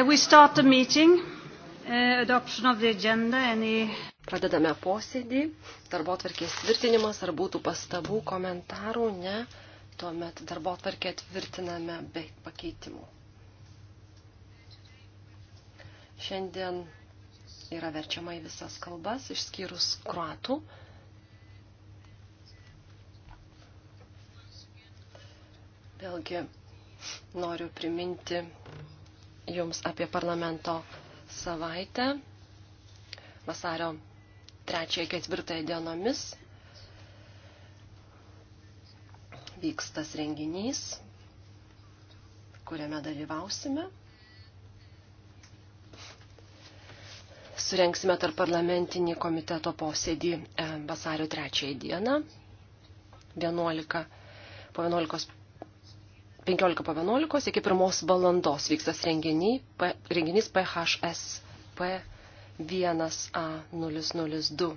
Uh, we start the meeting. Uh, adoption of the agenda. Any... Pradedame posėdį. Darbo tvarkės tvirtinimas. Ar būtų pastabų, komentarų? Ne. Tuomet darbo tvarkę tvirtiname be pakeitimų. Šiandien yra verčiama į visas kalbas, išskyrus kruatų. Vėlgi noriu priminti jums apie parlamento savaitę vasario 3-4 dienomis. Vyks tas renginys, kuriame dalyvausime. Surenksime tarp parlamentinį komiteto posėdį e, vasario 3 dieną 11, po 11 15 po 11 iki 1 valandos vykstas renginys, renginys PHS P1A002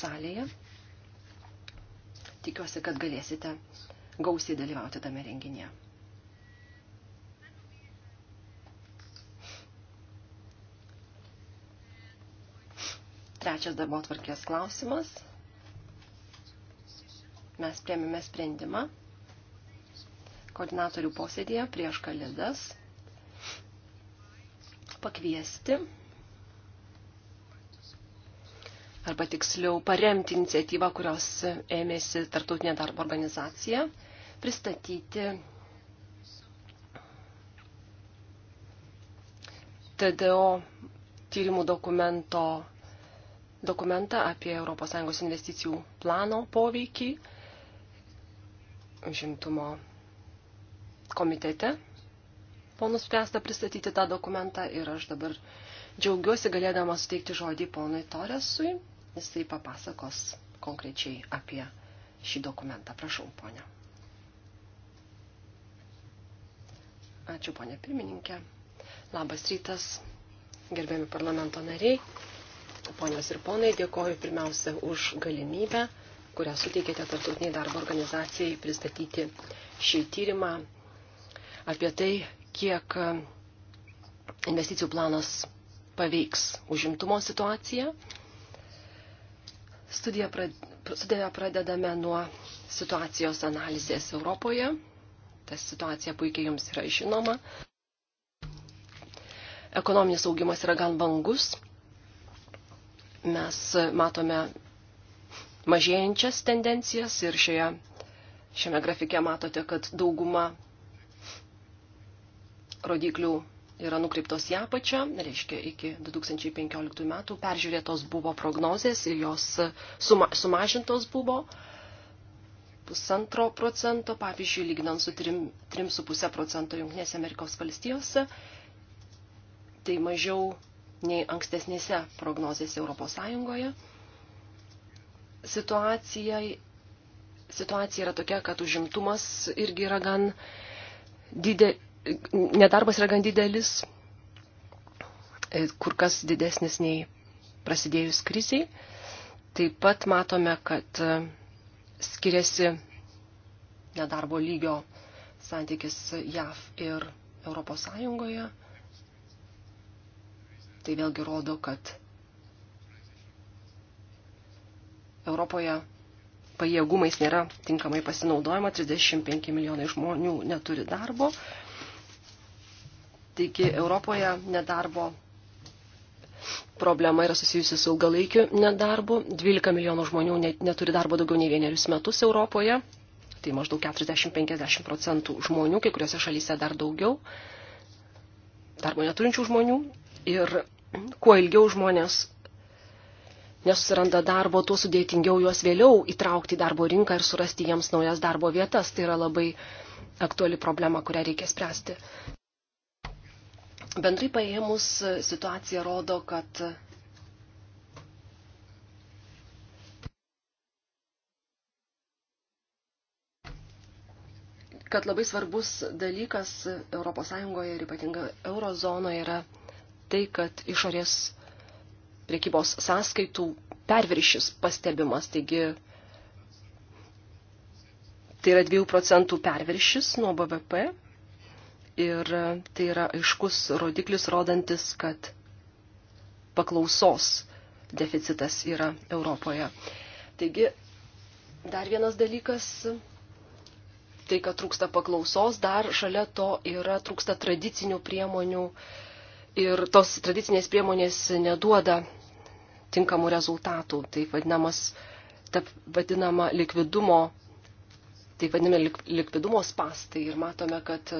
salėje. Tikiuosi, kad galėsite gausiai dalyvauti tame renginėje. Trečias darbo tvarkės klausimas. Mes priemėme sprendimą koordinatorių posėdėje prieš kalėdas pakviesti arba tiksliau paremti iniciatyvą, kurios ėmėsi Tartautinė darbo organizacija, pristatyti TDO tyrimų dokumento, dokumentą apie ES investicijų plano poveikį žimtumo komitete buvo nuspręsta pristatyti tą dokumentą ir aš dabar džiaugiuosi galėdama suteikti žodį ponui Toresui. Jisai papasakos konkrečiai apie šį dokumentą. Prašau, ponia. Ačiū, ponia pirmininkė. Labas rytas, gerbėmi parlamento nariai. Ponios ir ponai, dėkoju pirmiausia už galimybę, kurią suteikėte Tartutiniai darbo organizacijai pristatyti šį tyrimą apie tai, kiek e, investicijų planas paveiks užimtumo situaciją. Studiją, prad... Studiją pradedame nuo situacijos analizės Europoje. Ta situacija puikiai jums yra žinoma. Ekonominis augimas yra gan vangus. Mes matome mažėjančias tendencijas ir šioje, šiame grafike matote, kad dauguma rodiklių yra nukreiptos į apačią, reiškia iki 2015 metų peržiūrėtos buvo prognozės ir jos suma, sumažintos buvo pusantro procento, pavyzdžiui, lyginant su 3,5 procento Junktinėse Amerikos valstijose, tai mažiau nei ankstesnėse prognozėse Europos Sąjungoje. Situacija, situacija yra tokia, kad užimtumas irgi yra gan didelis nedarbas yra gan didelis, e, kur kas didesnis nei prasidėjus kriziai. Taip pat matome, kad e, skiriasi nedarbo lygio santykis JAV ir Europos Sąjungoje. Tai vėlgi rodo, kad Europoje pajėgumais nėra tinkamai pasinaudojama, 35 milijonai žmonių neturi darbo, Taigi Europoje nedarbo problema yra susijusi su ilgalaikiu nedarbu. 12 milijonų žmonių neturi darbo daugiau nei vienerius metus Europoje. Tai maždaug 40-50 procentų žmonių, kai kuriuose šalyse dar daugiau darbo neturinčių žmonių. Ir kuo ilgiau žmonės nesusiranda darbo, tuo sudėtingiau juos vėliau įtraukti į darbo rinką ir surasti jiems naujas darbo vietas. Tai yra labai aktuali problema, kurią reikia spręsti. Bendrai paėmus situacija rodo, kad kad labai svarbus dalykas ES ir ypatinga eurozonoje yra tai, kad išorės priekybos sąskaitų perviršis pastebimas. Taigi tai yra 2 procentų perviršis nuo BVP ir e, tai yra aiškus rodiklis rodantis, kad paklausos deficitas yra Europoje. Taigi, dar vienas dalykas, tai, kad trūksta paklausos, dar šalia to yra trūksta tradicinių priemonių ir tos tradicinės priemonės neduoda tinkamų rezultatų. Tai vadinamas, ta vadinama likvidumo, tai vadinami likvidumo spastai ir matome, kad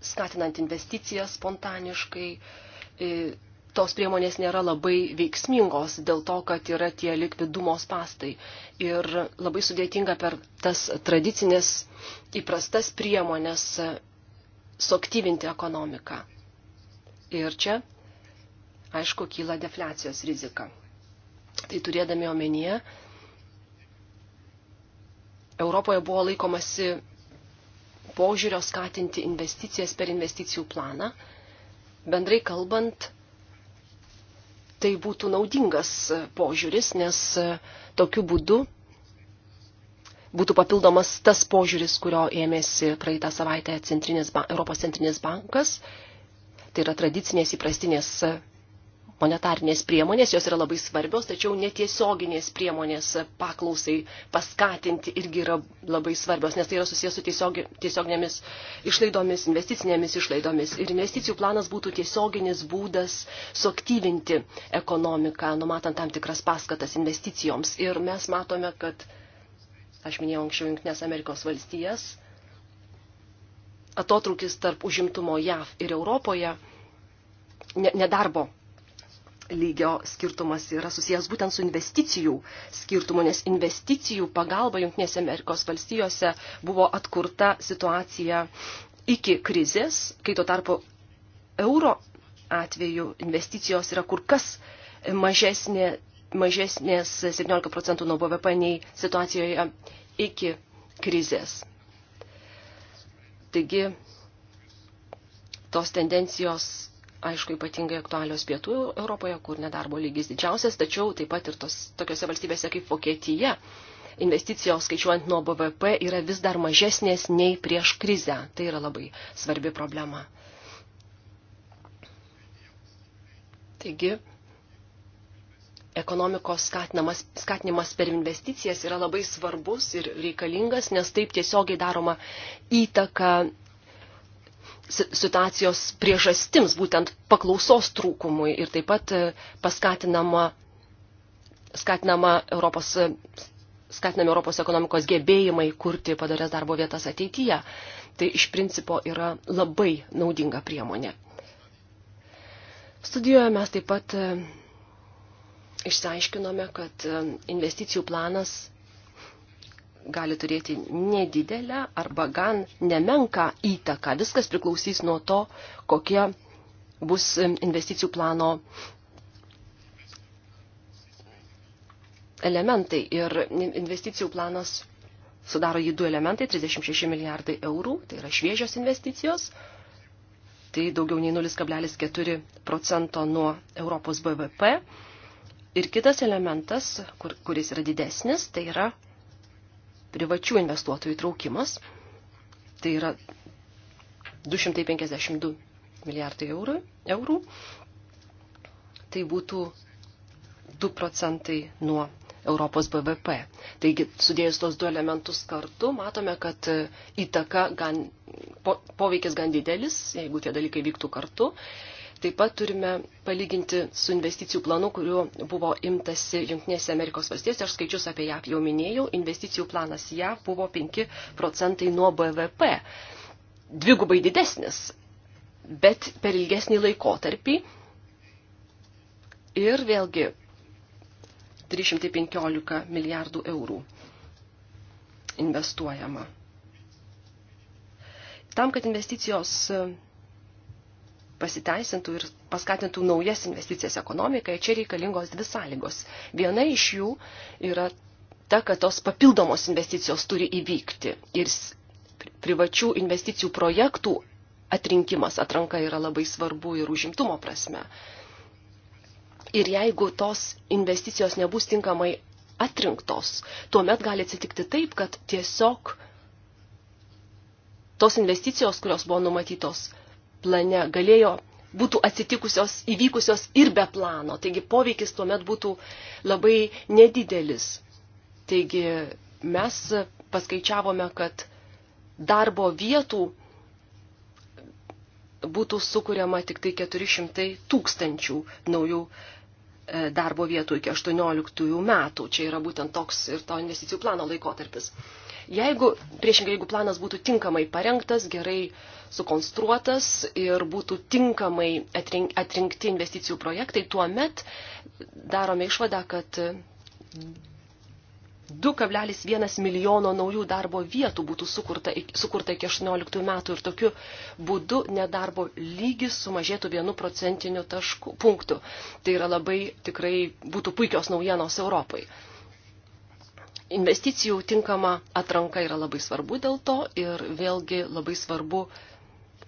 skatinant investicijas spontaniškai, e, tos priemonės nėra labai veiksmingos dėl to, kad yra tie likvidumo spastai. Ir labai sudėtinga per tas tradicinės įprastas priemonės suaktyvinti ekonomiką. Ir čia, aišku, kyla defliacijos rizika. Tai turėdami omenyje, Europoje buvo laikomasi požiūrio skatinti investicijas per investicijų planą. Bendrai kalbant, tai būtų naudingas požiūris, nes tokiu būdu būtų papildomas tas požiūris, kurio ėmėsi praeitą savaitę centrinės, Europos centrinis bankas. Tai yra tradicinės įprastinės monetarnės priemonės, jos yra labai svarbios, tačiau netiesioginės priemonės paklausai paskatinti irgi yra labai svarbios, nes tai yra susijęs su tiesiog, tiesioginėmis išlaidomis, investicinėmis išlaidomis. Ir investicijų planas būtų tiesioginis būdas suaktyvinti ekonomiką, numatant tam tikras paskatas investicijoms. Ir mes matome, kad, aš minėjau anksčiau, Junktinės Amerikos valstijas, atotrukis tarp užimtumo JAV ir Europoje, nedarbo lygio skirtumas yra susijęs būtent su investicijų skirtumu, nes investicijų pagalba Junktinėse Amerikos valstijose buvo atkurta situacija iki krizės, kai tuo tarpu euro atveju investicijos yra kur kas mažesnė, mažesnės 17 procentų nuo BVP nei situacijoje iki krizės. Taigi tos tendencijos aišku, ypatingai aktualios pietų Europoje, kur nedarbo lygis didžiausias, tačiau taip pat ir tos, tokiose valstybėse kaip Vokietija investicijos skaičiuojant nuo BVP yra vis dar mažesnės nei prieš krizę. Tai yra labai svarbi problema. Taigi, ekonomikos skatinamas, skatinimas per investicijas yra labai svarbus ir reikalingas, nes taip tiesiogiai daroma įtaka situacijos priežastims, būtent paklausos trūkumui ir taip pat e, paskatinama skatinama Europos, e, skatinami Europos ekonomikos gebėjimai kurti padarės darbo vietas ateityje. Tai iš principo yra labai naudinga priemonė. Studijoje mes taip pat e, išsiaiškinome, kad investicijų planas gali turėti nedidelę arba gan nemenką įtaką. Viskas priklausys nuo to, kokie bus investicijų plano elementai. Ir investicijų planas sudaro jį du elementai - 36 milijardai eurų, tai yra šviežios investicijos, tai daugiau nei 0,4 procento nuo Europos BVP. Ir kitas elementas, kur, kuris yra didesnis, tai yra privačių investuotojų įtraukimas. Tai yra 252 milijardai eurų. eurų. Tai būtų 2 procentai nuo Europos BVP. Taigi, sudėjus tos du elementus kartu, matome, kad e, įtaka gan, po, poveikis gan didelis, jeigu tie dalykai vyktų kartu. Uh, Taip pat turime palyginti su investicijų planu, kuriuo buvo imtasi Junktinėse Amerikos valstijose. Aš skaičius apie JAV jau minėjau. Investicijų planas JAV buvo 5 procentai nuo BVP. Dvigubai didesnis, bet per ilgesnį laikotarpį. Ir vėlgi 315 milijardų eurų investuojama. Tam, kad investicijos pasiteisintų ir paskatintų naujas investicijas ekonomikai, čia reikalingos dvi sąlygos. Viena iš jų yra ta, kad tos papildomos investicijos turi įvykti ir privačių investicijų projektų atrinkimas, atranka yra labai svarbu ir užimtumo prasme. Ir jeigu tos investicijos nebus tinkamai atrinktos, tuomet gali atsitikti taip, kad tiesiog tos investicijos, kurios buvo numatytos, plane galėjo būtų atsitikusios, įvykusios ir be plano. Taigi poveikis tuomet būtų labai nedidelis. Taigi mes paskaičiavome, kad darbo vietų būtų sukūriama tik tai 400 tūkstančių naujų e, darbo vietų iki 18 metų. Čia yra būtent toks ir to investicijų plano laikotarpis. Jeigu, priešingai, jeigu planas būtų tinkamai parengtas, gerai sukonstruotas ir būtų tinkamai atrinkti investicijų projektai, tuo met darome išvadą, kad 2,1 milijono naujų darbo vietų būtų sukurta, sukurta iki 18 metų ir tokiu būdu nedarbo lygis sumažėtų vienu procentiniu tašku, punktu. Tai yra labai tikrai būtų puikios naujienos Europai investicijų tinkama atranka yra labai svarbu dėl to ir vėlgi labai svarbu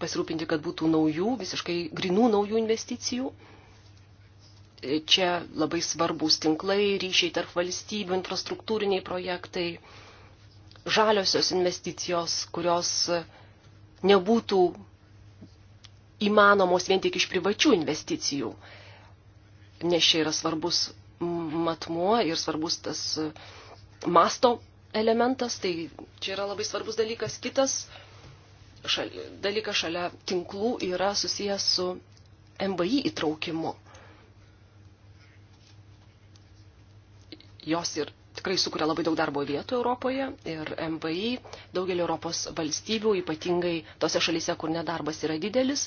pasirūpinti, kad būtų naujų, visiškai grinų naujų investicijų. Čia labai svarbus tinklai, ryšiai tarp valstybių, infrastruktūriniai projektai, žaliosios investicijos, kurios nebūtų įmanomos vien tik iš privačių investicijų, nes čia yra svarbus matmuo ir svarbus tas uh, masto elementas, tai čia yra labai svarbus dalykas. Kitas šal, dalykas šalia tinklų yra susijęs su MBI įtraukimu. Jos ir tikrai sukuria labai daug darbo vietų Europoje ir MBI daugelį Europos valstybių, ypatingai tose šalyse, kur nedarbas yra didelis,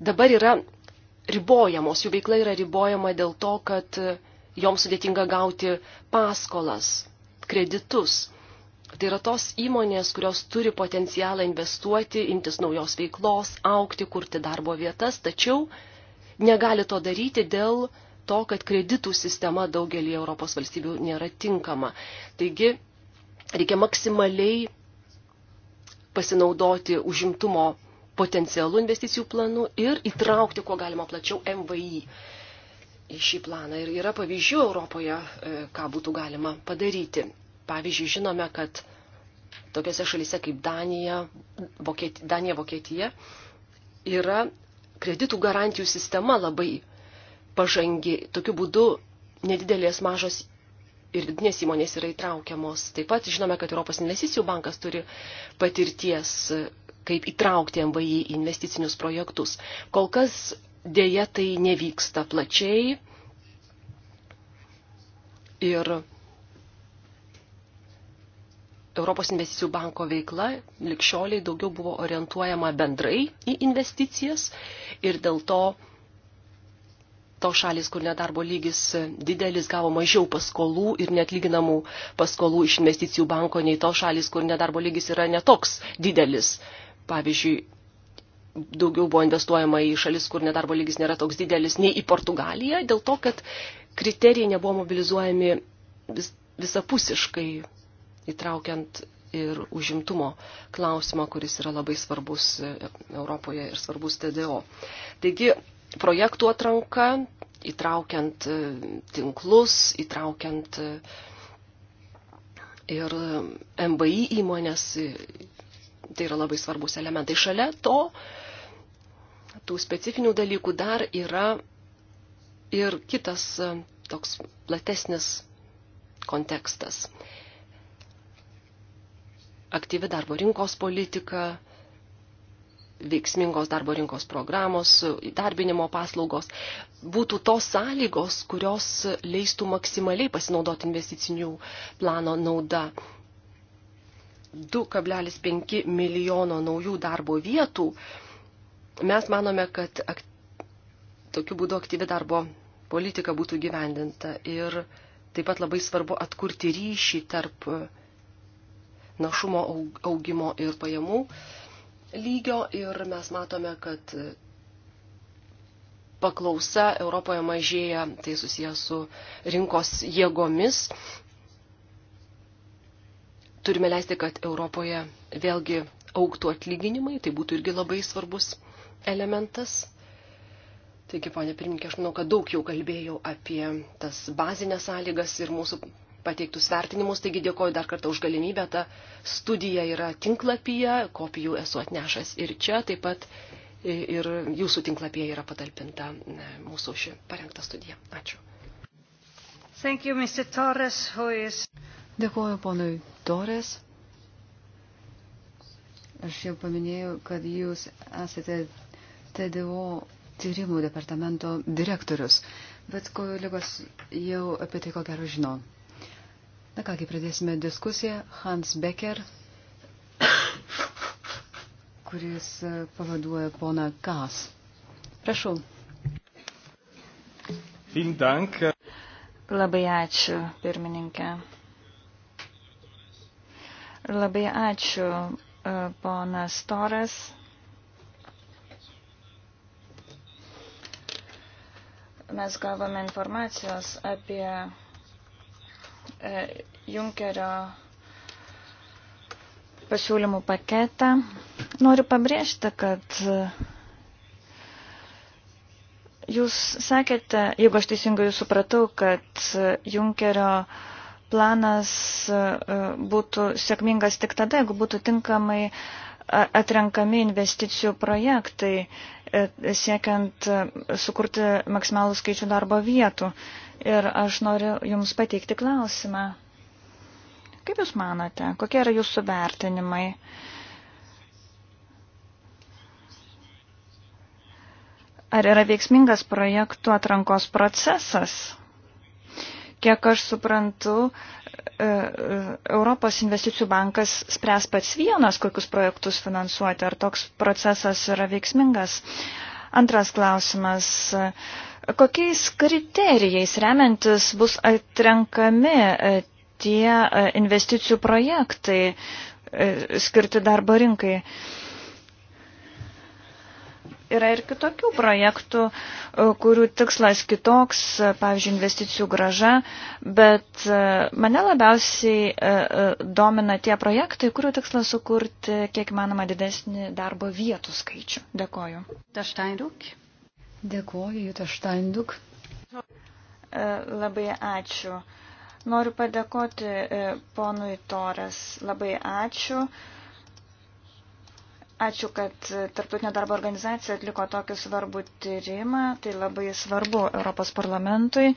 dabar yra ribojamos, jų veikla yra ribojama dėl to, kad joms sudėtinga gauti paskolas kreditus. Tai yra tos įmonės, kurios turi potencialą investuoti, imtis naujos veiklos, aukti, kurti darbo vietas, tačiau negali to daryti dėl to, kad kreditų sistema daugelį Europos valstybių nėra tinkama. Taigi reikia maksimaliai pasinaudoti užimtumo potencialų investicijų planų ir įtraukti, kuo galima plačiau, MVI į šį planą. Ir yra pavyzdžių Europoje, e, ką būtų galima padaryti. Pavyzdžiui, žinome, kad tokiose šalyse kaip Danija, Vokietija, Danija, Vokietija yra kreditų garantijų sistema labai pažangi. Tokiu būdu nedidelės mažos ir vidinės įmonės yra įtraukiamos. Taip pat žinome, kad Europos investicijų bankas turi patirties, e, kaip įtraukti MVI į investicinius projektus. Kol kas dėja tai nevyksta plačiai. Ir Europos investicijų banko veikla likščioliai daugiau buvo orientuojama bendrai į investicijas ir dėl to to šalis, kur nedarbo lygis didelis, gavo mažiau paskolų ir netlyginamų paskolų iš investicijų banko nei to šalis, kur nedarbo lygis yra netoks didelis. Pavyzdžiui, daugiau buvo investuojama į šalis, kur nedarbo lygis nėra toks didelis, nei į Portugaliją, dėl to, kad kriterijai nebuvo mobilizuojami vis, visapusiškai, įtraukiant ir užimtumo klausimą, kuris yra labai svarbus e, Europoje ir svarbus TDO. Taigi, projektų atranka, įtraukiant e, tinklus, įtraukiant e, ir MBI įmonės, tai yra labai svarbus elementai. Šalia to tų specifinių dalykų dar yra ir kitas e, toks platesnis kontekstas. Aktyvi darbo rinkos politika, veiksmingos darbo rinkos programos, įdarbinimo paslaugos būtų tos sąlygos, kurios leistų maksimaliai pasinaudoti investicinių plano nauda. 2,5 milijono naujų darbo vietų uh, Mes manome, kad ak... tokiu būdu aktyvi darbo politika būtų gyvendinta ir taip pat labai svarbu atkurti ryšį tarp našumo augimo ir pajamų lygio ir mes matome, kad paklausa Europoje mažėja, tai susijęs su rinkos jėgomis. Turime leisti, kad Europoje vėlgi auktų atlyginimai, tai būtų irgi labai svarbus elementas. Taigi, ponė pirmininkė, aš manau, kad daug jau kalbėjau apie tas bazinės sąlygas ir mūsų pateiktus vertinimus, taigi dėkoju dar kartą už galimybę. Ta studija yra tinklapyje, kopijų esu atnešęs ir čia, taip pat ir jūsų tinklapyje yra patalpinta e, mūsų ši parengta studija. Ačiū. Thank you, Mr. Torres, who is... Dėkoju ponui Torres. Aš jau paminėjau, kad jūs esate TDO tyrimų departamento direktorius, bet kolegos jau apie tai ko gero žino. Na kągi, pradėsime diskusiją. Hans Becker, kuris pavaduoja poną Kas. Prašau. Labai ačiū, pirmininkė. Labai ačiū, e, ponas Toras. Mes gavome informacijos apie e, Junkerio pasiūlymų paketą. Noriu pabrėžti, kad e, jūs sakėte, jeigu aš teisingai jūs supratau, kad e, Junkerio planas būtų sėkmingas tik tada, jeigu būtų tinkamai atrenkami investicijų projektai E, siekiant e, sukurti maksimalų skaičių darbo vietų. Ir aš noriu Jums pateikti klausimą. Kaip Jūs manote, kokie yra Jūsų vertinimai? Ar yra veiksmingas projektų atrankos procesas? Kiek aš suprantu, e, e, Europos investicijų bankas spręs pats vienas, kokius projektus finansuoti, ar toks procesas yra veiksmingas. Antras klausimas. Kokiais kriterijais remiantis bus atrenkami e, tie investicijų projektai skirti darbo rinkai? yra ir kitokių projektų, e, kurių tikslas kitoks, e, pavyzdžiui, investicijų graža, bet e, mane labiausiai domina tie projektai, kurių tikslas sukurti kiek manoma didesnį darbo vietų skaičių. Dėkoju. Daštainduk. Dėkoju, Juta Štainduk. Labai ačiū. Noriu padėkoti ponui Toras. Labai ačiū. Ačiū, kad Tarptautinė darbo organizacija atliko tokį svarbų tyrimą. Tai labai svarbu Europos parlamentui.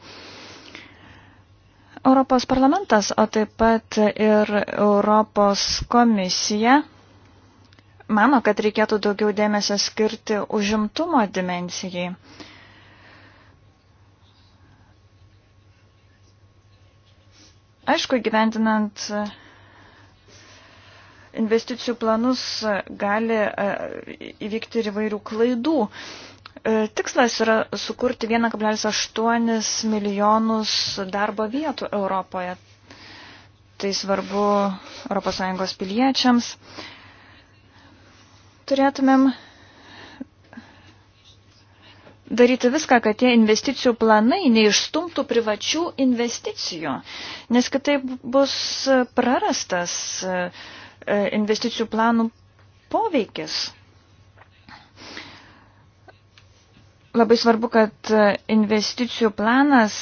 Europos parlamentas, o taip pat ir Europos komisija mano, kad reikėtų daugiau dėmesio skirti užimtumo dimensijai. Aišku, gyventinant investicijų planus gali e, įvykti ir įvairių klaidų. E, tikslas yra sukurti 1,8 milijonus darbo vietų Europoje. Tai svarbu ES piliečiams. Turėtumėm daryti viską, kad tie investicijų planai neišstumtų privačių investicijų, nes kitaip bus prarastas uh, E, investicijų planų poveikis. Labai svarbu, kad investicijų planas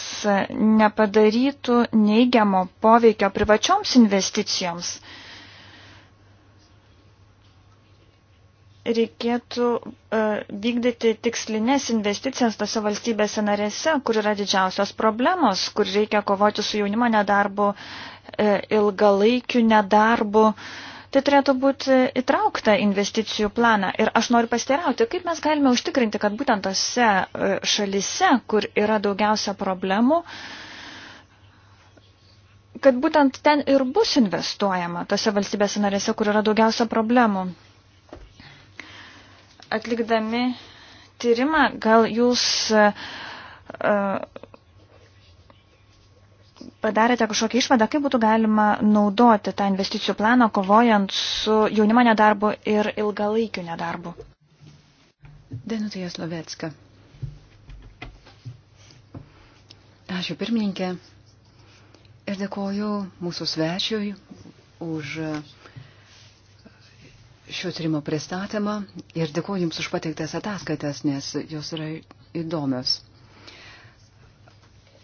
nepadarytų neigiamo poveikio privačioms investicijoms. reikėtų e, vykdyti tikslinės investicijas tose valstybėse narėse, kur yra didžiausios problemos, kur reikia kovoti su jaunimo nedarbu, e, ilgalaikiu nedarbu. Tai turėtų būti įtraukta investicijų planą. Ir aš noriu pasiteirauti, kaip mes galime užtikrinti, kad būtent tose e, šalise, kur yra daugiausia problemų, kad būtent ten ir bus investuojama, tose valstybėse narėse, kur yra daugiausia problemų. Atlikdami tyrimą, gal jūs uh, padarėte kažkokią išvadą, kaip būtų galima naudoti tą investicijų planą, kovojant su jaunimo nedarbu ir ilgalaikiu nedarbu? Denutė Jaslovecka. Ačiū pirmininkė ir dėkoju mūsų svečiui už šio tyrimo pristatymą ir dėkoju Jums už pateiktas ataskaitas, nes jos yra įdomios.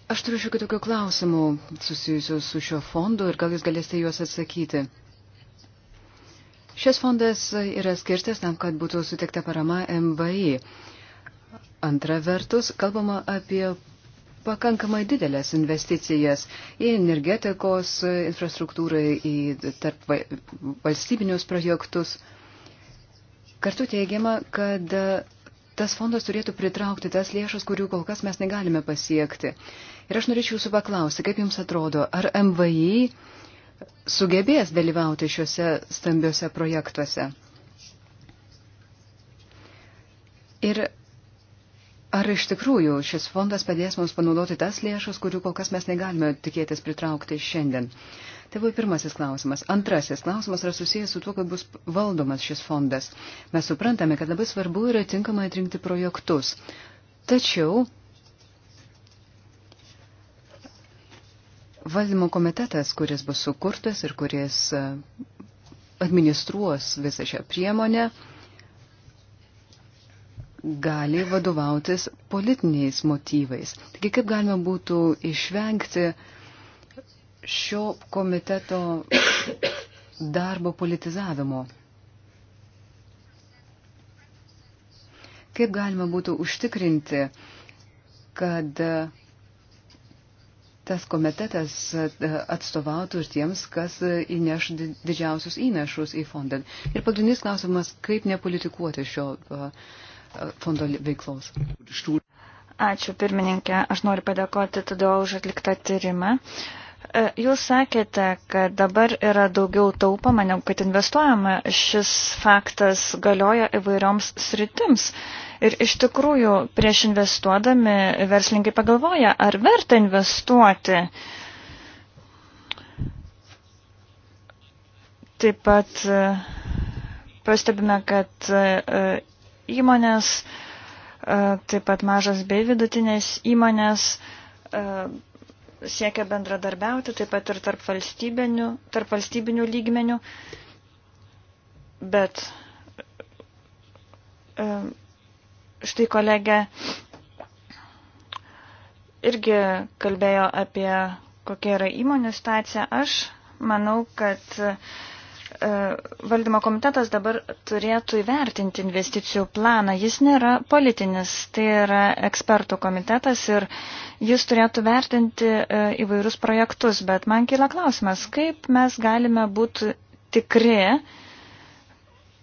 Aš turiu šiokių tokių klausimų susijusių su šio fondu ir gal jūs galėsite juos atsakyti. Šis fondas yra skirtas tam, kad būtų sutikta parama MVI. Antra vertus, kalbama apie pakankamai didelės investicijas į energetikos infrastruktūrą, į tarp valstybinius projektus. Kartu teigiama, kad tas fondas turėtų pritraukti tas lėšas, kurių kol kas mes negalime pasiekti. Ir aš norėčiau jūsų paklausti, kaip jums atrodo, ar MVI sugebės dalyvauti šiuose stambiuose projektuose? Ir Ar iš tikrųjų šis fondas padės mums panaudoti tas lėšas, kurių kol kas mes negalime tikėtis pritraukti šiandien? Tai buvo pirmasis klausimas. Antrasis klausimas yra susijęs su tuo, kad bus valdomas šis fondas. Mes suprantame, kad labai svarbu yra tinkamai atrinkti projektus. Tačiau valdymo komitetas, kuris bus sukurtas ir kuris e, administruos visą šią priemonę, gali vadovautis politiniais motyvais. Taigi, kaip galima būtų išvengti uh, šio komiteto darbo politizavimo. Kaip galima būtų užtikrinti, kad tas komitetas atstovautų ir tiems, kas įneš didžiausius įnešus į fondą. Ir pagrindinis klausimas, kaip nepolitikuoti šio fondo veiklos. Ačiū pirmininkė, aš noriu padėkoti todėl už atliktą tyrimą. Uh, E, jūs sakėte, kad dabar yra daugiau taupama, negu kad investuojama. Šis faktas galioja įvairioms sritims. Ir iš tikrųjų, prieš investuodami verslininkai pagalvoja, ar verta investuoti. Taip pat e, pastebime, kad e, įmonės, taip pat mažas bei vidutinės įmonės siekia bendradarbiauti, taip pat ir tarp valstybinių, tarp valstybinių lygmenių, bet štai kolegė irgi kalbėjo apie kokia yra įmonių situacija. Aš manau, kad E, valdymo komitetas dabar turėtų įvertinti investicijų planą. Jis nėra politinis, tai yra ekspertų komitetas ir jis turėtų vertinti e, įvairius projektus, bet man kyla klausimas, kaip mes galime būti tikri,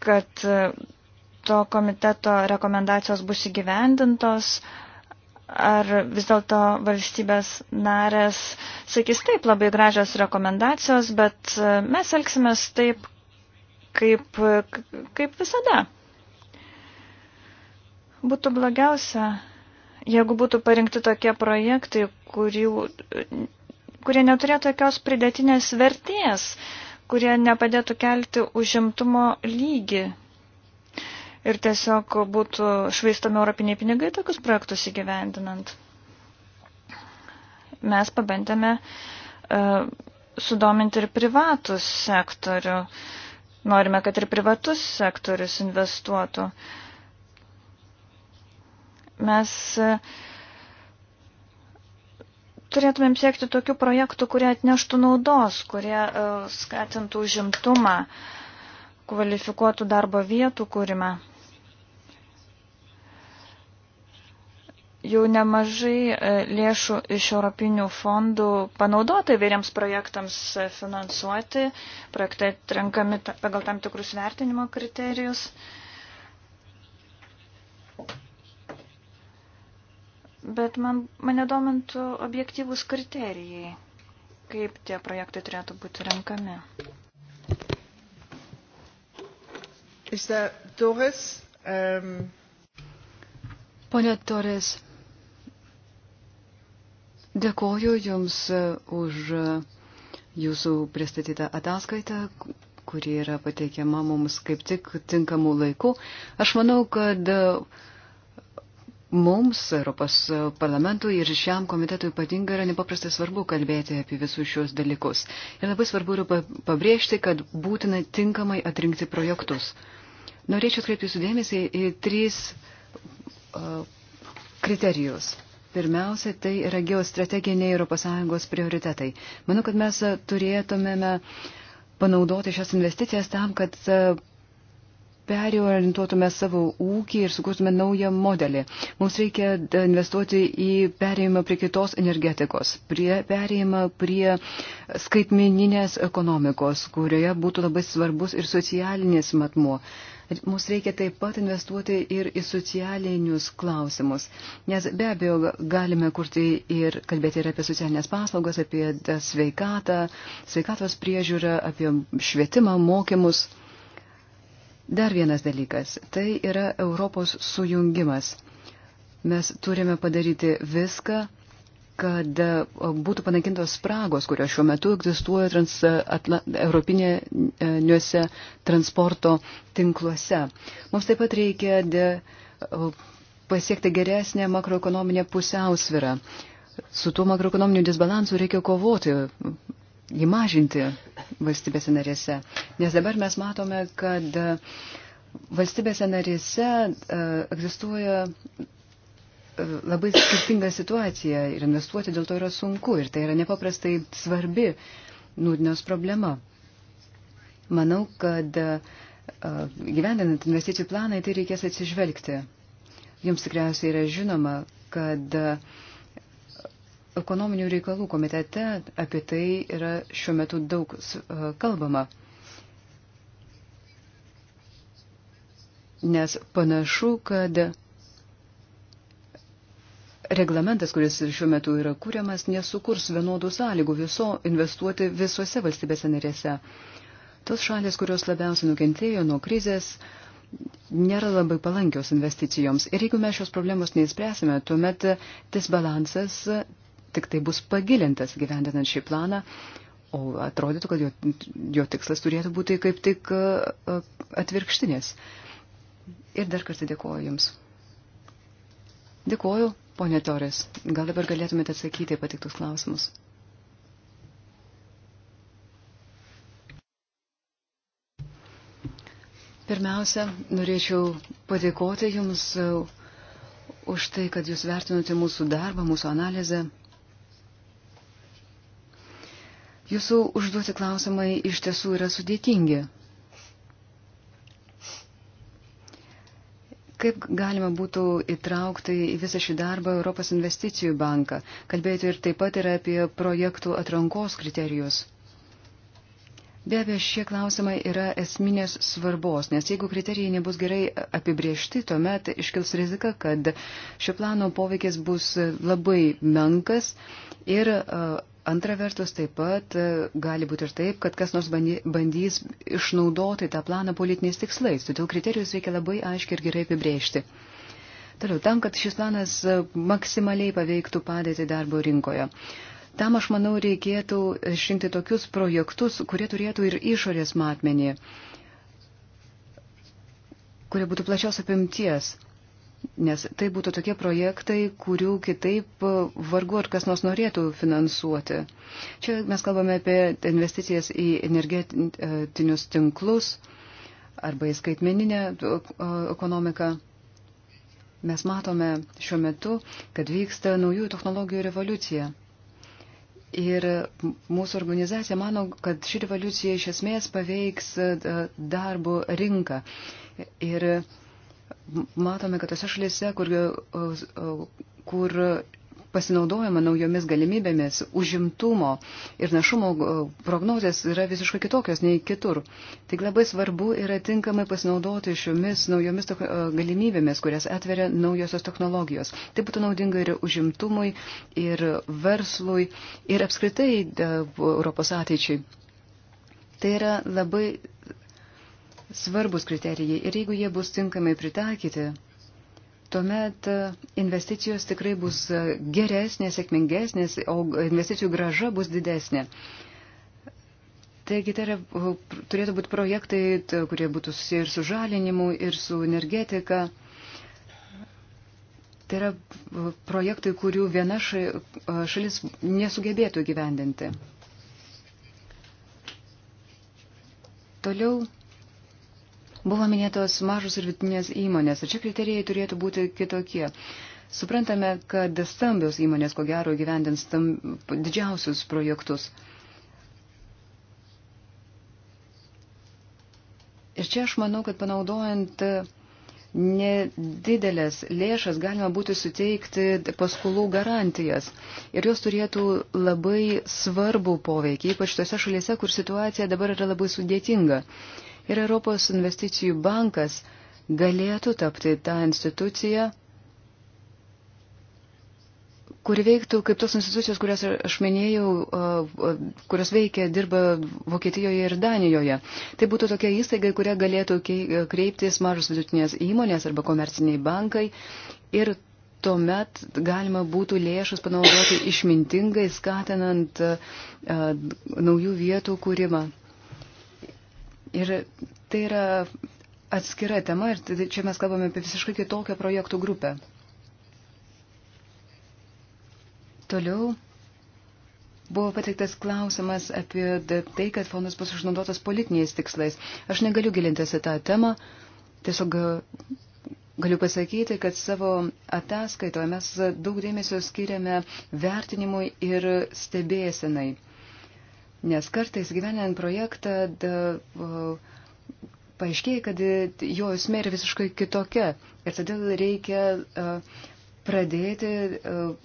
kad e, to komiteto rekomendacijos bus įgyvendintos, uh, ar vis dėlto valstybės narės sakys taip labai gražios rekomendacijos, bet e, mes elgsimės taip, kaip, kaip visada. Būtų blogiausia, jeigu būtų parinkti tokie projektai, kurių, kurie neturėtų jokios pridėtinės vertės, kurie nepadėtų kelti užimtumo lygį ir tiesiog būtų švaistami europiniai pinigai tokius projektus įgyvendinant. Mes pabandėme uh, sudominti ir privatus sektorių. Norime, kad ir privatus sektorius investuotų. Mes uh, turėtumėm siekti tokių projektų, kurie atneštų naudos, kurie uh, skatintų užimtumą, kvalifikuotų darbo vietų kūrimą. jau nemažai e, lėšų iš europinių fondų panaudota įvairiems projektams e, finansuoti, projektai atrenkami pagal tam tikrus vertinimo kriterijus. Bet man, mane domintų objektyvus kriterijai, kaip tie projektai turėtų būti renkami. Is that Doris? Um... Pone Torres, Dėkoju Jums e, už e, Jūsų pristatytą ataskaitą, kuri yra pateikiama mums kaip tik tinkamų laikų. Aš manau, kad e, mums, Europos parlamentui ir šiam komitetui ypatingai yra nepaprastai svarbu kalbėti apie visus šios dalykus. Ir labai svarbu yra pabrėžti, kad būtina tinkamai atrinkti projektus. Norėčiau atkreipti jūsų dėmesį į trys uh, kriterijus. Pirmiausia, tai yra geostrateginiai ES prioritetai. Manau, kad mes e, turėtumėme panaudoti šias investicijas tam, kad e, periorientuotume savo ūkį ir sukurtume naują modelį. Mums reikia e, investuoti į perėjimą prie kitos energetikos, prie perėjimą prie skaitmeninės ekonomikos, kurioje būtų labai svarbus ir socialinis matmuo. Mums reikia taip pat investuoti ir į socialinius klausimus, nes be abejo galime kurti ir kalbėti ir apie socialinės paslaugas, apie sveikatą, sveikatos priežiūrą, apie švietimą, mokymus. Dar vienas dalykas - tai yra Europos sujungimas. Mes turime padaryti viską, kad e, būtų panaikintos spragos, kurios šiuo metu egzistuoja trans, e, atla, europinėse e, transporto tinkluose. Mums taip pat reikia de, pasiekti geresnę makroekonominę pusiausvirą. Su tuo makroekonominiu disbalansu reikia kovoti, jį mažinti valstybėse narėse. Nes dabar mes matome, kad valstybėse narėse egzistuoja labai skirtinga situacija ir investuoti dėl to yra sunku ir tai yra nepaprastai svarbi nūdienos problema. Manau, kad e, gyvendinant investicijų planą į tai reikės atsižvelgti. Jums tikriausiai yra žinoma, kad e, ekonominių reikalų komitete apie tai yra šiuo metu daug e, kalbama. Nes panašu, kad reglamentas, kuris šiuo metu yra kūriamas, nesukurs vienodų sąlygų viso investuoti visose valstybėse narėse. Tos šalės, kurios labiausiai nukentėjo nuo krizės, nėra labai palankios investicijoms. Ir jeigu mes šios problemos neįspręsime, tuomet tas balansas tik tai bus pagilintas gyvendinant šį planą, o atrodytų, kad jo, jo tikslas turėtų būti kaip tik atvirkštinis. Ir dar kartą dėkoju Jums. Dėkoju Pone Torės, gal dabar galėtumėte atsakyti patiktus klausimus? Pirmiausia, norėčiau padėkoti Jums už tai, kad Jūs vertinote mūsų darbą, mūsų analizę. Jūsų užduoti klausimai iš tiesų yra sudėtingi. Kaip galima būtų įtraukti į visą šį darbą Europos investicijų banką? Kalbėjote ir taip pat ir apie projektų atrankos kriterijus. Be abejo, šie klausimai yra esminės svarbos, nes jeigu kriterijai nebus gerai apibriešti, tuomet iškils rizika, kad šio plano poveikis bus labai menkas ir uh, Antra vertus, taip pat e, gali būti ir taip, kad kas nors bandys išnaudoti tą planą politiniais tikslais, todėl kriterijus reikia labai aiškiai ir gerai apibrėžti. Toliau, tam, kad šis planas e, maksimaliai paveiktų padėti darbo rinkoje. Tam, aš manau, reikėtų išrinkti tokius projektus, kurie turėtų ir išorės matmenį, kurie būtų plačios apimties nes tai būtų tokie projektai, kurių kitaip e, vargu ar kas nors norėtų finansuoti. Čia mes kalbame apie investicijas į energetinius tinklus arba į skaitmeninę e, ekonomiką. Mes matome šiuo metu, kad vyksta naujų technologijų revoliucija. Ir mūsų organizacija mano, kad ši revoliucija iš esmės paveiks e, darbo rinką. Ir matome, kad tose šalyse, kur, e, kur pasinaudojama naujomis galimybėmis, užimtumo ir našumo prognozijas yra visiškai kitokios nei kitur. Tik labai svarbu yra tinkamai pasinaudoti šiomis naujomis e, galimybėmis, kurias atveria naujosios technologijos. Tai būtų naudinga ir užimtumui, ir verslui, ir apskritai e, Europos ateičiai. Tai yra labai svarbus kriterijai ir jeigu jie bus tinkamai pritaikyti, tuomet e, investicijos tikrai bus e, geresnės, sėkmingesnės, o investicijų graža bus didesnė. Taigi tai yra, e, turėtų būti projektai, kurie būtų susiję ir su žalinimu, ir su energetika. Tai yra projektai, kurių viena šalis nesugebėtų gyvendinti. Toliau Buvo minėtos mažos ir vidutinės įmonės, ir čia kriterijai turėtų būti kitokie. Suprantame, kad stambios įmonės ko gero gyvendins stamb... didžiausius projektus. Ir čia aš manau, kad panaudojant nedidelės lėšas galima būtų suteikti paskolų garantijas. Ir jos turėtų labai svarbų poveikį, ypač tose šalyse, kur situacija dabar yra labai sudėtinga. Uh, ir Europos investicijų bankas galėtų tapti tą instituciją, kuri veiktų kaip tos institucijos, kurias aš minėjau, kurios veikia, dirba Vokietijoje ir Danijoje. Tai būtų tokia įstaiga, kurią galėtų kreiptis mažos vidutinės įmonės arba komerciniai bankai ir tuomet galima būtų lėšus panaudoti išmintingai, skatinant naujų vietų kūrimą. Ir tai yra atskira tema ir čia mes kalbame apie visiškai kitokią projektų grupę. Toliau buvo pateiktas klausimas apie tai, kad fondas bus išnaudotas politiniais tikslais. Aš negaliu gilintis į tą temą, tiesiog e, galiu pasakyti, kad savo ataskaitoje mes daug dėmesio skiriame vertinimui ir stebėsenai. Nes kartais gyvenant projektą da, paaiškėja, kad jo esmė yra visiškai kitokia. Ir todėl reikia pradėti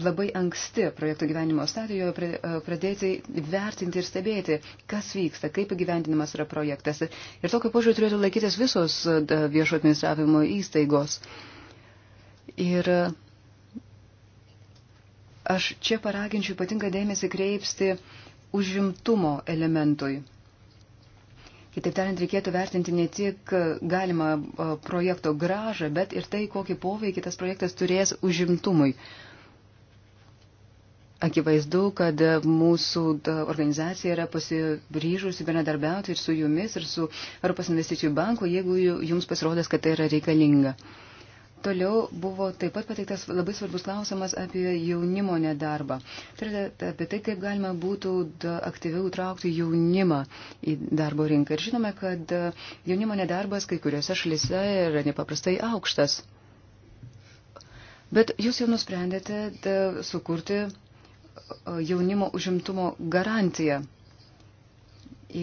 labai anksti projekto gyvenimo stadijoje, pradėti vertinti ir stebėti, kas vyksta, kaip gyventinamas yra projektas. Ir tokio požiūrį turėtų laikytis visos viešo administravimo įstaigos. Ir aš čia paraginčiau ypatingą dėmesį kreipsti uh, užimtumo elementui. Kitaip tariant, reikėtų vertinti ne tik galimą projekto gražą, bet ir tai, kokį poveikį tas projektas turės užimtumui. Akivaizdu, kad mūsų organizacija yra pasiryžusi bendradarbiauti ir su jumis, ir su Europos investicijų banku, jeigu jums pasirodės, kad tai yra reikalinga. Toliau buvo taip pat pateiktas labai svarbus klausimas apie jaunimo nedarbą. Tai yra apie tai, kaip galima būtų aktyviau traukti jaunimą į darbo rinką. Ir žinome, kad e, jaunimo nedarbas kai kuriuose šalise yra nepaprastai aukštas. Bet jūs jau nusprendėte sukurti e, jaunimo užimtumo garantiją.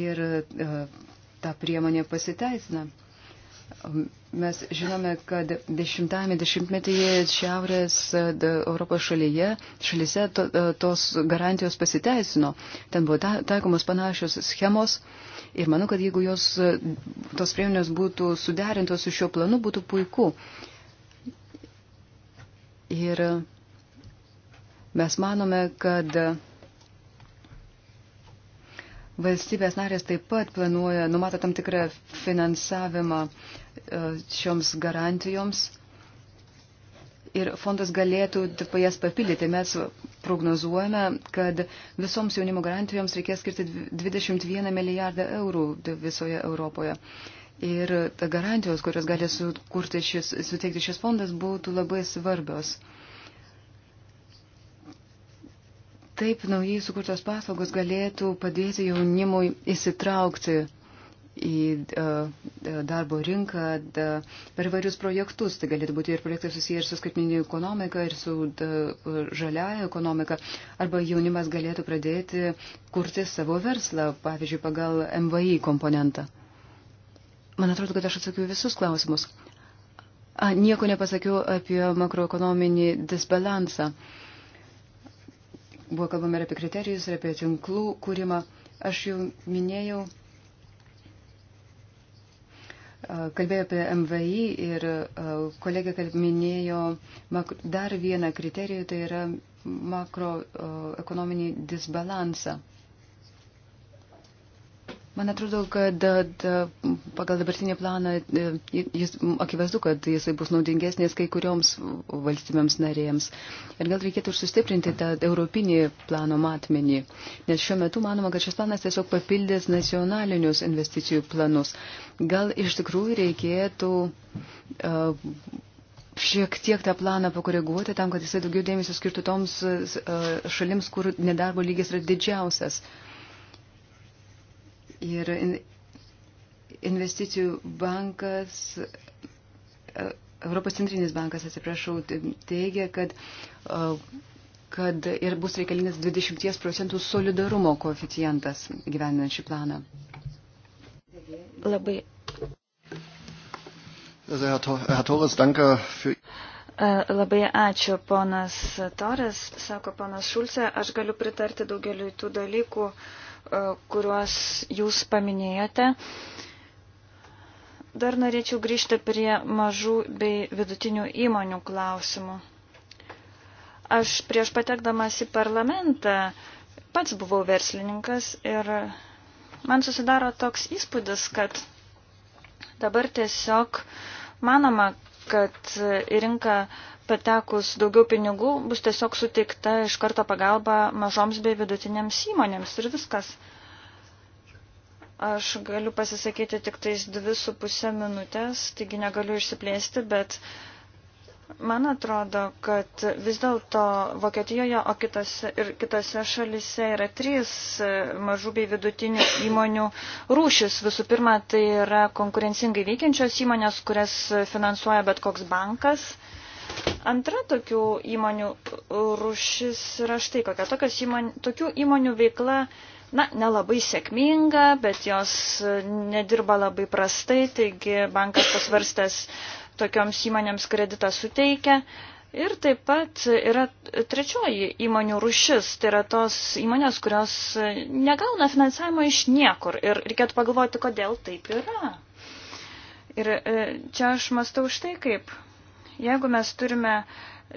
Ir e, ta priemonė pasiteisina. Mes žinome, kad dešimtame dešimtmetyje Šiaurės e, Europos šalyje, šalyse to, e, tos garantijos pasiteisino. Ten buvo ta, taikomos panašios schemos ir manau, kad jeigu jos, e, tos priemonės būtų suderintos su šiuo planu, būtų puiku. Ir mes manome, kad Valstybės narės taip pat planuoja, numato tam tikrą finansavimą e, šioms garantijoms ir fondas galėtų jas papildyti. Mes prognozuojame, kad visoms jaunimo garantijoms reikės skirti 21 milijardą eurų visoje Europoje. Ir garantijos, kurios gali sukurti šis, suteikti šis fondas, būtų labai svarbios. Taip naujai sukurtos paslaugos galėtų padėti jaunimui įsitraukti į e, e, darbo rinką per varius projektus. Tai galėtų būti ir projektai susiję ir su skaitminė ekonomika, ir su žaliaja ekonomika. Arba jaunimas galėtų pradėti kurti savo verslą, pavyzdžiui, pagal MVI komponentą. Man atrodo, kad aš atsakiau visus klausimus. A, nieko nepasakiau apie makroekonominį disbalansą. Uh, Buvo kalbama ir apie kriterijus, ir apie tinklų kūrimą. Aš jau minėjau, kalbėjau apie MVI ir kolegė minėjo dar vieną kriterijų, tai yra makroekonominį disbalansą. Man atrodo, kad e, e, pagal dabartinį planą e, jis, akivaizdu, kad jisai bus naudingesnės kai kurioms valstybėms narėjams. Ir gal reikėtų ir sustiprinti tą europinį plano matmenį, nes šiuo metu manoma, kad šis planas tiesiog papildys nacionalinius investicijų planus. Gal iš tikrųjų reikėtų uh, šiek tiek tą planą pakoreguoti tam, kad jisai daugiau dėmesio skirtų toms uh, šalims, kur nedarbo lygis yra didžiausias. Uh, Ir investicijų bankas, e, Europos centrinis bankas, atsiprašau, teigia, kad, e, kad ir bus reikalingas 20 procentų solidarumo koeficientas gyvenant šį planą. Labai. E, labai ačiū, ponas Toras, sako ponas Šulce. Aš galiu pritarti daugeliu tų dalykų, uh, E, kuriuos jūs paminėjote. Dar norėčiau grįžti prie mažų bei vidutinių įmonių klausimų. Aš prieš patekdamas į parlamentą pats buvau verslininkas ir man susidaro toks įspūdis, kad dabar tiesiog manoma, kad į rinką patekus daugiau pinigų bus tiesiog suteikta iš karto pagalba mažoms bei vidutinėms įmonėms ir viskas. Aš galiu pasisakyti tik tais dvi su pusę minutės, taigi negaliu išsiplėsti, bet uh, Man atrodo, kad vis dėlto Vokietijoje o kitose, ir kitose šalise yra trys e, mažų bei vidutinių įmonių rūšis. Visų pirma, tai yra konkurencingai veikiančios įmonės, kurias finansuoja bet koks bankas. Antra tokių įmonių rūšis yra štai kokia. Tokios įmonių, tokių įmonių veikla na, nelabai sėkminga, bet jos e, nedirba labai prastai, taigi bankas pasvarstęs tokioms įmonėms kreditą suteikia. Ir taip pat yra trečioji įmonių rušis, tai yra tos įmonės, kurios negauna finansavimo iš niekur. Ir reikėtų pagalvoti, kodėl taip yra. Ir e, čia aš mastau štai kaip. Jeigu mes turime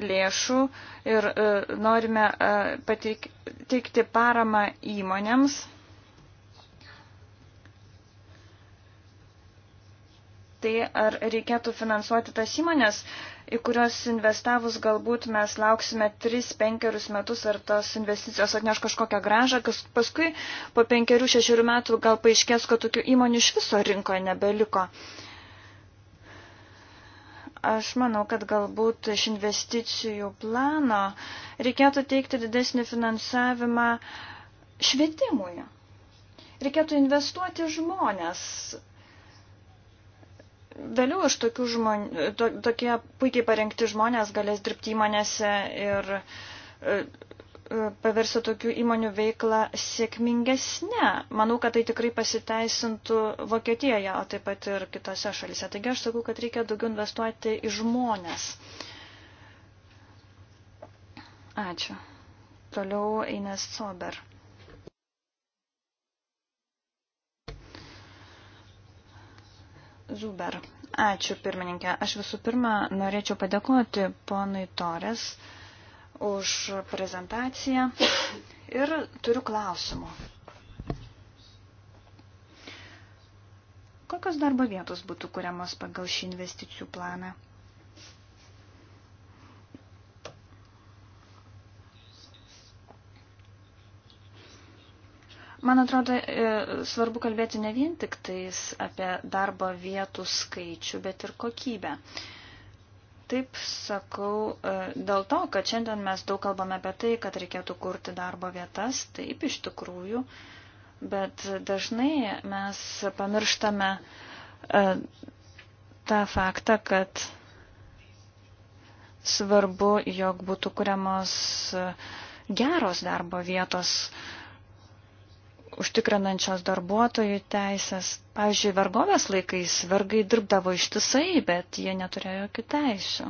lėšų ir e, norime e, pateikti paramą įmonėms, tai ar reikėtų finansuoti tas įmonės, į kurios investavus galbūt mes lauksime 3-5 metus, ar tos investicijos atneš kažkokią gražą, kas paskui po 5-6 metų gal paaiškės, kad tokių įmonių iš viso rinkoje nebeliko. Aš manau, kad galbūt iš investicijų plano reikėtų teikti didesnį finansavimą švietimui. Reikėtų investuoti žmonės, Vėliau iš tokių žmonių, to, tokie puikiai parengti žmonės galės dirbti įmonėse ir e, e, paversti tokių įmonių veiklą sėkmingesnė. Manau, kad tai tikrai pasiteisintų Vokietijoje, o taip pat ir kitose šalise. Taigi aš sakau, kad reikia daugiau investuoti į žmonės. Ačiū. Toliau Eines Sober. Zuber. Ačiū, pirmininkė. Aš visų pirma norėčiau padėkoti ponui Torės už prezentaciją ir turiu klausimų. Kokios darbo vietos būtų kuriamos pagal šį investicijų planą? Man atrodo, e, svarbu kalbėti ne vien tik tais apie darbo vietų skaičių, bet ir kokybę. Taip sakau e, dėl to, kad šiandien mes daug kalbame apie tai, kad reikėtų kurti darbo vietas, taip iš tikrųjų, bet dažnai mes pamirštame e, tą faktą, kad svarbu, jog būtų kuriamos geros darbo vietos, užtikrinančios darbuotojų teisės. Pavyzdžiui, vergovės laikais vergai dirbdavo ištisai, bet jie neturėjo jokių teisių.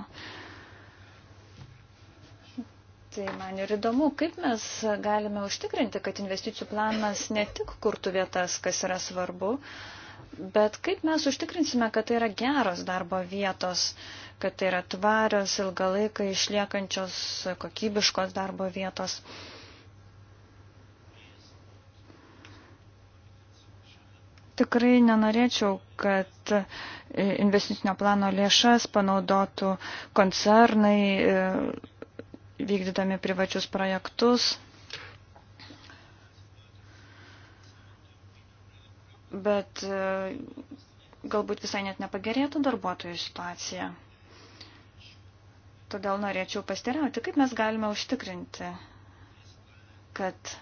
Tai man ir įdomu, kaip mes galime užtikrinti, kad investicijų planas ne tik kurtų vietas, kas yra svarbu, bet kaip mes užtikrinsime, kad tai yra geros darbo vietos, kad tai yra tvarios, ilgalaikai išliekančios, kokybiškos darbo vietos. Uh, tikrai nenorėčiau, kad e, investicinio plano lėšas panaudotų koncernai, e, vykdydami privačius projektus. Bet e, galbūt visai net nepagerėtų darbuotojų situacija. Todėl norėčiau pasteriauti, kaip mes galime užtikrinti, kad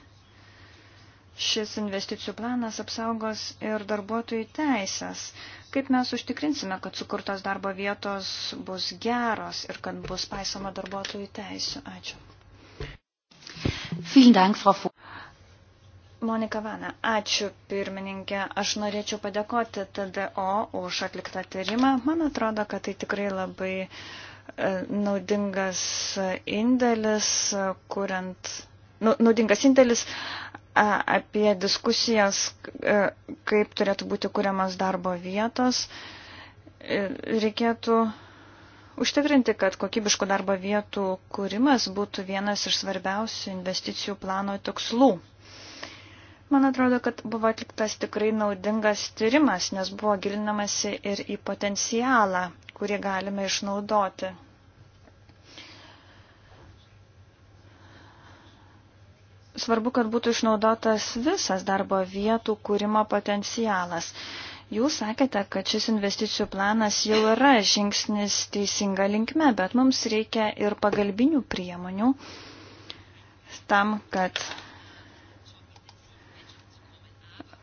šis investicijų planas apsaugos ir darbuotojų teisės. Kaip mes užtikrinsime, kad sukurtos darbo vietos bus geros ir kad bus paisoma darbuotojų teisų? Ačiū. Dank, Frau Monika Vana, ačiū pirmininkė. Aš norėčiau padėkoti TDO už atliktą tyrimą. Man atrodo, kad tai tikrai labai e, e, e, nu, naudingas indėlis, kuriant, naudingas indėlis apie diskusijas, kaip turėtų būti kuriamas darbo vietos. E, reikėtų užtikrinti, kad kokybiškų darbo vietų kūrimas būtų vienas iš svarbiausių investicijų plano tikslų. Man atrodo, kad buvo atliktas tikrai naudingas tyrimas, nes buvo gilinamasi ir į potencialą, kurį galime išnaudoti svarbu, kad būtų išnaudotas visas darbo vietų kūrimo potencialas. Jūs sakėte, kad šis investicijų planas jau yra žingsnis teisinga linkme, bet mums reikia ir pagalbinių priemonių tam, kad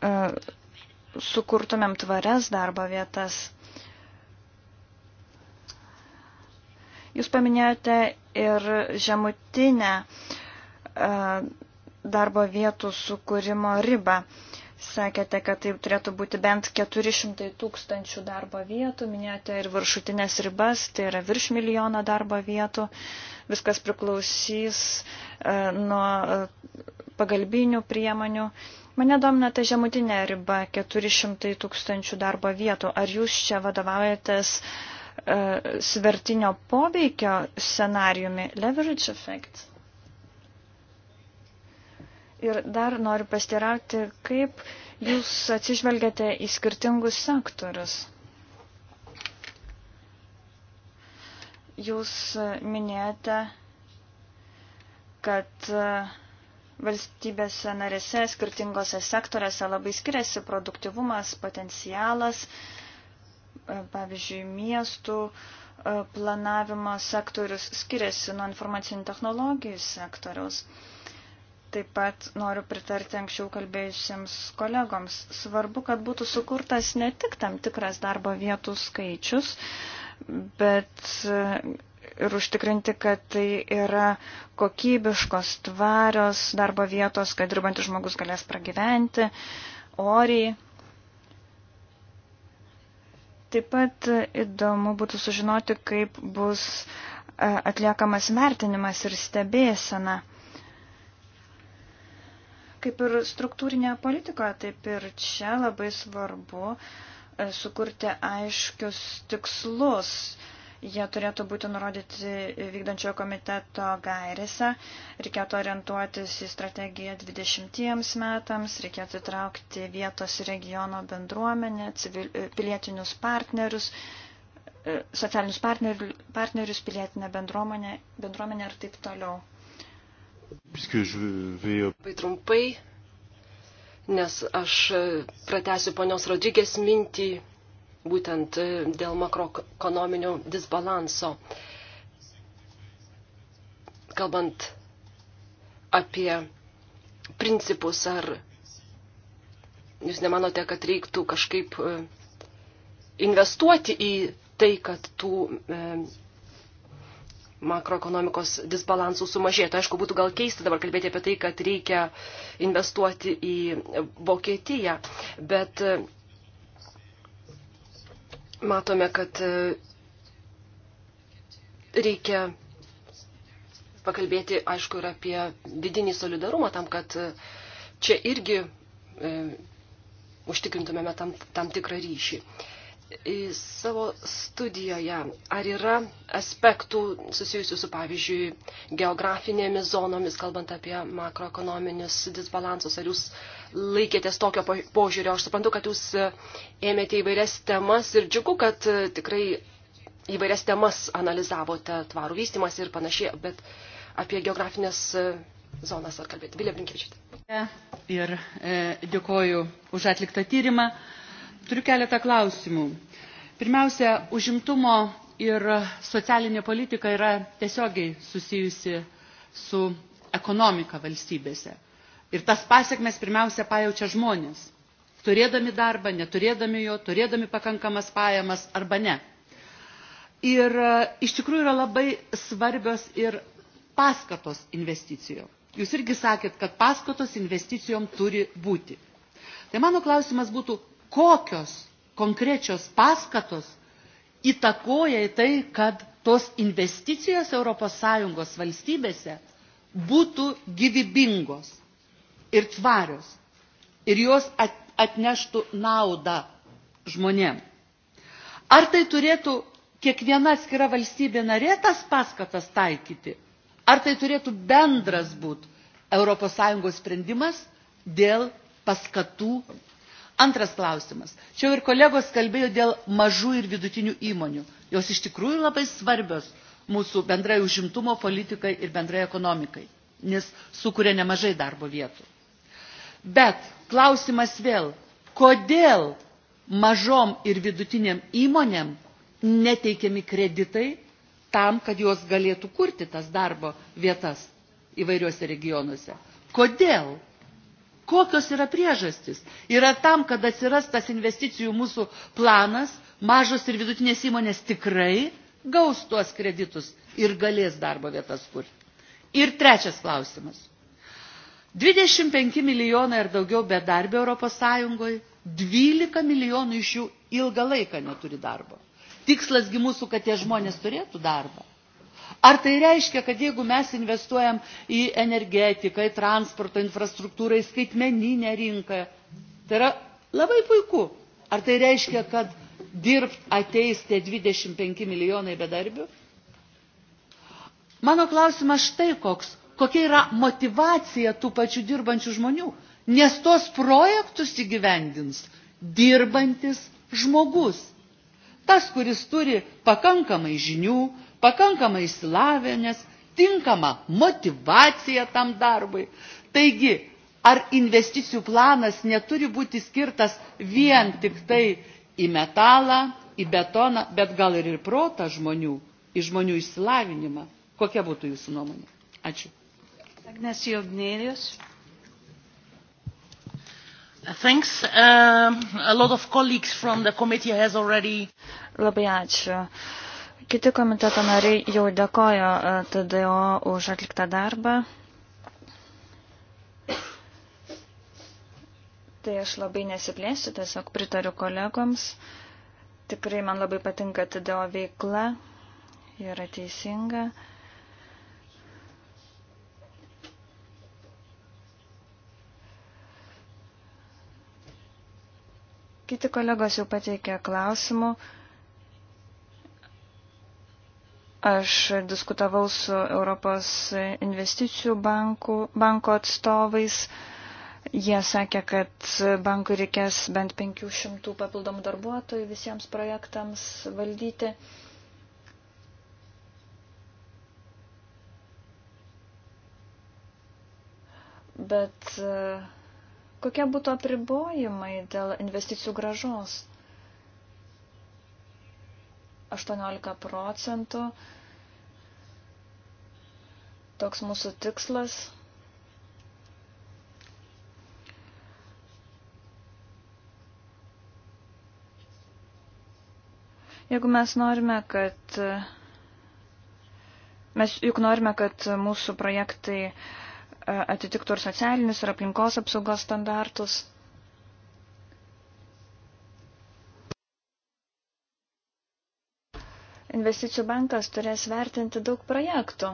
uh, sukurtumėm tvarias darbo vietas. Jūs paminėjote ir žemutinę uh, darbo vietų sukūrimo ribą. Sakėte, kad tai turėtų būti bent 400 tūkstančių darbo vietų, minėjote ir viršutinės ribas, tai yra virš milijono darbo vietų. Viskas priklausys e, nuo e, pagalbinių priemonių. Mane domina ta žemutinė riba 400 tūkstančių darbo vietų. Ar jūs čia vadovaujatės e, svertinio poveikio scenariumi leverage effect? Ir dar noriu pastirauti, kaip jūs atsižvelgiate į skirtingus sektorius. Jūs minėjote, kad e, valstybėse narėse, skirtingose sektoriuose labai skiriasi produktivumas, potencialas, e, pavyzdžiui, miestų e, planavimo sektorius skiriasi nuo informacinių technologijų sektoriaus. Taip pat noriu pritarti anksčiau kalbėjusiems kolegoms. Svarbu, kad būtų sukurtas ne tik tam tikras darbo vietų skaičius, bet e, ir užtikrinti, kad tai yra kokybiškos, tvarios darbo vietos, kad dirbantis žmogus galės pragyventi oriai. Taip pat e, įdomu būtų sužinoti, kaip bus e, atliekamas vertinimas ir stebėsena. Kaip ir struktūrinėje politikoje, taip ir čia labai svarbu e, sukurti aiškius tikslus. Jie turėtų būti nurodyti vykdančiojo komiteto gairėse, reikėtų orientuotis į strategiją 20 metams, reikėtų traukti vietos regiono bendruomenę, civil, e, pilietinius partnerius, e, socialinius partnerius, partnerius pilietinę bendruomenę, bendruomenę ir taip toliau. Euh, Labai trumpai, nes aš pratęsiu ponios Rodžygės mintį būtent e, dėl makroekonominio disbalanso. Kalbant apie principus, ar jūs nemanote, kad reiktų kažkaip e, investuoti į tai, kad tų e, makroekonomikos disbalansų sumažėtų. Aišku, būtų gal keista dabar kalbėti apie tai, kad reikia investuoti į Vokietiją, bet e, matome, kad e, reikia pakalbėti, aišku, ir apie vidinį solidarumą tam, kad e, čia irgi e, užtikrintumėme tam, tam tikrą ryšį. E, savo studijoje, ar yra aspektų susijusių su, pavyzdžiui, geografinėmis zonomis, kalbant apie makroekonominius disbalansus, ar jūs laikėtės tokio požiūrio? Aš suprantu, kad jūs ėmėte įvairias temas ir džiugu, kad tikrai įvairias temas analizavote, tvarų vystimas ir panašiai, bet apie geografinės zonas ar kalbėti. Vilė Brinkievičiūtė. Ir e, dėkoju už atliktą tyrimą. E, Turiu keletą klausimų. Pirmiausia, užimtumo ir socialinė politika yra tiesiogiai susijusi su ekonomika valstybėse. Ir tas pasiekmes pirmiausia pajaučia žmonės, turėdami darbą, neturėdami jo, turėdami pakankamas pajamas arba ne. Ir e, iš tikrųjų yra labai svarbios ir paskatos investicijom. Jūs irgi sakėt, kad paskatos investicijom turi būti. Tai mano klausimas būtų, kokios konkrečios paskatos įtakoja į tai, kad tos investicijos ES valstybėse būtų gyvybingos ir tvarios ir jos atneštų naudą žmonėm. Ar tai turėtų kiekviena atskira valstybė narė tas paskatas taikyti, ar tai turėtų bendras būti ES sprendimas dėl paskatų Antras klausimas. Čia ir kolegos kalbėjo dėl mažų ir vidutinių įmonių. Jos iš tikrųjų labai svarbios mūsų bendrai užimtumo politikai ir bendrai ekonomikai, nes sukuria nemažai darbo vietų. Bet klausimas vėl, kodėl mažom ir vidutiniam įmonėm neteikiami kreditai tam, kad jos galėtų kurti tas darbo vietas įvairiuose regionuose. Kodėl? Kokios yra priežastis? Yra tam, kad atsiras tas investicijų mūsų planas, mažos ir vidutinės įmonės tikrai gaus tuos kreditus ir galės darbo vietas kurti. Ir trečias klausimas. 25 milijonai ir daugiau bedarbė Europos Sąjungoje, 12 milijonų iš jų ilgą laiką neturi darbo. Tikslasgi mūsų, kad tie žmonės turėtų darbą. Ar tai reiškia, kad jeigu mes investuojam į energetiką, į transportą, infrastruktūrą, į skaitmeninę rinką, tai yra labai puiku. Ar tai reiškia, kad dirbt ateis tie 25 milijonai bedarbių? Mano klausimas štai koks. Kokia yra motivacija tų pačių dirbančių žmonių? Nes tos projektus įgyvendins dirbantis žmogus. Tas, kuris turi pakankamai žinių, pakankamai išsilavinęs, tinkama motivacija tam darbui. Taigi, ar investicijų planas neturi būti skirtas vien tik tai į metalą, į betoną, bet gal ir į protą žmonių, į žmonių išsilavinimą. Kokia būtų jūsų nuomonė? Ačiū. Agnesio Gnėrius. Thanks. Um, a lot of colleagues from the committee has already. Labai ačiū. Uh, Kiti komiteto nariai jau dėkojo e, TDO už atliktą darbą. Tai aš labai nesiplėsiu, tiesiog pritariu kolegoms. Tikrai man labai patinka TDO veikla, yra teisinga. Kiti kolegos jau pateikė klausimų. Aš diskutavau su Europos investicijų banku, banko atstovais. Jie sakė, kad bankui reikės bent 500 papildomų darbuotojų visiems projektams valdyti. Bet e, kokie būtų apribojimai dėl investicijų gražos? 18 procentų. Toks mūsų tikslas. Jeigu mes norime, kad mes juk norime, kad mūsų projektai e, atitiktų ir socialinius, ir aplinkos apsaugos standartus. investicijų bankas turės vertinti daug projektų.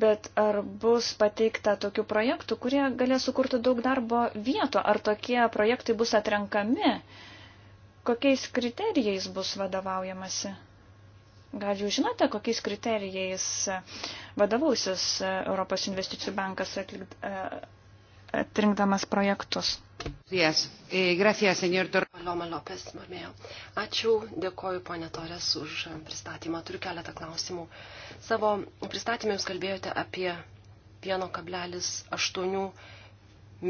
Bet ar bus pateikta tokių projektų, kurie galės sukurti daug darbo vietų, ar tokie projektai bus atrenkami, kokiais kriterijais bus vadovaujamasi? Gal jūs žinote, kokiais kriterijais vadovausis Europos investicijų bankas atlinkdamas e, projektus? E, Ačiū, dėkoju ponė Torės už pristatymą. Turiu keletą klausimų. Savo pristatymę jūs kalbėjote apie 1,8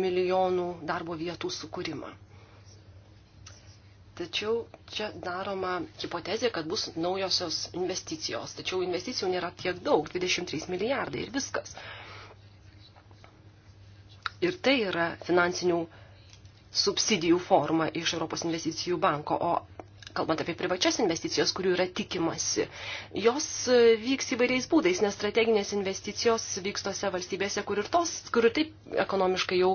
milijonų darbo vietų sukūrimą. Tačiau čia daroma hipotezė, kad bus naujosios investicijos. Tačiau investicijų nėra tiek daug, 23 milijardai ir viskas. Ir tai yra finansinių subsidijų formą iš Europos investicijų banko, o kalbant apie privačias investicijas, kurių yra tikimasi, jos vyks įvairiais būdais, nes strateginės investicijos vyks tose valstybėse, kur ir, tos, kur ir taip ekonomiškai jau,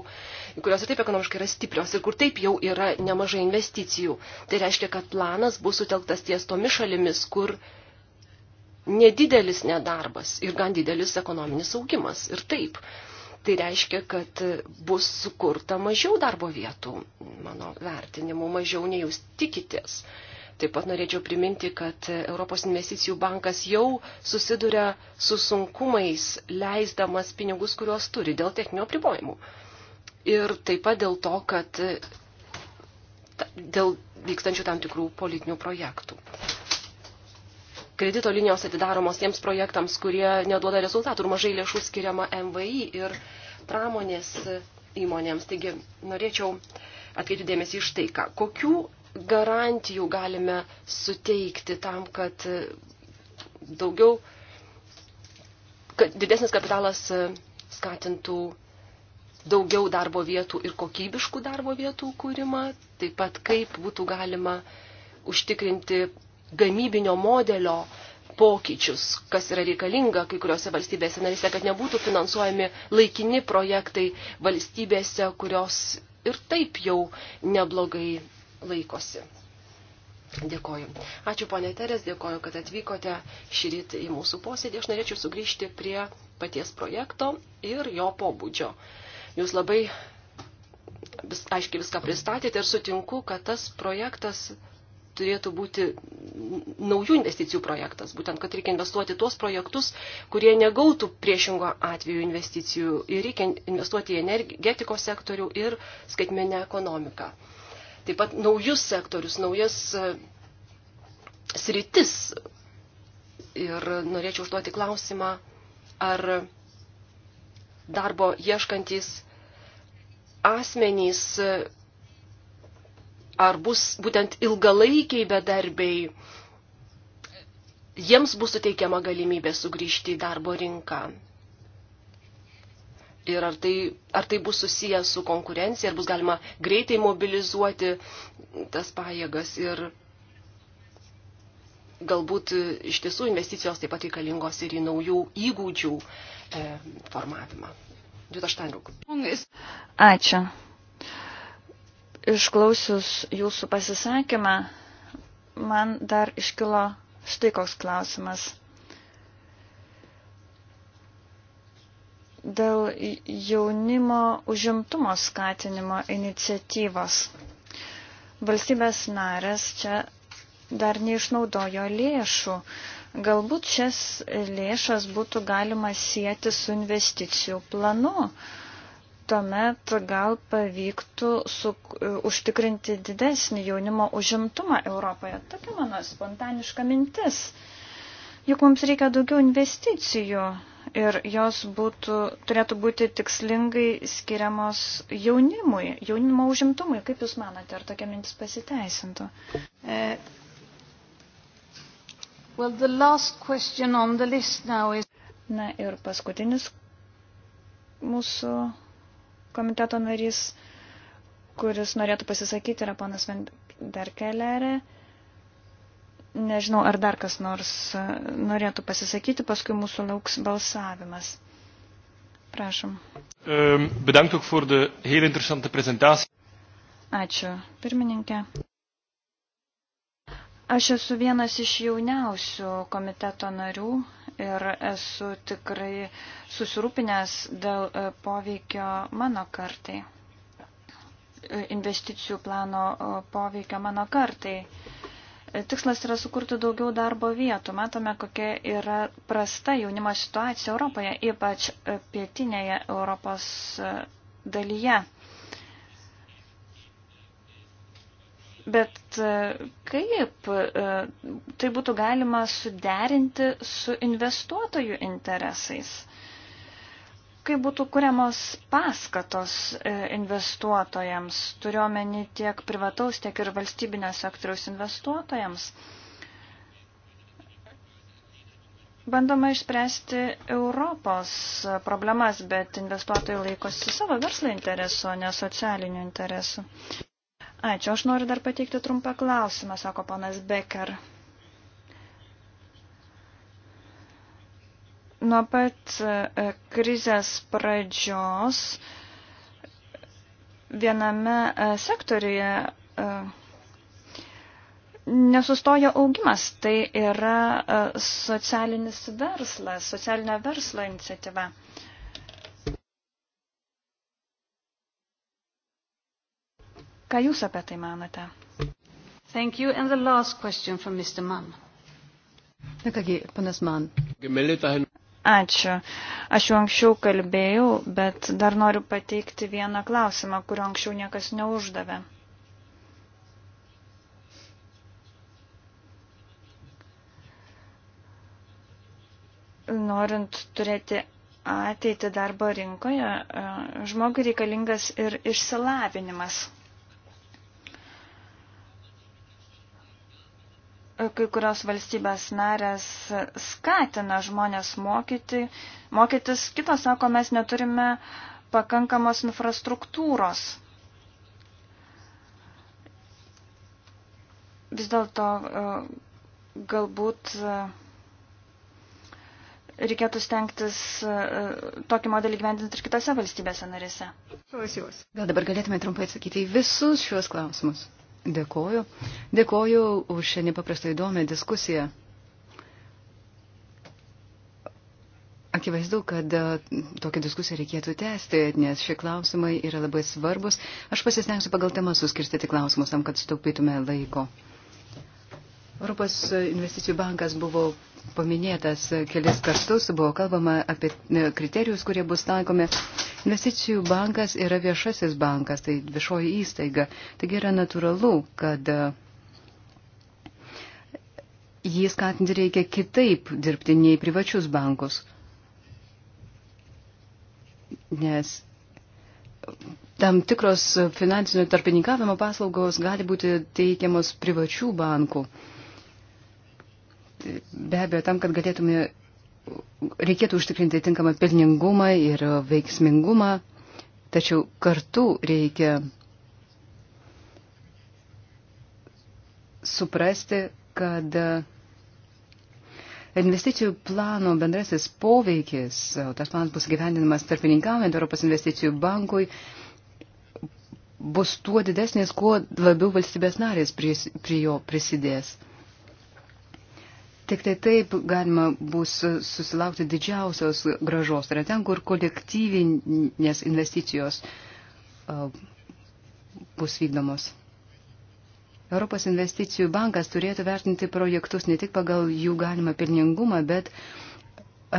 kurios ir taip ekonomiškai yra stiprios ir kur taip jau yra nemažai investicijų. Tai reiškia, kad planas bus sutelktas ties tomis šalimis, kur nedidelis nedarbas ir gan didelis ekonominis augimas. Ir taip tai reiškia, kad bus sukurta mažiau darbo vietų, mano vertinimu, mažiau nei jūs tikitės. Taip pat norėčiau priminti, kad Europos investicijų bankas jau susiduria su sunkumais, leisdamas pinigus, kuriuos turi dėl techninio pribojimų. Ir taip pat dėl to, kad dėl vykstančių tam tikrų politinių projektų kredito linijos atidaromos tiems projektams, kurie neduoda rezultatų ir mažai lėšų skiriama MVI ir pramonės įmonėms. Taigi norėčiau atkreipti dėmesį iš tai, ką, kokių garantijų galime suteikti tam, kad daugiau, kad didesnis kapitalas skatintų daugiau darbo vietų ir kokybiškų darbo vietų kūrimą, taip pat kaip būtų galima užtikrinti gamybinio modelio pokyčius, kas yra reikalinga kai kuriuose valstybėse narise, kad nebūtų finansuojami laikini projektai valstybėse, kurios ir taip jau neblogai laikosi. Dėkoju. Ačiū ponė Teres, dėkoju, kad atvykote šį rytą į mūsų posėdį. Aš norėčiau sugrįžti prie paties projekto ir jo pobūdžio. Jūs labai vis, aiškiai viską pristatėte ir sutinku, kad tas projektas turėtų būti naujų investicijų projektas, būtent kad reikia investuoti tuos projektus, kurie negautų priešingo atveju investicijų ir reikia investuoti į energetikos sektorių ir skaitmenę ekonomiką. Taip pat naujus sektorius, naujas e, sritis. Ir norėčiau užduoti klausimą, ar darbo ieškantis asmenys e, ar bus būtent ilgalaikiai bedarbiai, jiems bus suteikiama galimybė sugrįžti į darbo rinką. Ir ar tai, ar tai bus susiję su konkurencija, ar bus galima greitai mobilizuoti tas pajėgas ir galbūt iš tiesų investicijos taip pat reikalingos ir į naujų įgūdžių e, formavimą. Ačiū. Išklausius jūsų pasisakymą, man dar iškilo štai koks klausimas. Dėl jaunimo užimtumo skatinimo iniciatyvos. Valstybės narės čia dar neišnaudojo lėšų. Galbūt šias lėšas būtų galima sieti su investicijų planu. Uh, tuomet gal pavyktų su, e, užtikrinti didesnį jaunimo užimtumą Europoje. Tokia mano spontaniška mintis. Juk mums reikia daugiau investicijų ir jos būtų, turėtų būti tikslingai skiriamos jaunimui, jaunimo užimtumui. Kaip Jūs manote, ar tokia mintis pasiteisintų? Uh, well, is... Na ir paskutinis mūsų komiteto narys, kuris norėtų pasisakyti, yra ponas Venderkelerė. Nežinau, ar dar kas nors e, norėtų pasisakyti, paskui mūsų lauks balsavimas. Prašom. Ehm, bedankt ook voor de heel interessante presentatie. Ačiū, pirmininkė. Aš esu vienas iš jauniausių komiteto narių ir esu tikrai susirūpinęs dėl e, poveikio mano kartai, e, investicijų plano e, poveikio mano kartai. Tikslas yra sukurti daugiau darbo vietų. Matome, kokia yra prasta jaunimo situacija Europoje, ypač pietinėje Europos dalyje. Bet e, kaip e, tai būtų galima suderinti su investuotojų interesais? Kaip būtų kuriamos paskatos e, investuotojams, turiuomenį tiek privataus, tiek ir valstybinio sektoriaus investuotojams? Bandoma išspręsti Europos problemas, bet investuotojai laikosi savo verslo interesų, o ne socialinių interesų. Ačiū, aš noriu dar pateikti trumpą klausimą, sako ponas Becker. Nuo pat e, krizės pradžios viename e, sektoriuje e, nesustoja augimas, tai yra socialinis verslas, socialinio verslo iniciatyva. Ką Jūs apie tai manote? Thank you. And the last question from Mr. Mann. Na kągi, panas Mann. Ačiū. Aš jau anksčiau kalbėjau, bet dar noriu pateikti vieną klausimą, kurio anksčiau niekas neuždavė. norint turėti ateitį darbo rinkoje, e, žmogui reikalingas ir išsilavinimas. kai kurios valstybės narės skatina žmonės mokyti, mokytis, kitos sako, mes neturime pakankamos infrastruktūros. Vis dėlto e, galbūt e, reikėtų stengtis e, tokį modelį gyventinti ir kitose valstybėse narėse. Gal dabar galėtume trumpai atsakyti į visus šiuos klausimus. Dėkoju. Dėkoju už šią nepaprastai įdomią diskusiją. Akivaizdu, kad e, tokią diskusiją reikėtų tęsti, nes šie klausimai yra labai svarbus. Aš pasistengsiu pagal temą suskirstyti klausimus tam, kad sutaupytume laiko. Europos investicijų bankas buvo paminėtas kelis kartus, buvo kalbama apie e, kriterijus, kurie bus taikomi Investicijų bankas yra viešasis bankas, tai viešoji įstaiga. Taigi yra natūralu, kad e, jį skatinti reikia kitaip dirbti nei privačius bankus. Nes tam tikros finansinio tarpininkavimo paslaugos gali būti teikiamos privačių bankų. Be abejo, tam, kad galėtume reikėtų užtikrinti tinkamą pelningumą ir veiksmingumą, tačiau kartu reikia suprasti, kad investicijų plano bendrasis poveikis, tas planas bus gyvendinamas tarpininkaujant Europos investicijų bankui, bus tuo didesnis, kuo labiau valstybės narės prie, prie jo prisidės. Tik tai taip galima bus susilaukti didžiausios gražos. Tai yra ten, kur kolektyvinės investicijos bus vykdomos. Europos investicijų bankas turėtų vertinti projektus ne tik pagal jų galimą pelningumą, bet,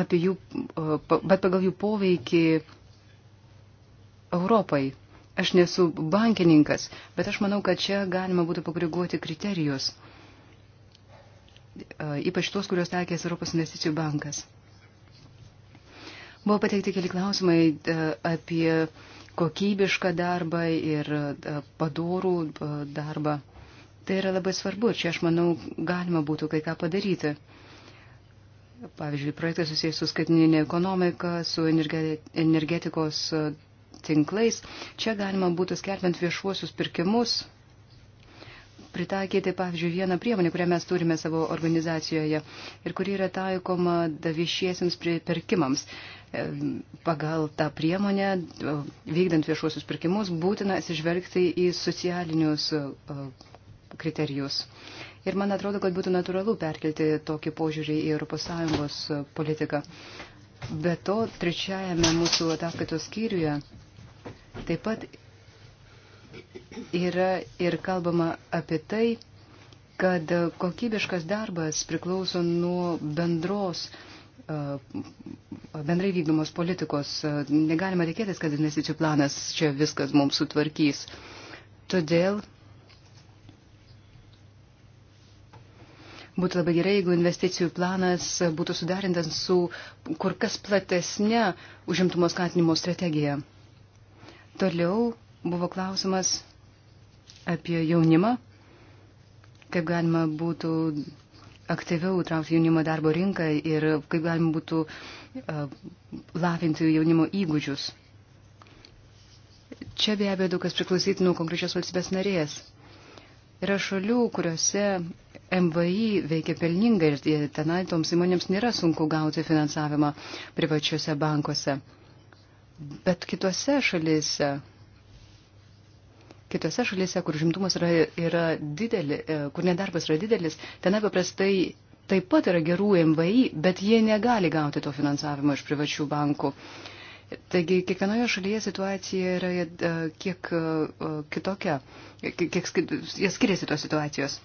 apie jų, bet pagal jų poveikį Europai. Aš nesu bankininkas, bet aš manau, kad čia galima būtų pakoreguoti kriterijus. Uh, E, ypač tuos, kuriuos taikės Europos investicijų bankas. Buvo pateikti keli klausimai e, apie kokybišką darbą ir e, padorų darbą. Tai yra labai svarbu ir čia aš manau galima būtų kai ką padaryti. Pavyzdžiui, projektas susijęs su skaitinė ekonomika, su energetikos tinklais. Čia galima būtų skelbiant viešuosius pirkimus pritaikyti, pavyzdžiui, vieną priemonę, kurią mes turime savo organizacijoje ir kuri yra taikoma viešiesiams pirkimams. E, pagal tą priemonę, vykdant viešuosius pirkimus, būtina atsižvelgti į socialinius kriterijus. Ir man atrodo, kad būtų natūralu perkelti tokį požiūrį į ES politiką. Be to, trečiajame mūsų ataskaitos skyriuje taip pat yra ir kalbama apie tai, kad kokybiškas darbas priklauso nuo bendros e, bendrai vykdomos politikos. Negalima tikėtis, kad investicijų planas čia viskas mums sutvarkys. Todėl būtų labai gerai, jeigu investicijų planas būtų sudarintas su kur kas platesnė užimtumo skatinimo strategija. Toliau buvo klausimas apie jaunimą, kaip galima būtų aktyviau traukti jaunimo darbo rinką ir kaip galima būtų uh, lavinti jaunimo įgūdžius. Čia be abejo daug kas priklausytų nuo konkrečios valstybės narės. Yra šalių, kuriuose MVI veikia pelningai ir tenai toms įmonėms nėra sunku gauti finansavimą privačiuose bankuose. Bet kitose šalyse Kitose šalyse, kur žimtumas yra, yra didelis, e, kur nedarbas yra didelis, ten paprastai taip pat yra gerų MVI, bet jie negali gauti to finansavimo iš privačių bankų. Taigi kiekvienoje šalyje situacija yra e, kiek e, kitokia, kiek jie skiriasi tos situacijos.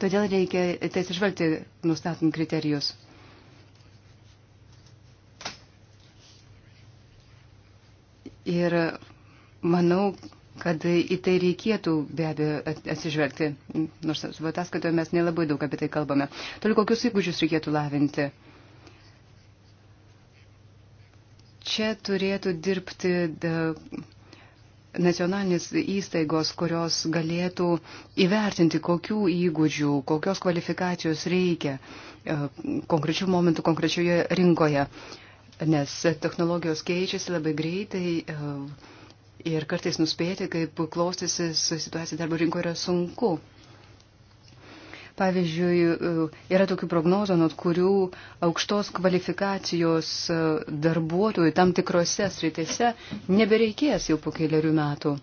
Todėl reikia tai atsižvelgti, nustatant kriterijus. Ir manau, kad į tai reikėtų be abejo atsižvelgti, nors su ataskaitoje mes nelabai daug apie tai kalbame. Toliau kokius įgūdžius reikėtų lavinti? Čia turėtų dirbti de, nacionalinės įstaigos, kurios galėtų įvertinti, kokių įgūdžių, kokios kvalifikacijos reikia e, konkrečių momentų konkrečioje rinkoje, nes technologijos keičiasi labai greitai. De, Ir kartais nuspėti, kaip klostysis situacija darbo rinkoje yra sunku. Pavyzdžiui, yra tokių prognozų, nuo kurių aukštos kvalifikacijos darbuotojų tam tikrose sritėse nebereikės jau po keliarių metų.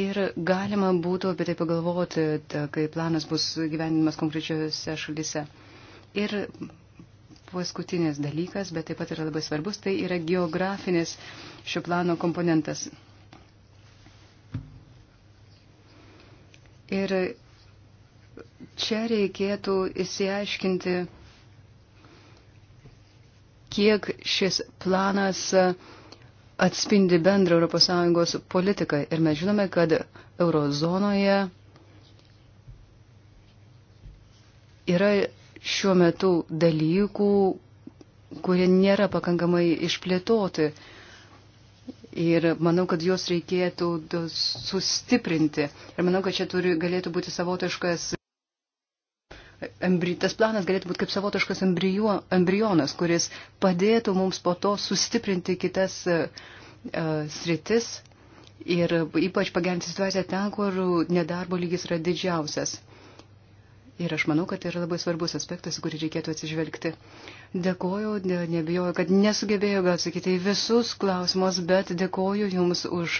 Ir galima būtų apie tai pagalvoti, ta, kai planas bus gyvenimas konkrečiose šalyse. Ir paskutinis dalykas, bet taip pat yra labai svarbus, tai yra geografinis šio plano komponentas. Ir čia reikėtų įsiaiškinti, kiek šis planas atspindi bendrą ES politiką. Ir mes žinome, kad eurozonoje yra šiuo metu dalykų, kurie nėra pakankamai išplėtoti. Ir manau, kad juos reikėtų sustiprinti. Ir manau, kad čia turi, galėtų būti savotiškas. Tas planas galėtų būti kaip savotiškas embryo, embrionas, kuris padėtų mums po to sustiprinti kitas uh, sritis ir ypač pagerinti situaciją ten, kur nedarbo lygis yra didžiausias. Ir aš manau, kad tai yra labai svarbus aspektas, kurį reikėtų atsižvelgti. Dėkoju, ne, nebijoju, kad nesugebėjau atsakyti į visus klausimus, bet dėkoju Jums už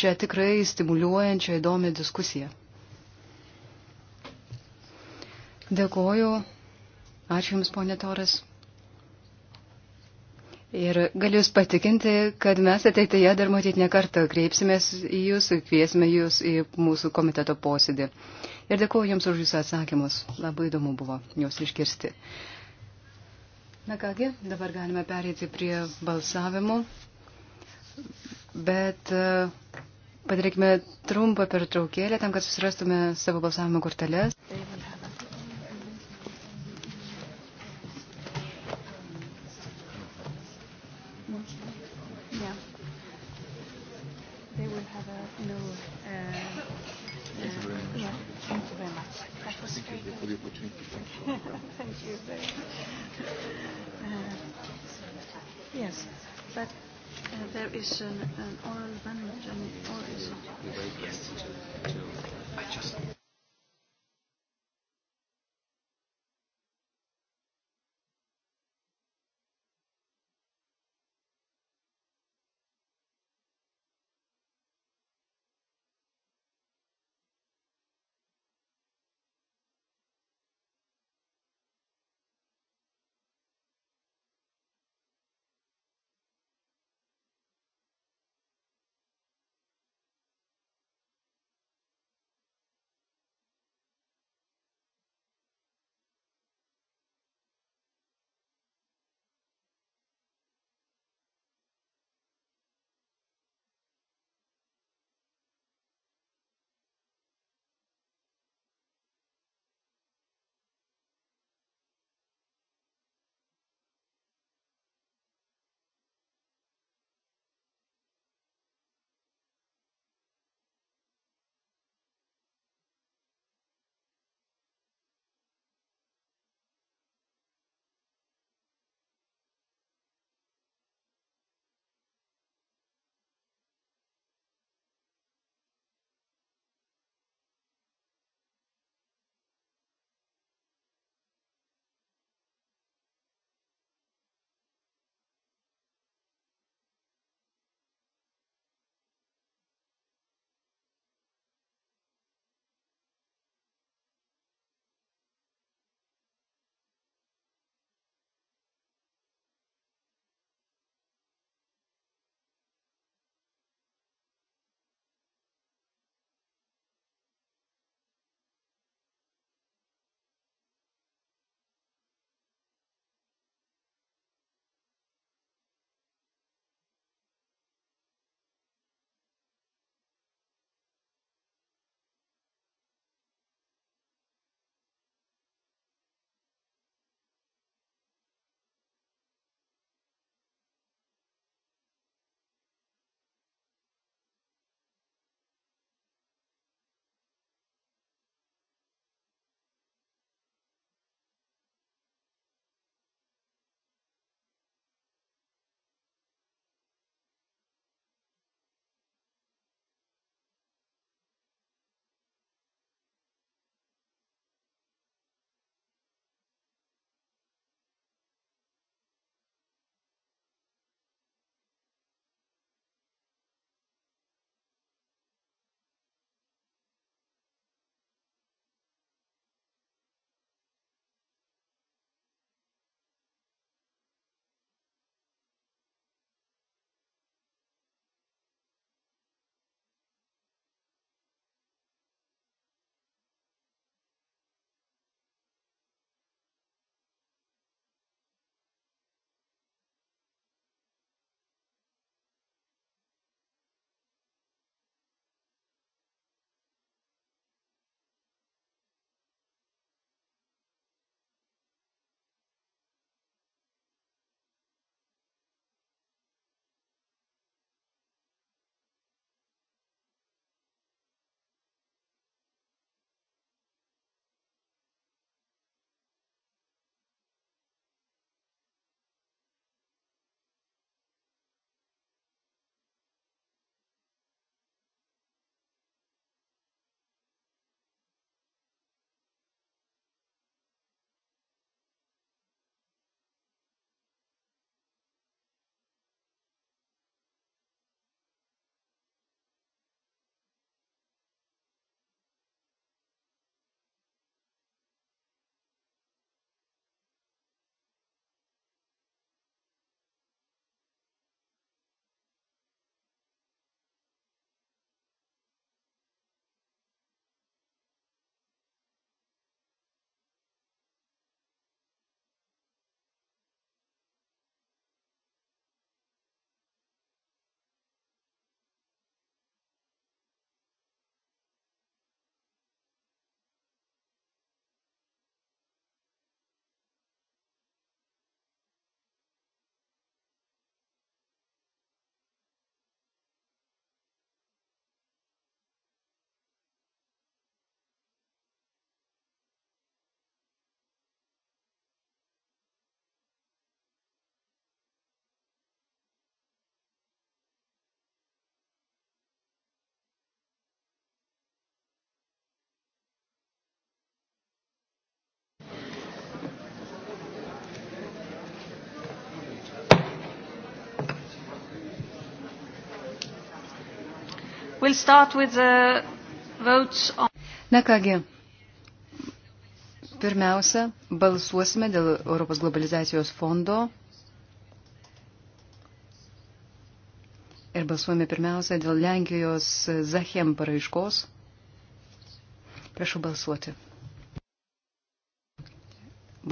šią tikrai stimuliuojančią įdomią diskusiją. Dėkoju. Ačiū Jums, ponė Toras. Ir galiu Jūs patikinti, kad mes ateityje dar matyti nekartą kreipsimės į Jūs ir kviesime Jūs į mūsų komiteto posėdį. Ir dėkuoju Jums už Jūsų atsakymus. Labai įdomu buvo Jūs išgirsti. Na kągi, dabar galime perėti prie balsavimo. Bet e, padarykime trumpą pertraukėlę tam, kad susirastume savo balsavimo korteles. Yeah. They will have a no. Thank you for the opportunity. Thank you. Thank you very much. Uh, yes, but uh, there is an, an oral amendment. Yes. We wait yes. until I just. We'll start with the votes on... Na kągi, pirmiausia, balsuosime dėl Europos globalizacijos fondo ir balsuojame pirmiausia dėl Lenkijos Zachem paraiškos. Prašau balsuoti.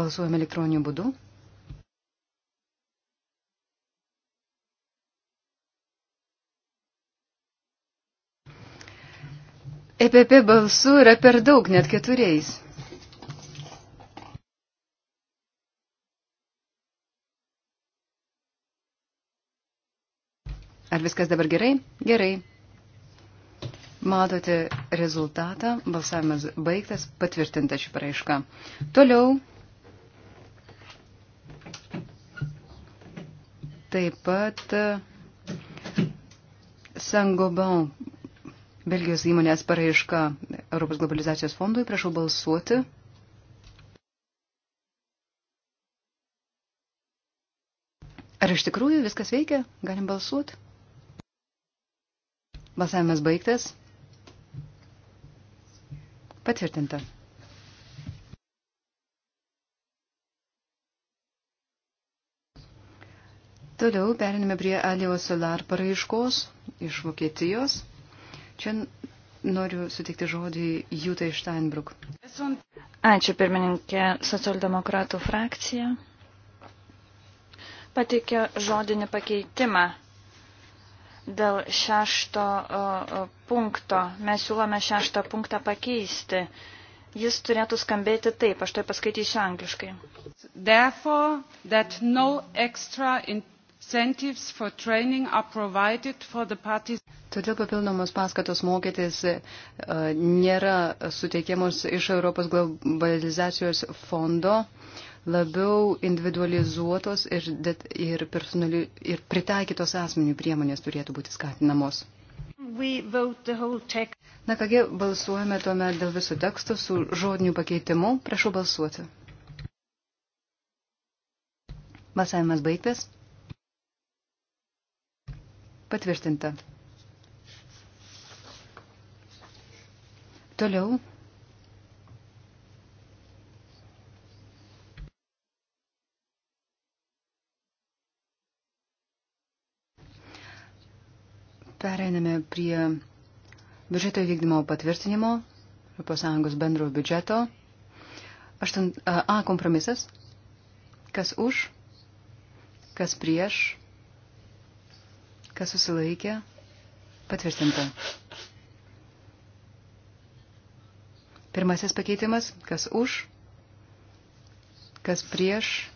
Balsuojame elektroniniu būdu. EPP balsų yra per daug, net keturiais. Ar viskas dabar gerai? Gerai. Matote rezultatą, balsavimas baigtas, patvirtinta ši paraiška. Toliau. Taip pat e, Sangobon Belgijos įmonės paraiška Europos globalizacijos fondui. Prašau balsuoti. Ar iš tikrųjų viskas veikia? Galim balsuoti? Balsavimas baigtas. Patvirtinta. Toliau periname prie Alio Solar paraiškos iš Vokietijos. Čia noriu sutikti žodį Jutai Steinbruk. Ačiū pirmininkė socialdemokratų frakcija. Pateikė žodinį pakeitimą dėl šešto punkto. Mes siūlome šeštą punktą pakeisti. Jis turėtų skambėti taip, aš tai paskaitysiu angliškai. Therefore, that no extra incentives for training are provided for the parties. Todėl papildomos paskatos mokytis e, nėra suteikiamos iš Europos globalizacijos fondo, labiau individualizuotos ir, ir, ir pritaikytos asmenių priemonės turėtų būti skatinamos. Na kągi, balsuojame tuomet dėl visų tekstų su žodiniu pakeitimu. Prašau balsuoti. Balsavimas baigtas. Patvirtinta. Toliau. Pereiname prie biudžeto įvykdymo patvirtinimo, ES bendrojo biudžeto. Aštant, a, kompromisas. Kas už, kas prieš, kas susilaikė, patvirtinta. Pirmasis pakeitimas, kas už, kas prieš,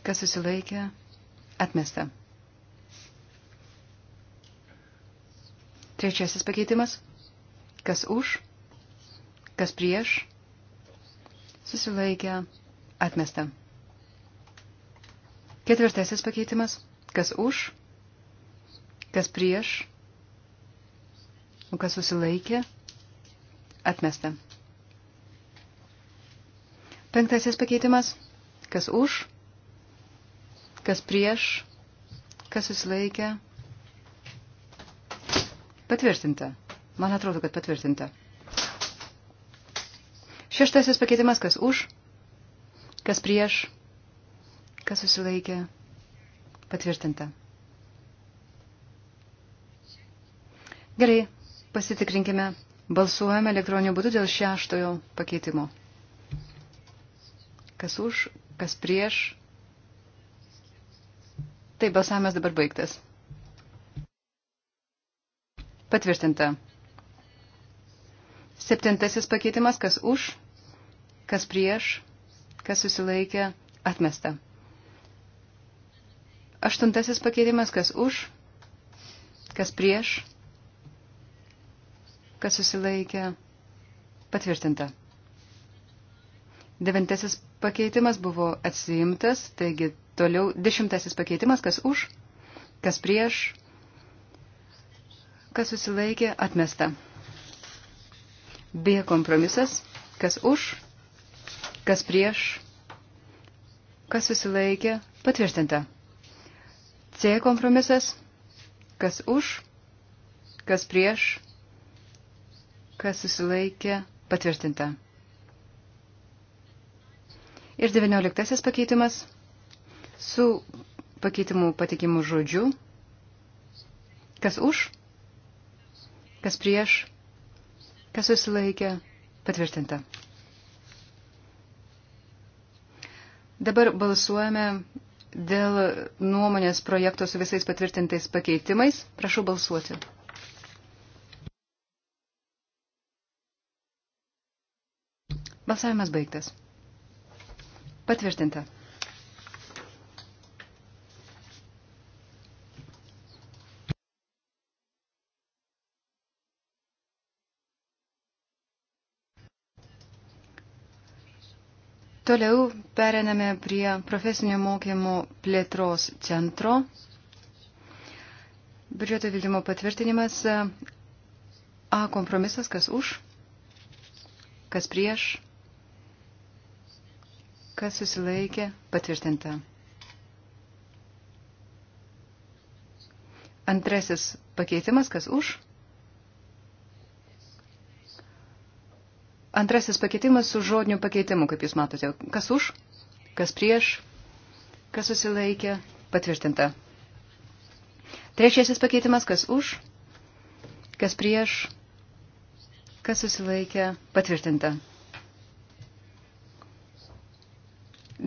kas susilaikė, atmesta. Trečiasis pakeitimas, kas už, kas prieš, susilaikė, atmesta. Ketvirtasis pakeitimas, kas už, kas prieš, O nu, kas susilaikė? Atmesta. Penktasis pakeitimas. Kas už? Kas prieš? Kas susilaikė? Patvirtinta. Man atrodo, kad patvirtinta. Šeštasis pakeitimas, kas už, kas prieš, kas susilaikė, patvirtinta. Gerai, Pasitikrinkime. Balsuojame elektroniniu būdu dėl šeštojo pakeitimo. Kas už, kas prieš. Taip, balsavimas dabar baigtas. Patvirtinta. Septintasis pakeitimas, kas už, kas prieš, kas susilaikė, atmesta. Aštuntasis pakeitimas, kas už, kas prieš, kas susilaikė, patvirtinta. Devintasis pakeitimas buvo atsiimtas, taigi toliau dešimtasis pakeitimas, kas už, kas prieš, kas susilaikė, atmesta. B kompromisas, kas už, kas prieš, kas susilaikė, patvirtinta. C kompromisas, kas už, kas prieš, kas susilaikė, patvirtinta. Ir devynioliktasis pakeitimas su pakeitimu patikimu žodžiu. Kas už, kas prieš, kas susilaikė, patvirtinta. Dabar balsuojame dėl nuomonės projekto su visais patvirtintais pakeitimais. Prašau balsuoti. Balsavimas baigtas. Patvirtinta. Toliau periname prie profesinio mokymo plėtros centro. Biudžeto vykdymo patvirtinimas A kompromisas, kas už, kas prieš kas susilaikė, patvirtinta. Antrasis pakeitimas, kas už? Antrasis pakeitimas su žodiniu pakeitimu, kaip jūs matote. Kas už, kas prieš, kas susilaikė, patvirtinta. Trečiasis pakeitimas, kas už, kas prieš, kas susilaikė, patvirtinta.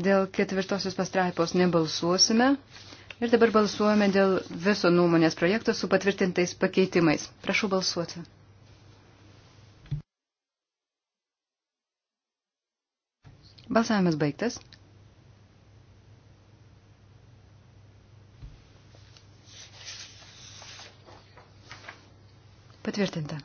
Dėl ketvirtosios pastraipos nebalsuosime. Ir dabar balsuojame dėl viso nuomonės projekto su patvirtintais pakeitimais. Prašau balsuoti. Balsavimas baigtas. Patvirtinta.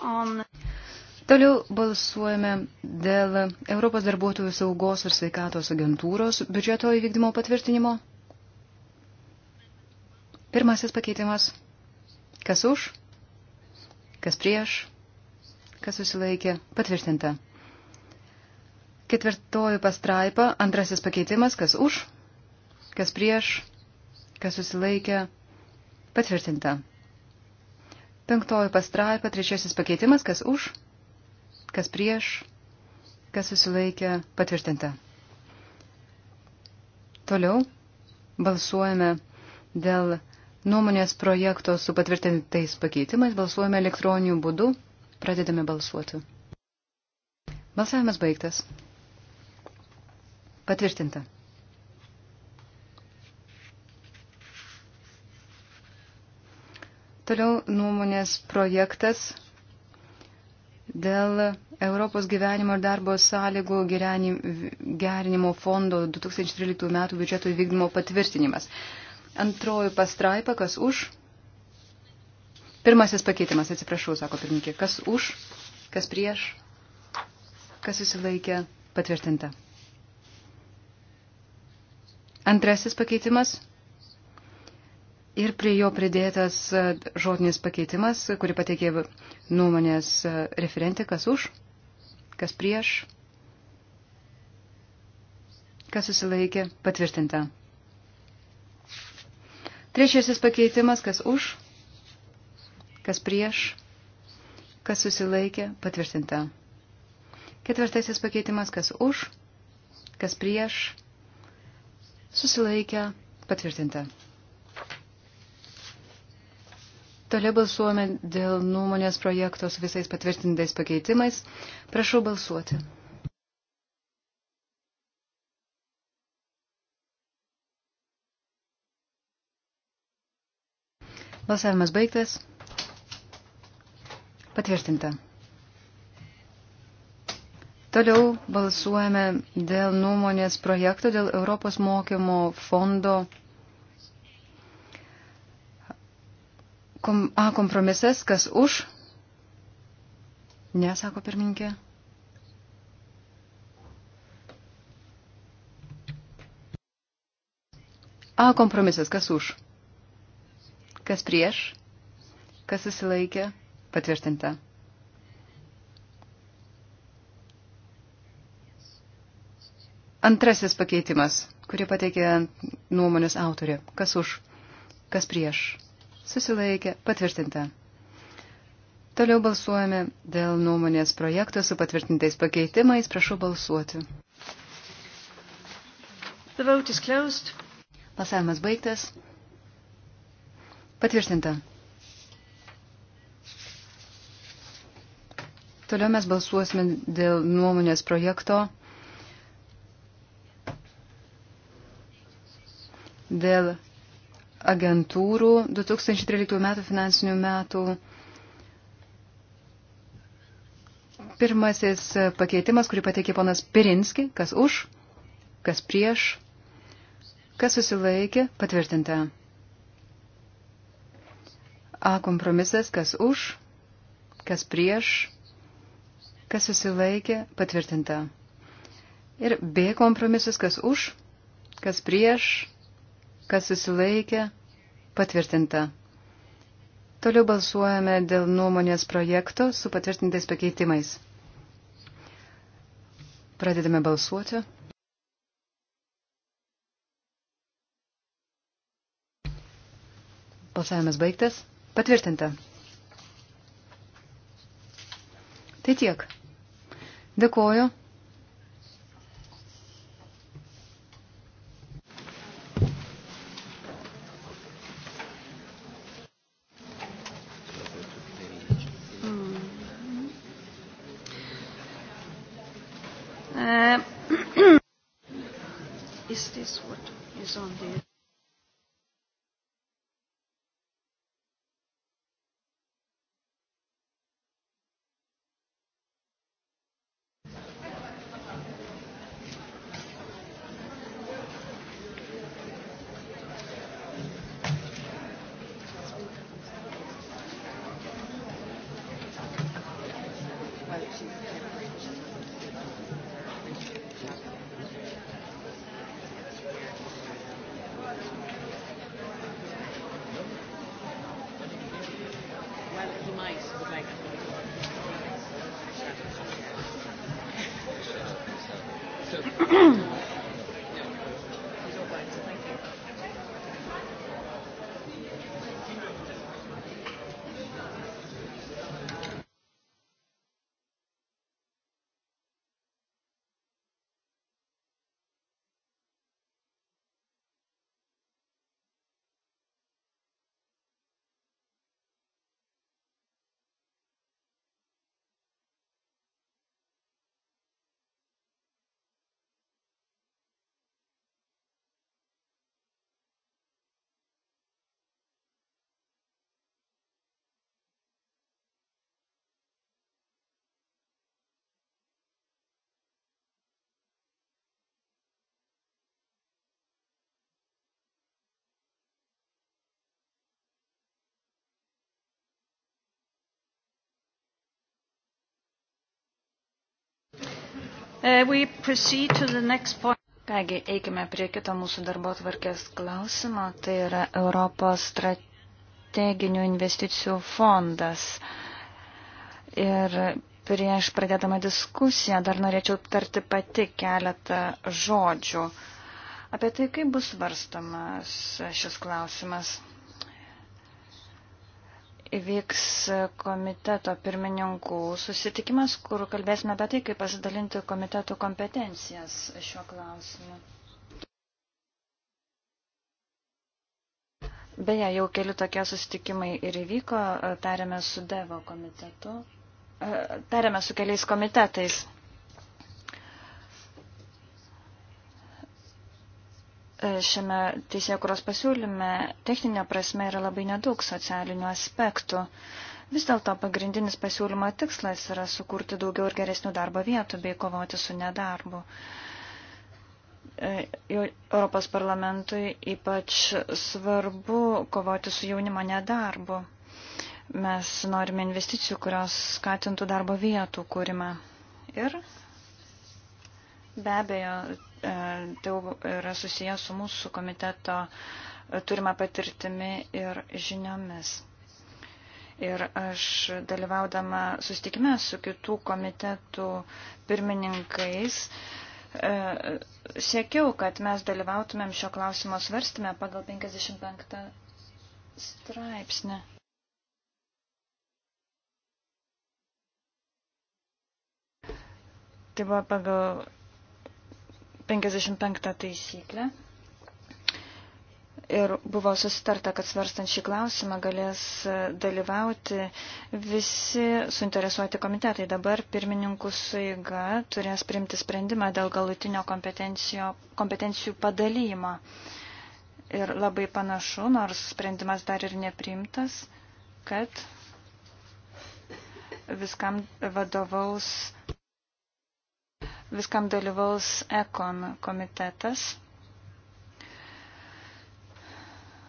On... Toliau balsuojame dėl Europos darbuotojų saugos ir sveikatos agentūros biudžeto įvykdymo patvirtinimo. Pirmasis pakeitimas. Kas už? Kas prieš? Kas susilaikė? Patvirtinta. Ketvirtoji pastraipa. Antrasis pakeitimas. Kas už? Kas prieš? Kas susilaikė? Patvirtinta. Penktoji pastraipa, trečiasis pakeitimas, kas už, kas prieš, kas susilaikė, patvirtinta. Toliau balsuojame dėl nuomonės projekto su patvirtintais pakeitimais, balsuojame elektroniniu būdu, pradedame balsuoti. Balsavimas baigtas. Patvirtinta. Toliau nuomonės projektas dėl Europos gyvenimo ir darbo sąlygų gerinimo fondo 2013 metų biudžeto įvykdymo patvirtinimas. Antroji pastraipa, kas už? Pirmasis pakeitimas, atsiprašau, sako pirmininkė. Kas už, kas prieš, kas susilaikė, patvirtinta. Antrasis pakeitimas, ir prie jo pridėtas e, žodinis pakeitimas, kurį pateikė nuomonės e, referentė, kas už, kas prieš, kas susilaikė, patvirtinta. Trečiasis pakeitimas, kas už, kas prieš, kas susilaikė, patvirtinta. Ketvirtasis pakeitimas, kas už, kas prieš, susilaikė, patvirtinta. Toliau balsuojame dėl nuomonės projektos visais patvirtintais pakeitimais. Prašau balsuoti. Balsavimas baigtas. Patvirtinta. Toliau balsuojame dėl nuomonės projekto dėl Europos mokymo fondo Kom, A kompromisas, kas už? Ne, sako pirmininkė. A kompromisas, kas už? Kas prieš? Kas susilaikė? Patvirtinta. Antrasis pakeitimas, kurį pateikė nuomonės autorė. Kas už? Kas prieš? susilaikė, patvirtinta. Toliau balsuojame dėl nuomonės projekto su patvirtintais pakeitimais. Prašau balsuoti. Balsavimas baigtas. Patvirtinta. Toliau mes balsuosime dėl nuomonės projekto, dėl agentūrų 2013 metų finansinių metų. Pirmasis pakeitimas, kurį pateikė ponas Pirinski, kas už, kas prieš, kas susilaikė, patvirtinta. A kompromisas, kas už, kas prieš, kas susilaikė, patvirtinta. Ir B kompromisas, kas už, kas prieš, kas susilaikė, patvirtinta. Toliau balsuojame dėl nuomonės projekto su patvirtintais pakeitimais. Pradedame balsuoti. Balsavimas baigtas. Patvirtinta. Tai tiek. Dėkoju. Uh, Kągi, eikime prie kito mūsų darbo tvarkės klausimo, tai yra Europos strateginių investicijų fondas. Ir prieš pradėdama diskusiją dar norėčiau tarti pati keletą žodžių apie tai, kaip bus svarstamas šis klausimas įvyks komiteto pirmininkų susitikimas, kur kalbėsime apie tai, kaip pasidalinti komitetų kompetencijas šiuo klausimu. Beje, jau keli tokie susitikimai ir įvyko, tarėme su Devo komitetu, e, tarėme su keliais komitetais. šiame teisėkuros pasiūlyme techninė prasme yra labai nedaug socialinių aspektų. Vis dėlto pagrindinis pasiūlymo tikslas yra sukurti daugiau ir geresnių darbo vietų bei kovoti su nedarbu. E, Europos parlamentui ypač svarbu kovoti su jaunimo nedarbu. Mes norime investicijų, kurios skatintų darbo vietų kūrimą. Ir be abejo, tai yra susijęs su mūsų komiteto e, turima patirtimi ir žiniomis. Ir aš dalyvaudama sustikime su kitų komitetų pirmininkais, e, siekiau, kad mes dalyvautumėm šio klausimo svarstymę pagal 55 straipsnį. Tai buvo pagal 55 taisyklę. Ir buvo susitarta, kad svarstant šį klausimą galės dalyvauti visi suinteresuoti komitetai. Dabar pirmininkų suiga turės priimti sprendimą dėl galutinio kompetencijų padalymo. Ir labai panašu, nors sprendimas dar ir nepriimtas, kad viskam vadovaus Viskam dalyvaus ekon komitetas.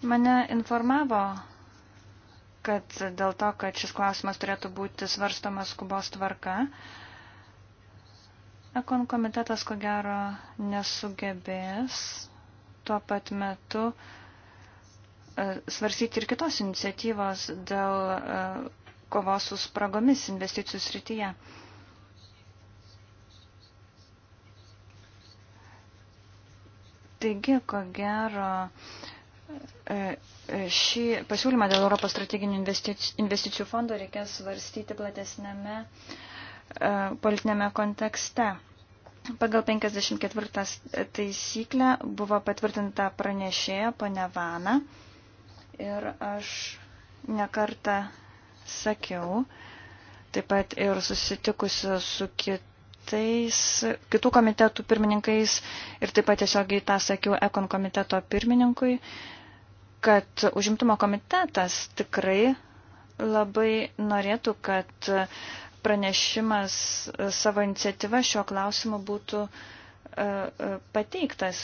Mane informavo, kad dėl to, kad šis klausimas turėtų būti svarstomas skubos tvarka, ekon komitetas ko gero nesugebės tuo pat metu e, svarsyti ir kitos iniciatyvos dėl e, kovos su spragomis investicijų srityje. Taigi, ko gero, e, e, šį pasiūlymą dėl Europos strateginių investicijų fondo reikės svarstyti platesnėme e, politinėme kontekste. Pagal 54 taisyklę buvo patvirtinta pranešėja pane Vana ir aš nekartą sakiau, taip pat ir susitikusi su kitu kitais, kitų komitetų pirmininkais ir taip pat tiesiogiai tą sakiau ekon komiteto pirmininkui, kad užimtumo komitetas tikrai labai norėtų, kad pranešimas savo iniciatyva šiuo klausimu būtų e, e, pateiktas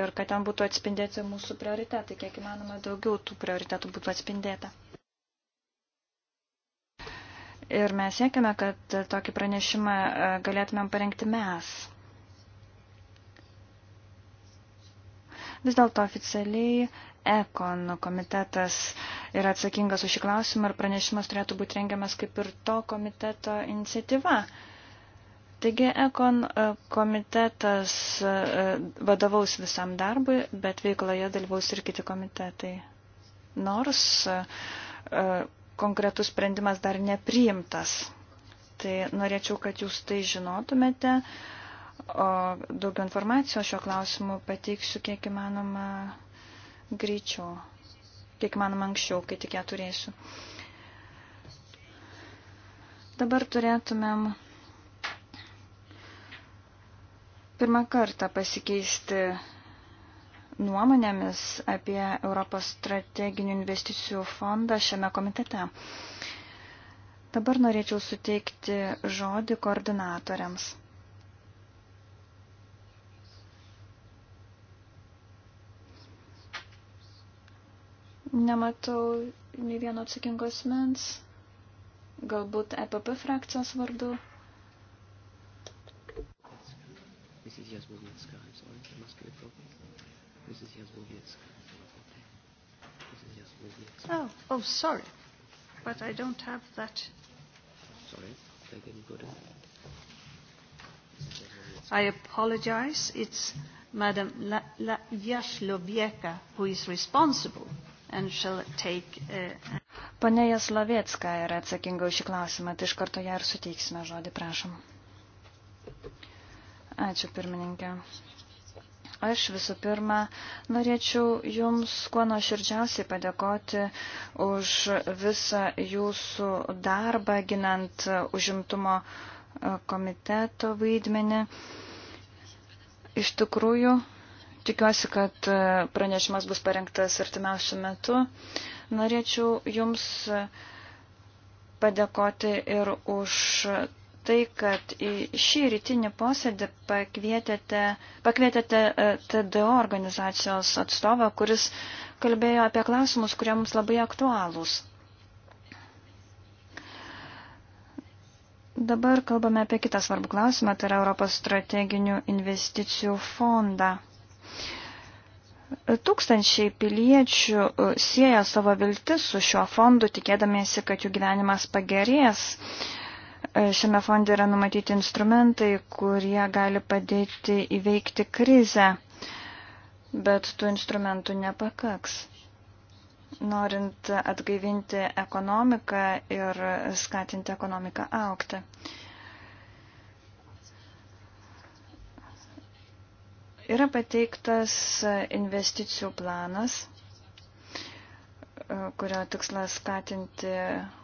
ir kad ten būtų atspindėti mūsų prioritetai, kiek įmanoma daugiau tų prioritetų būtų atspindėta. Ir mes siekiame, kad tokį pranešimą e, galėtumėm parengti mes. Vis dėlto oficialiai Ekon komitetas yra atsakingas už šį klausimą ir pranešimas turėtų būti rengiamas kaip ir to komiteto iniciatyva. Taigi Ekon e, komitetas e, vadovaus visam darbui, bet veikloje dalyvaus ir kiti komitetai. Nors konkretus sprendimas dar nepriimtas. Tai norėčiau, kad jūs tai žinotumėte. O daugiau informacijos šio klausimu pateiksiu kiek įmanoma greičiau, kiek įmanoma anksčiau, kai tik ją turėsiu. Dabar turėtumėm pirmą kartą pasikeisti nuomonėmis apie Europos strateginių investicijų fondą šiame komitete. Dabar norėčiau suteikti žodį koordinatoriams. Nematau nei vieno atsakingo asmens, galbūt EPP frakcijos vardu. Mrs. Yasmin Sky, sorry, there must be a problem. Mrs. Jasłowiecka. Mrs. Jasłowiecka. Oh, oh, sorry. But I don't have that. Sorry, I didn't put it. I apologize. It's Madam La La Jaslowiecka who is responsible and shall take... Uh, Pane Jaslovietska yra atsakinga už šį klausimą, tai iš karto ją ir suteiksime žodį, prašom. Ačiū pirmininkė. Aš visų pirma norėčiau Jums kuo nuoširdžiausiai padėkoti už visą Jūsų darbą ginant užimtumo e, komiteto vaidmenį. Iš tikrųjų, tikiuosi, kad e, pranešimas bus parengtas artimiausių metų. Norėčiau Jums padėkoti ir už tai, kad į šį rytinį posėdį pakvietėte, pakvietėte e, TDO organizacijos atstovą, kuris kalbėjo apie klausimus, kurie mums labai aktualūs. Dabar kalbame apie kitą svarbų klausimą, tai yra Europos strateginių investicijų fondą. Tūkstančiai piliečių e, sieja savo viltis su šiuo fondu, tikėdamiesi, kad jų gyvenimas pagerės. Šiame fonde yra numatyti instrumentai, kurie gali padėti įveikti krizę, bet tų instrumentų nepakaks. Norint atgaivinti ekonomiką ir skatinti ekonomiką aukti. Yra pateiktas investicijų planas E, kurio tikslas skatinti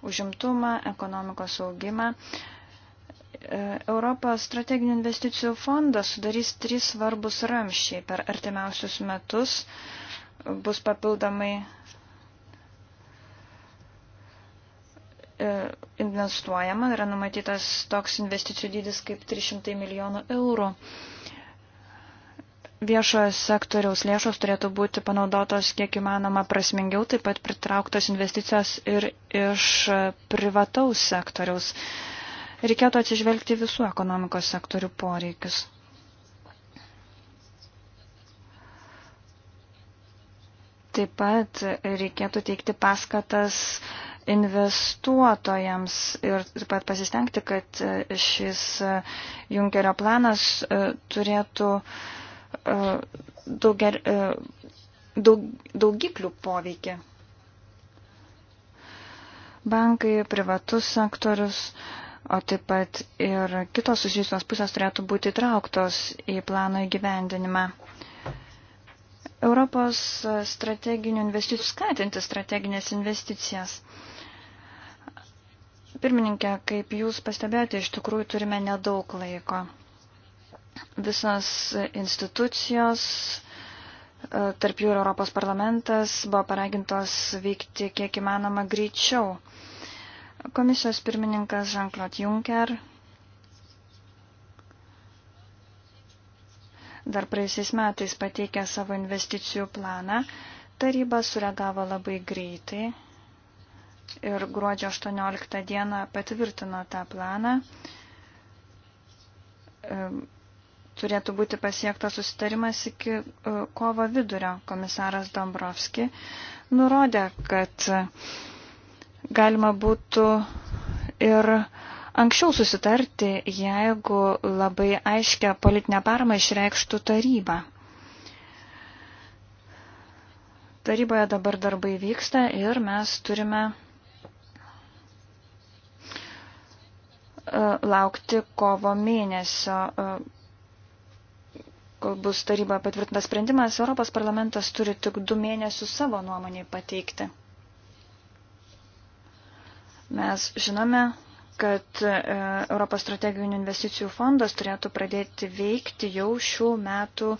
užimtumą, ekonomikos augimą. E, Europos strateginių investicijų fondas sudarys trys svarbus ramščiai. Per artimiausius metus bus papildomai e, investuojama, yra numatytas toks investicijų dydis kaip 300 milijonų eurų. Viešojo sektoriaus lėšos turėtų būti panaudotos kiek įmanoma prasmingiau, taip pat pritrauktos investicijos ir iš privataus sektoriaus. Reikėtų atsižvelgti visų ekonomikos sektorių poreikius. Taip pat reikėtų teikti paskatas investuotojams ir taip pat pasistengti, kad šis Junkerio planas e, turėtų uh, E, dauger, e, daug, daugiklių poveikį. Bankai, privatus sektorius, o taip pat ir kitos susijusios pusės turėtų būti įtrauktos į plano įgyvendinimą. Europos strateginių investicijų skatinti strateginės investicijas. Pirmininkė, kaip jūs pastebėjote, iš tikrųjų turime nedaug laiko. Visos institucijos, e, tarp jų ir Europos parlamentas, buvo paragintos veikti kiek įmanoma greičiau. Komisijos pirmininkas Jean-Claude Juncker dar praeisiais metais pateikė savo investicijų planą, taryba sureagavo labai greitai ir gruodžio 18 dieną patvirtino tą planą turėtų būti pasiektas susitarimas iki e, kovo vidurio. Komisaras Dombrovski nurodė, kad galima būtų ir anksčiau susitarti, jeigu labai aiškia politinę paramą išreikštų taryba. Taryboje dabar darbai vyksta ir mes turime e, laukti kovo mėnesio e, kol bus taryba patvirtintas sprendimas, Europos parlamentas turi tik du mėnesius savo nuomonį pateikti. Mes žinome, kad e, Europos strateginių investicijų fondas turėtų pradėti veikti jau šių metų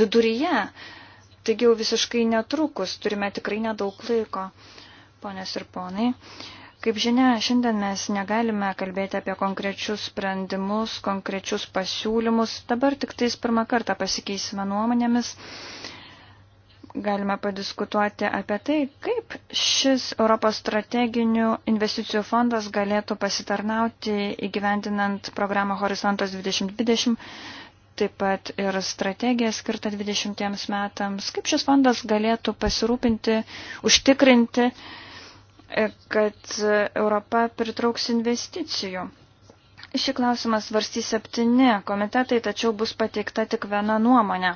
viduryje. Taigi jau visiškai netrukus turime tikrai nedaug laiko, ponės ir ponai. Uh, Kaip žinia, šiandien mes negalime kalbėti apie konkrečius sprendimus, konkrečius pasiūlymus. Dabar tik tais pirmą kartą pasikeisime nuomonėmis. Galime padiskutuoti apie tai, kaip šis Europos strateginių investicijų fondas galėtų pasitarnauti įgyvendinant programą Horizontas 2020, taip pat ir strategiją skirtą 20 metams, kaip šis fondas galėtų pasirūpinti, užtikrinti, uh, kad Europa pritrauks investicijų. Šį klausimą svarstys septyni komitetai, tačiau bus pateikta tik viena nuomonė.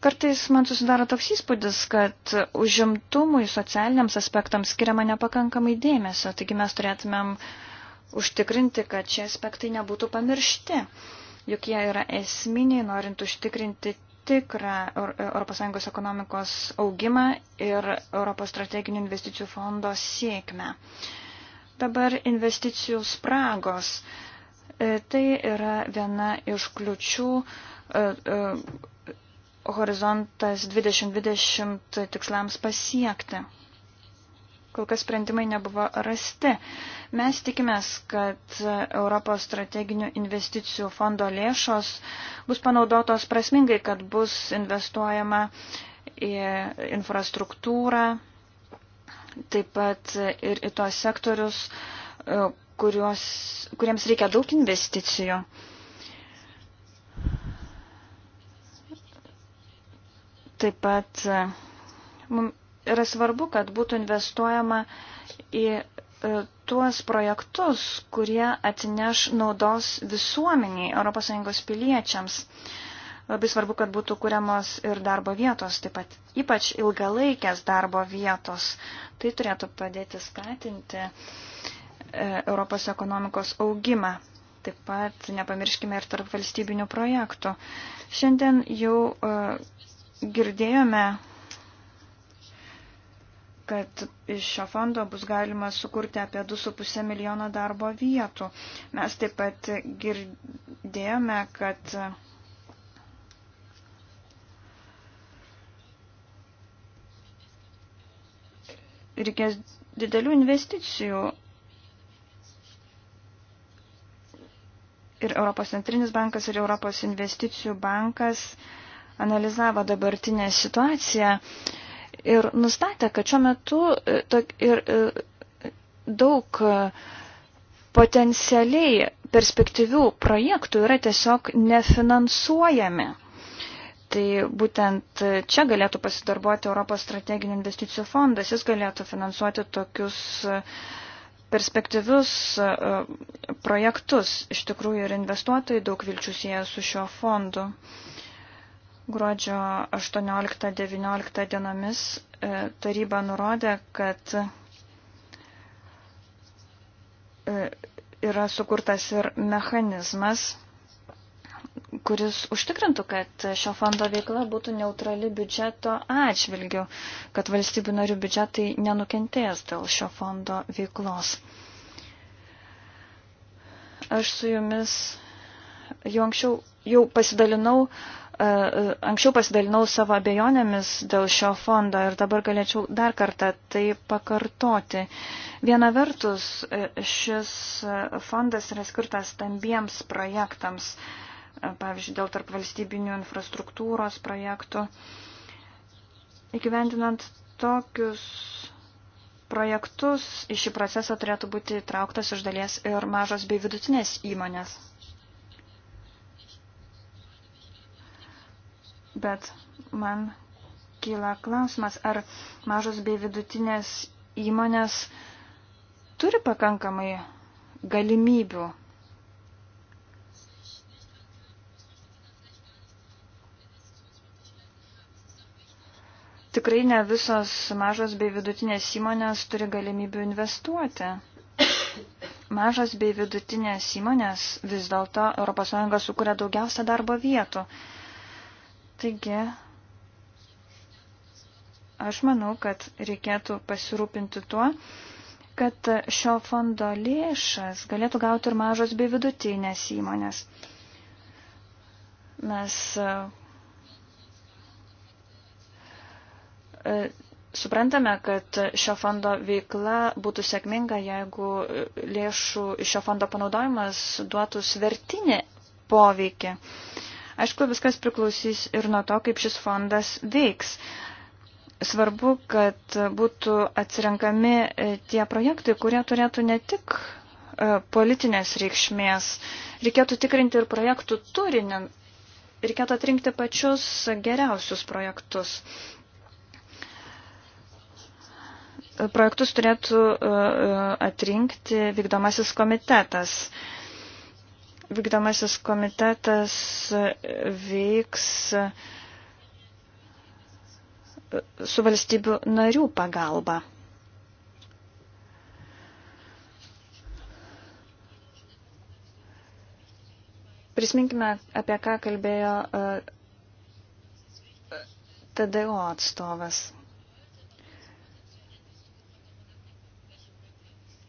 Kartais man susidaro toks įspūdis, kad užimtumui socialiniams aspektams skiriama nepakankamai dėmesio, taigi mes turėtumėm užtikrinti, kad šie aspektai nebūtų pamiršti, juk jie yra esminiai, norint užtikrinti tikrą ES ekonomikos augimą ir ES strateginių investicijų fondo sėkmę. Dabar investicijų spragos. E, tai yra viena iš kliučių e, e, horizontas 2020 tikslams pasiekti kol kas sprendimai nebuvo rasti. Mes tikimės, kad Europos strateginių investicijų fondo lėšos bus panaudotos prasmingai, kad bus investuojama į infrastruktūrą, taip pat ir į tuos sektorius, e, kuriuos, kuriems reikia daug investicijų. Taip pat e, yra svarbu, kad būtų investuojama į e, tuos projektus, kurie atneš naudos visuomeniai, ES piliečiams. Labai svarbu, kad būtų kuriamos ir darbo vietos, taip pat ypač ilgalaikės darbo vietos. Tai turėtų padėti skatinti e, Europos ekonomikos augimą. Taip pat nepamirškime ir tarp valstybinių projektų. Šiandien jau e, girdėjome kad iš šio fondo bus galima sukurti apie 2,5 milijono darbo vietų. Mes taip pat girdėjome, kad reikės didelių investicijų ir Europos centrinis bankas, ir Europos investicijų bankas analizavo dabartinę situaciją. Uh, ir nustatė, kad šiuo metu e, ir e, daug e, potencialiai perspektyvių projektų yra tiesiog nefinansuojami. Tai būtent čia galėtų pasidarbuoti Europos strateginių investicijų fondas, jis galėtų finansuoti tokius perspektyvius projektus. Iš tikrųjų ir investuotojai daug vilčių sieja su šiuo fondu. Uh, Gruodžio 18-19 dienomis e, taryba nurodė, kad e, yra sukurtas ir mechanizmas, kuris užtikrintų, kad šio fondo veikla būtų neutrali biudžeto atžvilgiu, kad valstybių narių biudžetai nenukentės dėl šio fondo veiklos. Aš su jumis jau anksčiau jau pasidalinau uh, anksčiau pasidalinau savo abejonėmis dėl šio fondo ir dabar galėčiau dar kartą tai pakartoti. Viena vertus, e, šis fondas yra skirtas stambiems projektams, pavyzdžiui, dėl tarp valstybinių infrastruktūros projektų. Įgyvendinant tokius projektus, į šį procesą turėtų būti įtrauktas iš dalies ir mažos bei vidutinės įmonės. bet man kyla klausimas, ar mažos bei vidutinės įmonės turi pakankamai galimybių. Tikrai ne visos mažos bei vidutinės įmonės turi galimybių investuoti. Mažos bei vidutinės įmonės vis dėlto ES sukuria daugiausia darbo vietų. Taigi, aš manau, kad reikėtų pasirūpinti tuo, kad šio fondo lėšas galėtų gauti ir mažos bei vidutinės įmonės. Mes e, suprantame, kad šio fondo veikla būtų sėkminga, jeigu lėšų šio fondo panaudojimas duotų svertinį poveikį. Uh, Aišku, viskas priklausys ir nuo to, kaip šis fondas veiks. Svarbu, kad būtų atsirenkami e, tie projektai, kurie turėtų ne tik e, politinės reikšmės. Reikėtų tikrinti ir projektų turinį. Reikėtų atrinkti pačius geriausius projektus. Projektus turėtų e, atrinkti vykdomasis komitetas vykdomasis komitetas veiks su valstybių narių pagalba. Prisiminkime, apie ką kalbėjo e, TDO atstovas.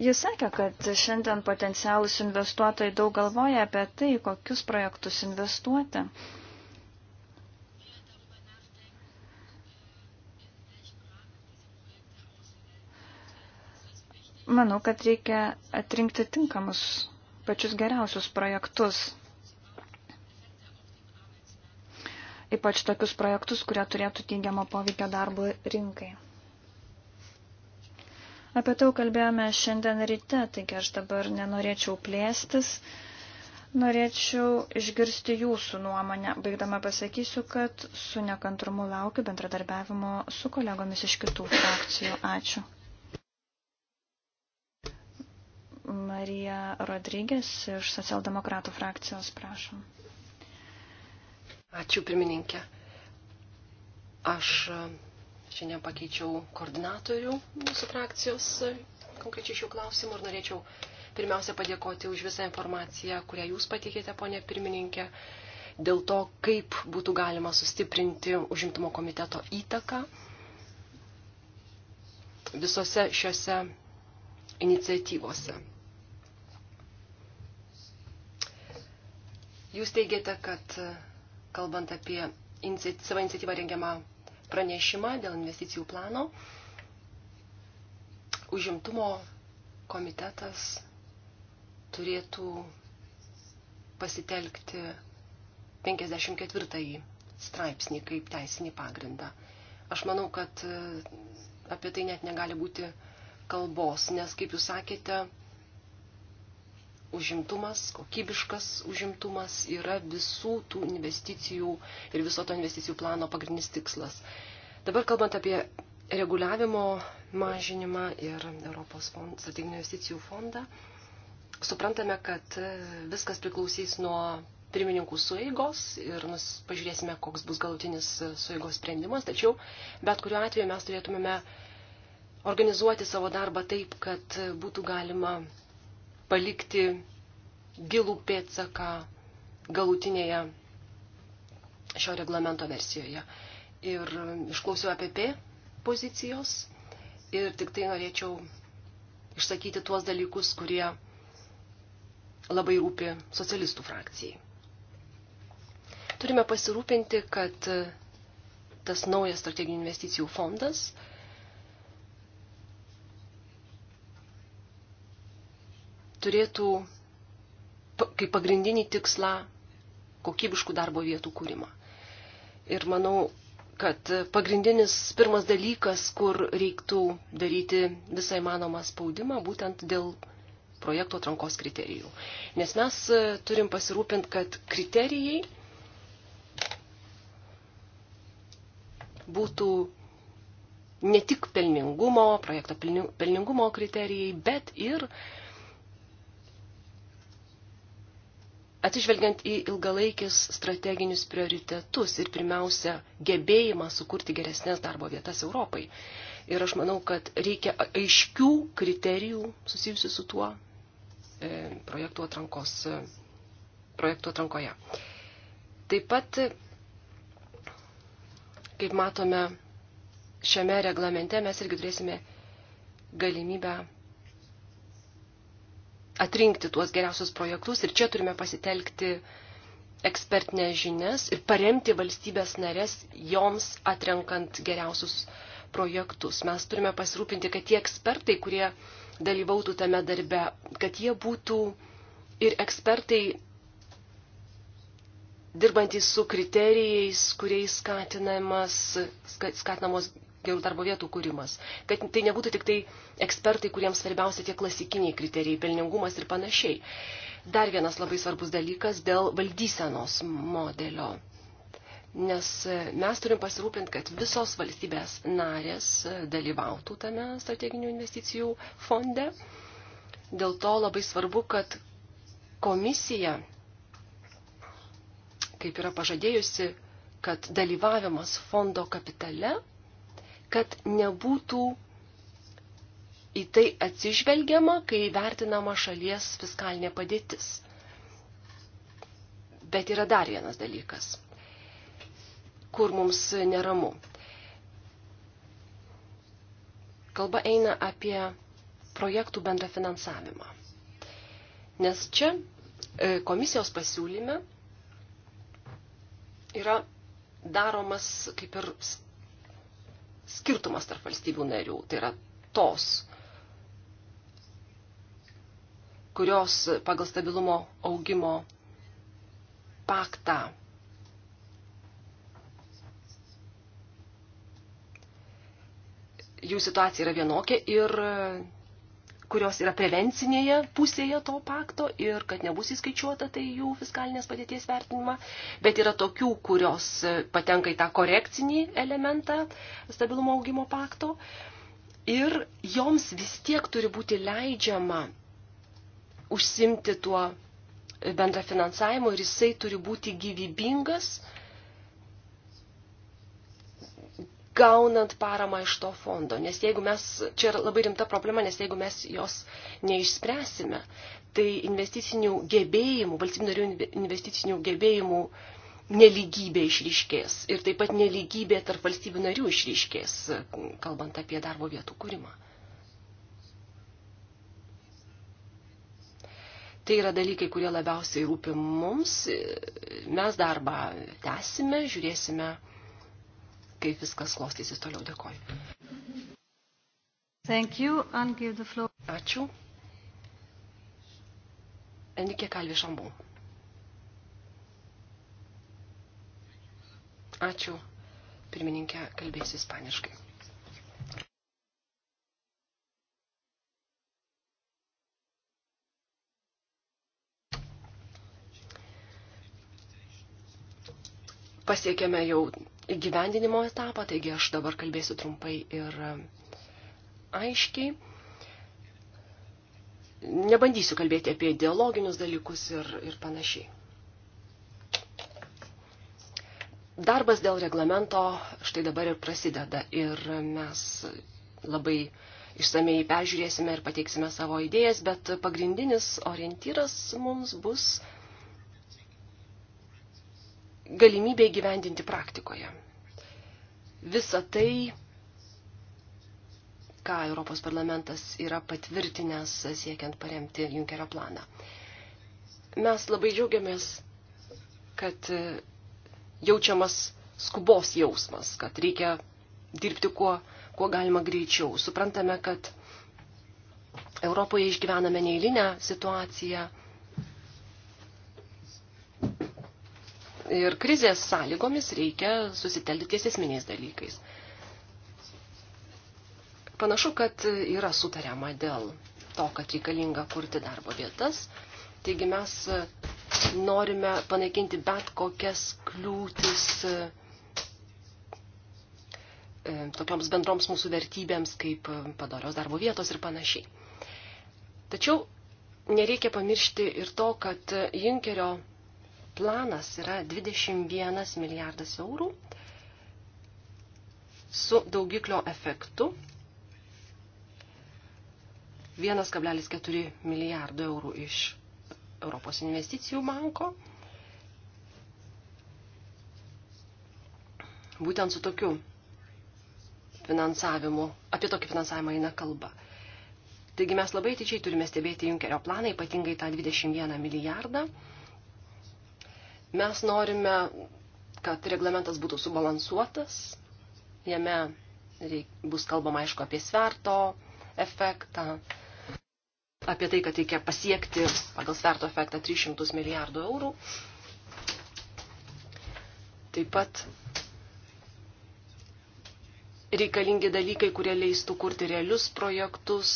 Jis sakė, kad šiandien potencialus investuotojai daug galvoja apie tai, kokius projektus investuoti. Manau, kad reikia atrinkti tinkamus pačius geriausius projektus. Ypač tokius projektus, kurie turėtų teigiamą poveikia darbo rinkai. Apie tai kalbėjome šiandien ryte, taigi aš dabar nenorėčiau plėstis. Norėčiau išgirsti jūsų nuomonę. Baigdama pasakysiu, kad su nekantrumu laukiu bendradarbiavimo su kolegomis iš kitų frakcijų. Ačiū. Marija Rodrygės iš socialdemokratų frakcijos, prašom. Ačiū, pirmininkė. Aš Šiandien pakeičiau koordinatorių mūsų frakcijos e, konkrečiai šių klausimų ir norėčiau pirmiausia padėkoti už visą informaciją, kurią jūs pateikėte, ponė pirmininkė, dėl to, kaip būtų galima sustiprinti užimtumo komiteto įtaką visose šiose iniciatyvose. Jūs teigiate, kad e, kalbant apie savo iniciatyvą rengiamą pranešimą dėl investicijų plano. Užimtumo komitetas turėtų pasitelkti 54 straipsnį kaip teisinį pagrindą. Aš manau, kad e, apie tai net negali būti kalbos, nes, kaip jūs sakėte, užimtumas, kokybiškas užimtumas yra visų tų investicijų ir viso to investicijų plano pagrindinis tikslas. Dabar kalbant apie reguliavimo mažinimą ir Europos fond, strateginių investicijų fondą, suprantame, kad e, viskas priklausys nuo pirmininkų sueigos ir nus, pažiūrėsime, koks bus galutinis e, sueigos sprendimas, tačiau bet kuriuo atveju mes turėtumėme organizuoti savo darbą taip, kad e, būtų galima palikti gilų pėtsaką galutinėje šio reglamento versijoje. Ir išklausiau APP pozicijos ir tik tai norėčiau išsakyti tuos dalykus, kurie labai rūpi socialistų frakcijai. Turime pasirūpinti, kad tas naujas strateginių investicijų fondas turėtų kaip pagrindinį tikslą kokybiškų darbo vietų kūrimą. Ir manau, kad pagrindinis pirmas dalykas, kur reiktų daryti visą įmanomą spaudimą, būtent dėl projektų atrankos kriterijų. Nes mes e, turim pasirūpinti, kad kriterijai būtų ne tik pelningumo, projekto pelningumo kriterijai, bet ir uh, atsižvelgiant į ilgalaikius strateginius prioritetus ir pirmiausia gebėjimą sukurti geresnės darbo vietas Europai. Ir aš manau, kad reikia aiškių kriterijų susijusių su tuo e, projektų, atrankos, e, projektų atrankoje. Taip pat, kaip matome, šiame reglamente mes irgi turėsime galimybę atrinkti tuos geriausius projektus ir čia turime pasitelkti ekspertinės žinias ir paremti valstybės narės joms atrenkant geriausius projektus. Mes turime pasirūpinti, kad tie ekspertai, kurie dalyvautų tame darbe, kad jie būtų ir ekspertai dirbantys su kriterijais, kuriais skatinamas, skatinamos gerų darbo vietų kūrimas. Kad tai nebūtų tik tai ekspertai, kuriems svarbiausia tie klasikiniai kriterijai, pelningumas ir panašiai. Dar vienas labai svarbus dalykas dėl valdysenos modelio. Nes e, mes turim pasirūpinti, kad visos valstybės narės e, dalyvautų tame strateginių investicijų fonde. Dėl to labai svarbu, kad komisija, kaip yra pažadėjusi, kad dalyvavimas fondo kapitale kad nebūtų į tai atsižvelgiama, kai vertinama šalies fiskalinė padėtis. Bet yra dar vienas dalykas, kur mums neramu. Kalba eina apie projektų bendrafinansavimą. Nes čia e, komisijos pasiūlyme yra daromas kaip ir skirtumas tarp valstybių narių. Tai yra tos, kurios pagal stabilumo augimo paktą jų situacija yra vienokia ir kurios yra prevencinėje pusėje to pakto ir kad nebus įskaičiuota tai jų fiskalinės padėties vertinimą, bet yra tokių, kurios patenka į tą korekcinį elementą stabilumo augimo pakto ir joms vis tiek turi būti leidžiama užsimti tuo bendrafinansavimu ir jisai turi būti gyvybingas, gaunant paramą iš to fondo. Nes jeigu mes, čia yra labai rimta problema, nes jeigu mes jos neišspręsime, tai investicinių gebėjimų, valstybių narių investicinių gebėjimų neligybė išryškės ir taip pat neligybė tarp valstybių narių išryškės, kalbant apie darbo vietų kūrimą. Tai yra dalykai, kurie labiausiai rūpi mums. Mes darbą tęsime, žiūrėsime kaip viskas klostysis toliau. Dėkoju. Thank you and give the floor. Ačiū. Enrique Kalvi Šambu. Ačiū. Pirmininkė kalbėsiu ispaniškai. pasiekėme jau gyvendinimo etapą, taigi aš dabar kalbėsiu trumpai ir aiškiai. Nebandysiu kalbėti apie ideologinius dalykus ir, ir panašiai. Darbas dėl reglamento štai dabar ir prasideda ir mes labai išsamei peržiūrėsime ir pateiksime savo idėjas, bet pagrindinis orientyras mums bus galimybė įgyvendinti praktikoje. Visa tai, ką Europos parlamentas yra patvirtinęs siekiant paremti Junkerio planą. Mes labai džiaugiamės, kad jaučiamas skubos jausmas, kad reikia dirbti kuo, kuo galima greičiau. Suprantame, kad Europoje išgyvename neįlinę situaciją Ir krizės sąlygomis reikia susitelti ties esminiais dalykais. Panašu, kad yra sutariama dėl to, kad reikalinga kurti darbo vietas. Taigi mes norime panaikinti bet kokias kliūtis e, tokioms bendroms mūsų vertybėms, kaip padorios darbo vietos ir panašiai. Tačiau nereikia pamiršti ir to, kad Junkerio planas yra 21 milijardas eurų su daugiklio efektu 1,4 milijardo eurų iš Europos investicijų banko. Būtent su tokiu finansavimu, apie tokį finansavimą eina kalba. Taigi mes labai tyčiai turime stebėti Junkerio planą, ypatingai tą 21 milijardą, Mes norime, kad reglamentas būtų subalansuotas, jame bus kalbama aišku apie sverto efektą, apie tai, kad reikia pasiekti pagal sverto efektą 300 milijardų eurų. Taip pat reikalingi dalykai, kurie leistų kurti realius projektus,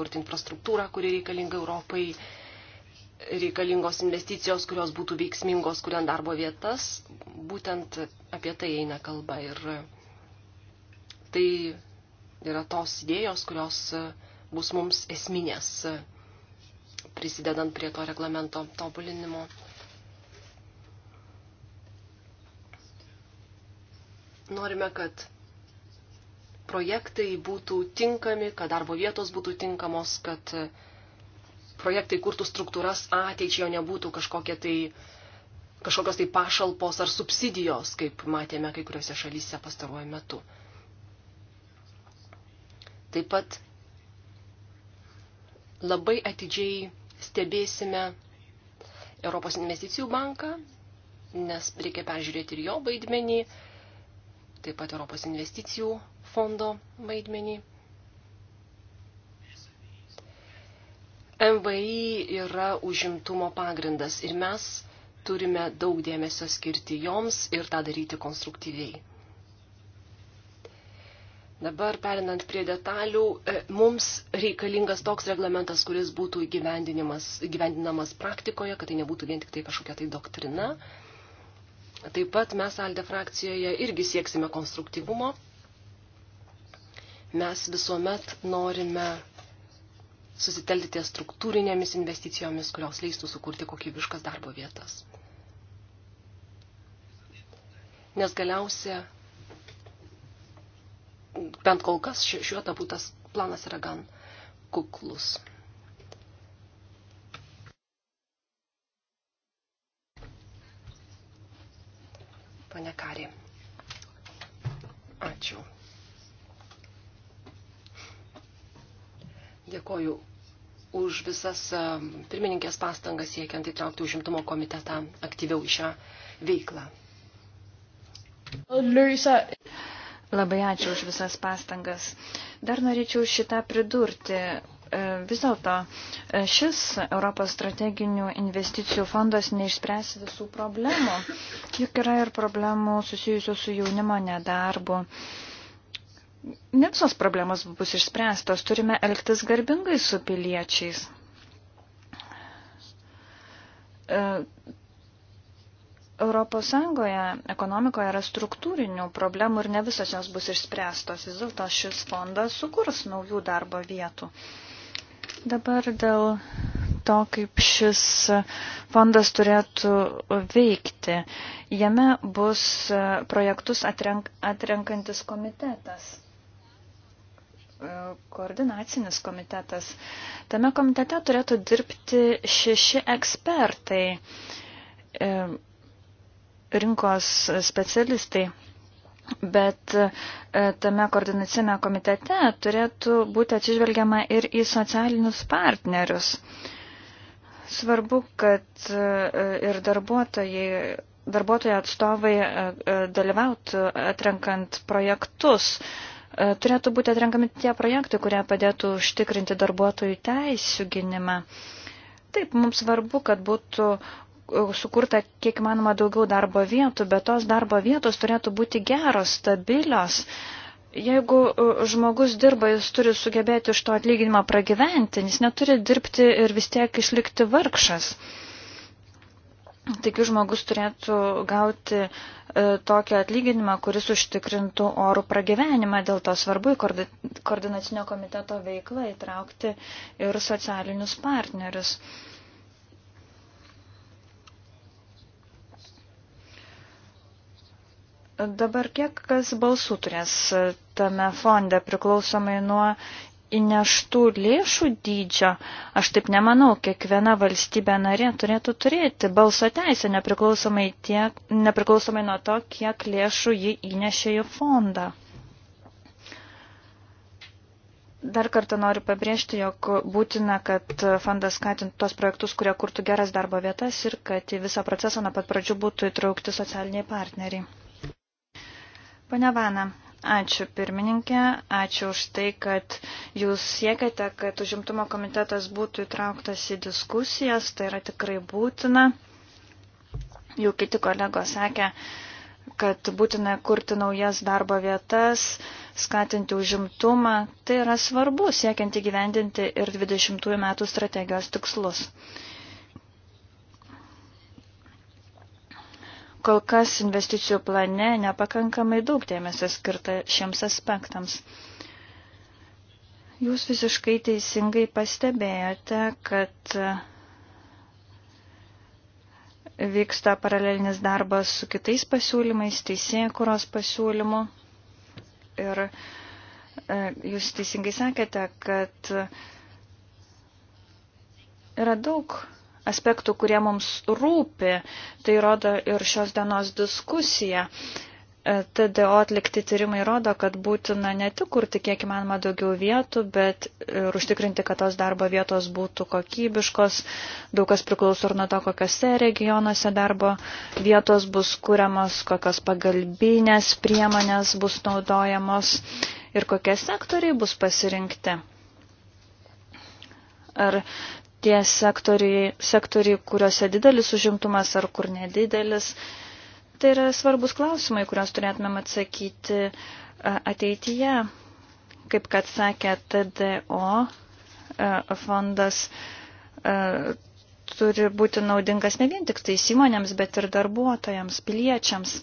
kurti infrastruktūrą, kuri reikalinga Europai, reikalingos investicijos, kurios būtų veiksmingos, kuriant darbo vietas, būtent apie tai eina kalba. Ir tai yra tos idėjos, kurios bus mums esminės, prisidedant prie to reglamento tobulinimo. Norime, kad projektai būtų tinkami, kad darbo vietos būtų tinkamos, kad uh, projektai kurtų struktūras ateičiai, o nebūtų kažkokie tai kažkokios tai pašalpos ar subsidijos, kaip matėme kai kuriuose šalyse pastaruoju metu. Taip pat labai atidžiai stebėsime Europos investicijų banką, nes reikia peržiūrėti ir jo vaidmenį, taip pat Europos investicijų fondo vaidmenį. MVI yra užimtumo pagrindas ir mes turime daug dėmesio skirti joms ir tą daryti konstruktyviai. Dabar perinant prie detalių, e, mums reikalingas toks reglamentas, kuris būtų įgyvendinamas praktikoje, kad tai nebūtų vien tik tai kažkokia tai doktrina. Taip pat mes Alde frakcijoje irgi sieksime konstruktyvumo. Mes visuomet norime susitelti ties struktūrinėmis investicijomis, kurios leistų sukurti kokybiškas darbo vietas. Nes galiausia, bent kol kas šiuo tabu tas planas yra gan kuklus. Pane Kari. Ačiū. Dėkoju už visas pirmininkės pastangas siekiant įtraukti užimtumo komitetą aktyviau į šią veiklą. Liuisa. Labai ačiū už visas pastangas. Dar norėčiau šitą pridurti. E, vis dėlto e, šis Europos strateginių investicijų fondas neišspręs visų problemų. Juk yra ir problemų susijusių su jaunimo nedarbu ne visos problemos bus išspręstos, turime elgtis garbingai su piliečiais. E, Europos Sąjungoje ekonomikoje yra struktūrinių problemų ir ne visos jos bus išspręstos. Vis dėlto šis fondas sukurs naujų darbo vietų. Dabar dėl to, kaip šis fondas turėtų veikti. Jame bus projektus atrenk, atrenkantis komitetas. E, koordinacinis komitetas. Tame komitete turėtų dirbti šeši ekspertai, e, rinkos specialistai. Bet e, tame koordinacinėme komitete turėtų būti atsižvelgiama ir į socialinius partnerius. Svarbu, kad ir darbuotojai, darbuotojai atstovai dalyvautų atrenkant projektus, E, turėtų būti atrenkami tie projektai, kurie padėtų užtikrinti darbuotojų teisų gynimą. Taip, mums svarbu, kad būtų e, sukurta kiek manoma daugiau darbo vietų, bet tos darbo vietos turėtų būti geros, stabilios. Jeigu e, žmogus dirba, jis turi sugebėti iš to atlyginimą pragyventi, jis neturi dirbti ir vis tiek išlikti vargšas. Uh, Taigi žmogus turėtų gauti e, tokį atlyginimą, kuris užtikrintų orų pragyvenimą. Dėl to svarbu į koordinacinio komiteto veiklą įtraukti ir socialinius partnerius. Dabar kiek kas balsų turės tame fonde priklausomai nuo įneštų lėšų dydžio, aš taip nemanau, kiekviena valstybė narė turėtų turėti balso teisę, nepriklausomai, tiek, nepriklausomai nuo to, kiek lėšų ji įnešė į fondą. Dar kartą noriu pabrėžti, jog būtina, kad fondas skatintų tos projektus, kurie kurtų geras darbo vietas ir kad į visą procesą nuo pat pradžių būtų įtraukti socialiniai partneriai. Pane Vana, Ačiū pirmininkė, ačiū už tai, kad jūs siekiate, kad užimtumo komitetas būtų įtrauktas į diskusijas, tai yra tikrai būtina. Jau kiti kolegos sakė, kad būtina kurti naujas darbo vietas, skatinti užimtumą. Tai yra svarbu siekiant įgyvendinti ir 20 metų strategijos tikslus. Kol kas investicijų plane nepakankamai daug dėmesio skirta šiems aspektams. Jūs visiškai teisingai pastebėjote, kad e, vyksta paralelinis darbas su kitais pasiūlymais, teisėjų kuros pasiūlymu. Ir e, jūs teisingai sakėte, kad e, yra daug aspektų, kurie mums rūpi. Tai rodo ir šios dienos diskusija. E, TDO atlikti tyrimai rodo, kad būtina ne tik kurti kiek įmanoma daugiau vietų, bet ir užtikrinti, kad tos darbo vietos būtų kokybiškos. Daug kas priklauso ir nuo to, kokiuose regionuose darbo vietos bus kuriamos, kokios pagalbinės priemonės bus naudojamos ir kokie sektoriai bus pasirinkti. Ar tie sektoriai, sektoriai, kuriuose didelis užimtumas ar kur nedidelis. Tai yra svarbus klausimai, kuriuos turėtumėm atsakyti ateityje. Kaip kad sakė TDO fondas, turi būti naudingas ne vien tik tais įmonėms, bet ir darbuotojams, piliečiams.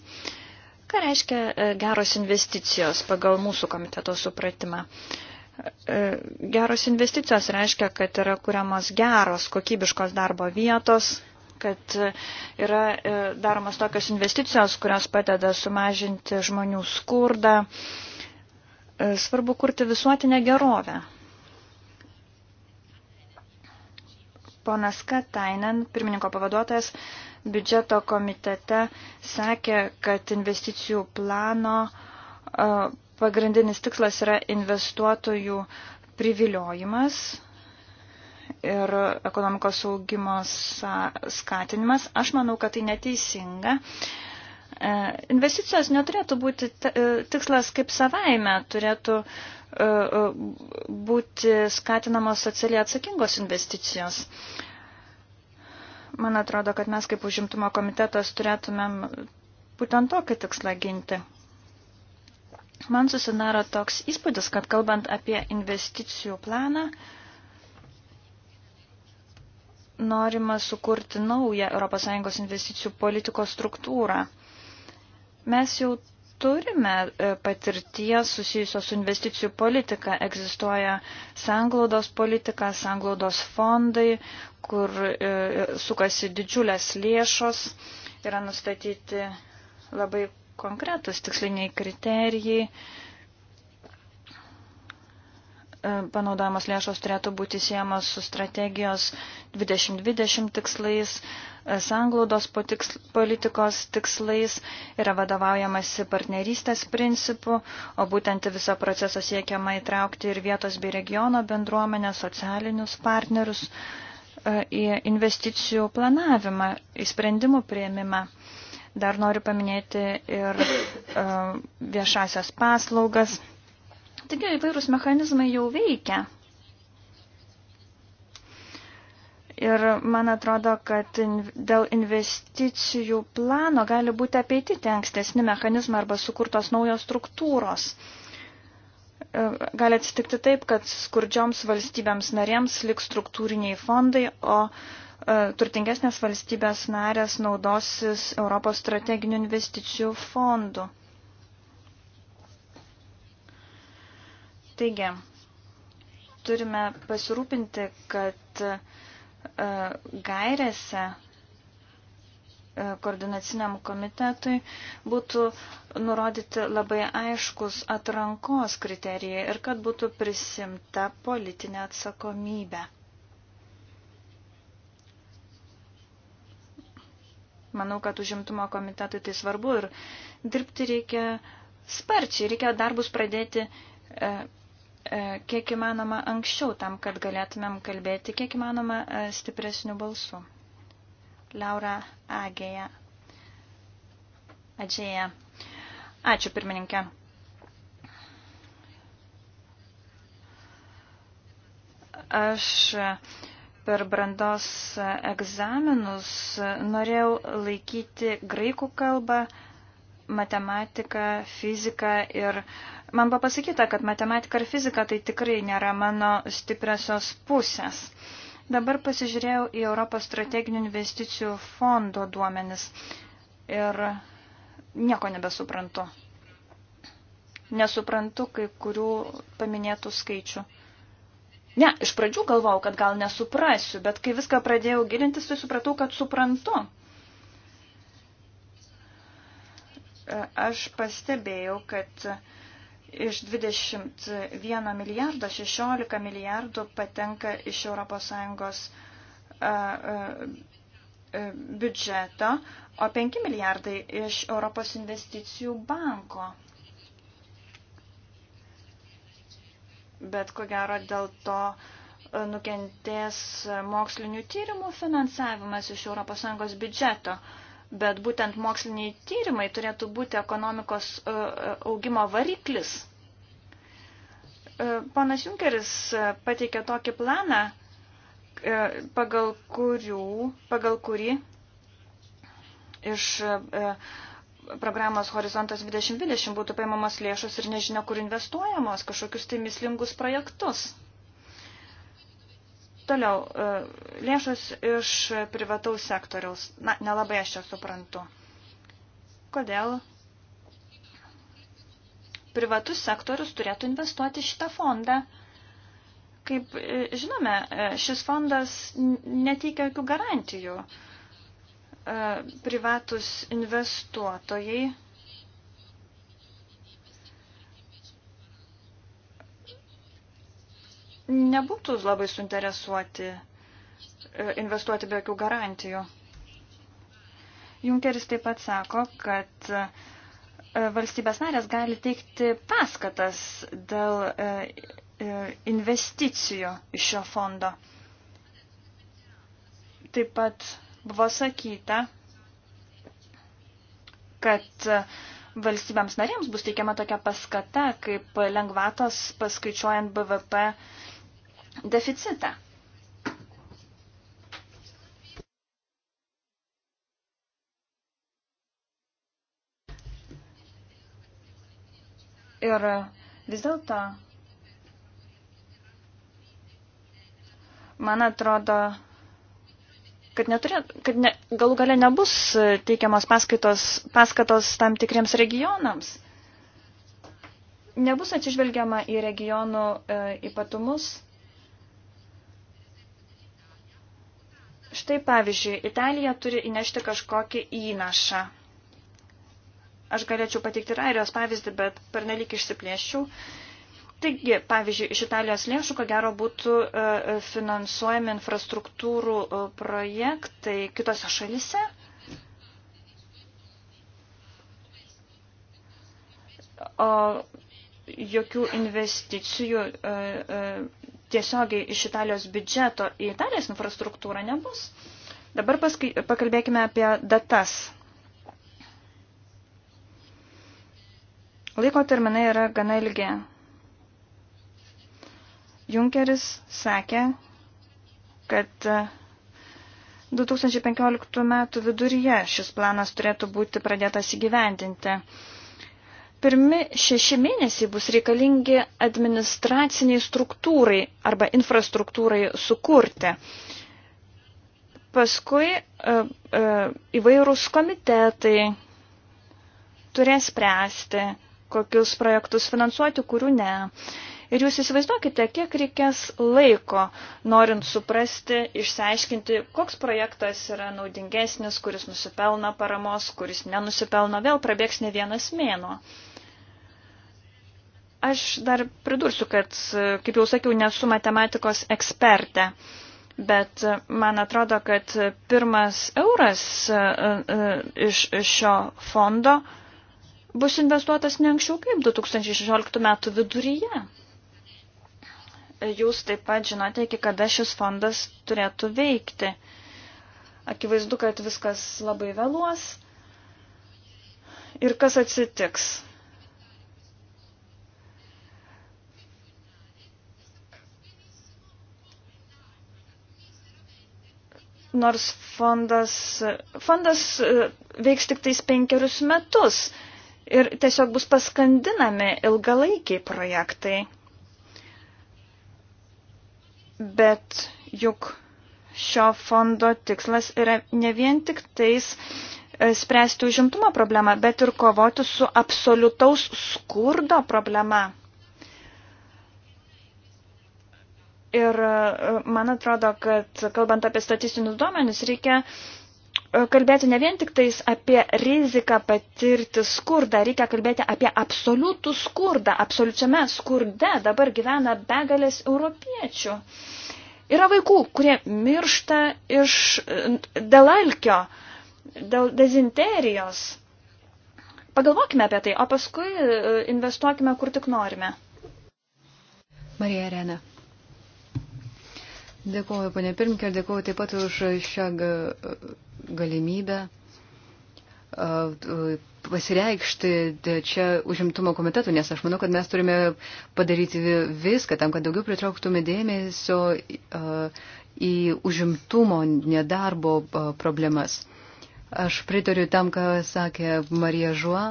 Ką reiškia geros investicijos pagal mūsų komiteto supratimą? E, geros investicijos reiškia, kad yra kuriamas geros, kokybiškos darbo vietos, kad yra e, daromas tokios investicijos, kurios padeda sumažinti žmonių skurdą. E, svarbu kurti visuotinę gerovę. Ponas Katainen, pirmininko pavaduotojas, biudžeto komitete sakė, kad investicijų plano Pagrindinis tikslas yra investuotojų priviliojimas ir ekonomikos augimo skatinimas. Aš manau, kad tai neteisinga. E, investicijos neturėtų būti e, tikslas kaip savaime, turėtų e, būti skatinamos socialiai atsakingos investicijos. Man atrodo, kad mes kaip užimtumo komitetas turėtumėm būtent tokį tikslą ginti. Man susidaro toks įspūdis, kad kalbant apie investicijų planą, norima sukurti naują ES investicijų politikos struktūrą. Mes jau turime e, patirties susijusios su investicijų politika. Egzistuoja sanglaudos politika, sanglaudos fondai, kur e, sukasi didžiulės lėšos, yra nustatyti labai konkretus tiksliniai kriterijai. E, panaudojamos lėšos turėtų būti siejamos su strategijos 2020 tikslais, e, sanglaudos politikos tikslais, yra vadovaujamasi partnerystės principu, o būtent visą procesą siekiama įtraukti ir vietos bei regiono bendruomenę, socialinius partnerius e, į investicijų planavimą, į sprendimų prieimimą. Dar noriu paminėti ir e, viešasias paslaugas. Taigi įvairūs mechanizmai jau veikia. Ir man atrodo, kad dėl investicijų plano gali būti apeiti tie ankstesni mechanizmai arba sukurtos naujos struktūros. E, gali atsitikti taip, kad skurdžioms valstybėms narėms liks struktūriniai fondai, o E, turtingesnės valstybės narės naudosis Europos strateginių investicijų fondų. Taigi, turime pasirūpinti, kad e, gairėse e, koordinaciniam komitetui būtų nurodyti labai aiškus atrankos kriterijai ir kad būtų prisimta politinė atsakomybė. Manau, kad užimtumo komitetui tai svarbu ir dirbti reikia sparčiai, reikia darbus pradėti e, e, kiek įmanoma anksčiau tam, kad galėtumėm kalbėti kiek įmanoma e, stipresnių balsų. Laura Agėja. Adžėja. Ačiū pirmininkė. Aš per brandos egzaminus norėjau laikyti graikų kalbą, matematiką, fiziką ir man buvo pasakyta, kad matematika ir fizika tai tikrai nėra mano stipriosios pusės. Dabar pasižiūrėjau į Europos strateginių investicijų fondo duomenis ir nieko nebesuprantu. Nesuprantu kai kurių paminėtų skaičių. Ne, iš pradžių galvau, kad gal nesuprasiu, bet kai viską pradėjau gilintis, tai supratau, kad suprantu. E, aš pastebėjau, kad iš 21 milijardo 16 milijardų patenka iš ES e, e, biudžeto, o 5 milijardai iš Europos investicijų banko. bet ko gero dėl to e, nukentės mokslinių tyrimų finansavimas iš ES biudžeto. Bet būtent moksliniai tyrimai turėtų būti ekonomikos e, e, augimo variklis. Ponas Junkeris pateikė tokį planą, pagal, kurių, pagal kurį iš programos Horizontas 2020 būtų paimamos lėšos ir nežinia, kur investuojamos, kažkokius tai mislingus projektus. Toliau, e, lėšos iš privataus sektoriaus. Na, nelabai aš čia suprantu. Kodėl privatus sektorius turėtų investuoti šitą fondą? Kaip e, žinome, e, šis fondas neteikia jokių garantijų. E, privatus investuotojai nebūtų labai suinteresuoti e, investuoti be jokių garantijų. Junkeris taip pat sako, kad e, valstybės narės gali teikti paskatas dėl investicijų iš šio fondo. Taip pat buvo sakyta, kad valstybėms narėms bus teikiama tokia paskata, kaip lengvatos paskaičiuojant BVP deficitą. Ir vis dėlto, man atrodo, kad, neturė, kad ne, galų gale nebus teikiamos paskaitos, paskatos tam tikriems regionams. Nebus atsižvelgiama į regionų e, ypatumus. Štai pavyzdžiui, Italija turi įnešti kažkokį įnašą. Aš galėčiau pateikti ir airijos pavyzdį, bet per nelik išsiplėščiau. E, Taigi, pavyzdžiui, iš Italijos lėšų, ko gero, būtų e, e, finansuojami infrastruktūrų e, projektai kitose šalise. O jokių investicijų tiesiogiai iš Italijos biudžeto į Italijos infrastruktūrą nebus. Dabar paskai, pakalbėkime apie datas. Laiko terminai yra gana ilgi. Junkeris sakė, kad 2015 e, metų viduryje šis planas turėtų būti pradėtas įgyvendinti. Pirmi šeši mėnesiai bus reikalingi administraciniai struktūrai arba infrastruktūrai sukurti. Paskui e, e, įvairūs komitetai turės spręsti, kokius projektus finansuoti, kurių ne. Ir jūs įsivaizduokite, kiek reikės laiko, norint suprasti, išsiaiškinti, koks projektas yra naudingesnis, kuris nusipelna paramos, kuris nenusipelna, vėl prabėgs ne vienas mėnuo. Aš dar pridursiu, kad, kaip jau sakiau, nesu matematikos ekspertė. Bet man atrodo, kad pirmas euras e, e, iš šio fondo bus investuotas ne anksčiau kaip 2016 metų viduryje jūs taip pat žinote, iki kada šis fondas turėtų veikti. Akivaizdu, kad viskas labai vėluos. Ir kas atsitiks? Nors fondas, fondas e, veiks tik tais penkerius metus ir tiesiog bus paskandinami ilgalaikiai projektai. Bet juk šio fondo tikslas yra ne vien tik tais e, spręsti užimtumo problemą, bet ir kovoti su absoliutaus skurdo problema. Ir e, man atrodo, kad kalbant apie statistinius duomenis, reikia uh, kalbėti ne vien tik tais apie riziką patirti skurdą, reikia kalbėti apie absoliutų skurdą. Absoliučiame skurde dabar gyvena begalės europiečių. Yra vaikų, kurie miršta iš, e, dėl alkio, dėl dezinterijos. Pagalvokime apie tai, o paskui e, investuokime kur tik norime. Marija Arena. Dėkuoju, ponė Pirmkė, dėkuoju taip pat už šią galimybę pasireikšti čia užimtumo komitetu, nes aš manau, kad mes turime padaryti viską tam, kad daugiau pritrauktume dėmesio į užimtumo nedarbo problemas. Aš pritariu tam, ką sakė Marija Žuo.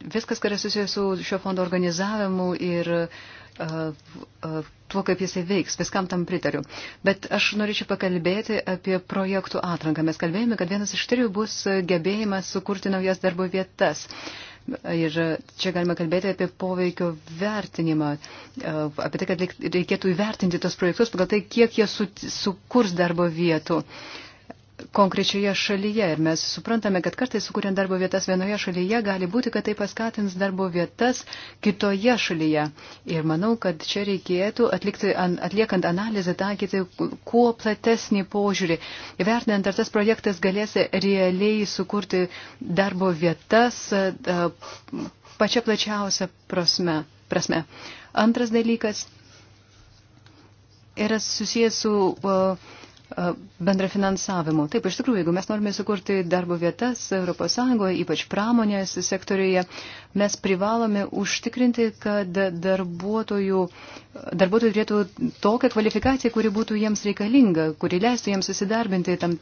Viskas, kas yra susijęs su šio fondo organizavimu ir uh, tuo, kaip jisai veiks. Viskam tam pritariu. Bet aš norėčiau pakalbėti apie projektų atranką. Mes kalbėjome, kad vienas iš trijų bus gebėjimas sukurti naujas darbo vietas. Ir čia galima kalbėti apie poveikio vertinimą, apie tai, kad reikėtų įvertinti tos projektus pagal tai, kiek jie sukurs darbo vietų. Uh, konkrečioje šalyje. Ir mes suprantame, kad kartais sukuriant darbo vietas vienoje šalyje, gali būti, kad tai paskatins darbo vietas kitoje šalyje. Ir manau, kad čia reikėtų, atlikti, atliekant analizę, taikyti kuo platesnį požiūrį, vertinant, ar tas projektas galės realiai sukurti darbo vietas pačia plačiausia prasme. prasme. Antras dalykas yra susijęs su. Uh, bendrafinansavimu. Taip, iš tikrųjų, jeigu mes norime sukurti darbo vietas ES, ypač pramonės sektorijoje, mes privalome užtikrinti, kad darbuotojų, darbuotojų turėtų tokią kvalifikaciją, kuri būtų jiems reikalinga, kuri leistų jiems susidarbinti tam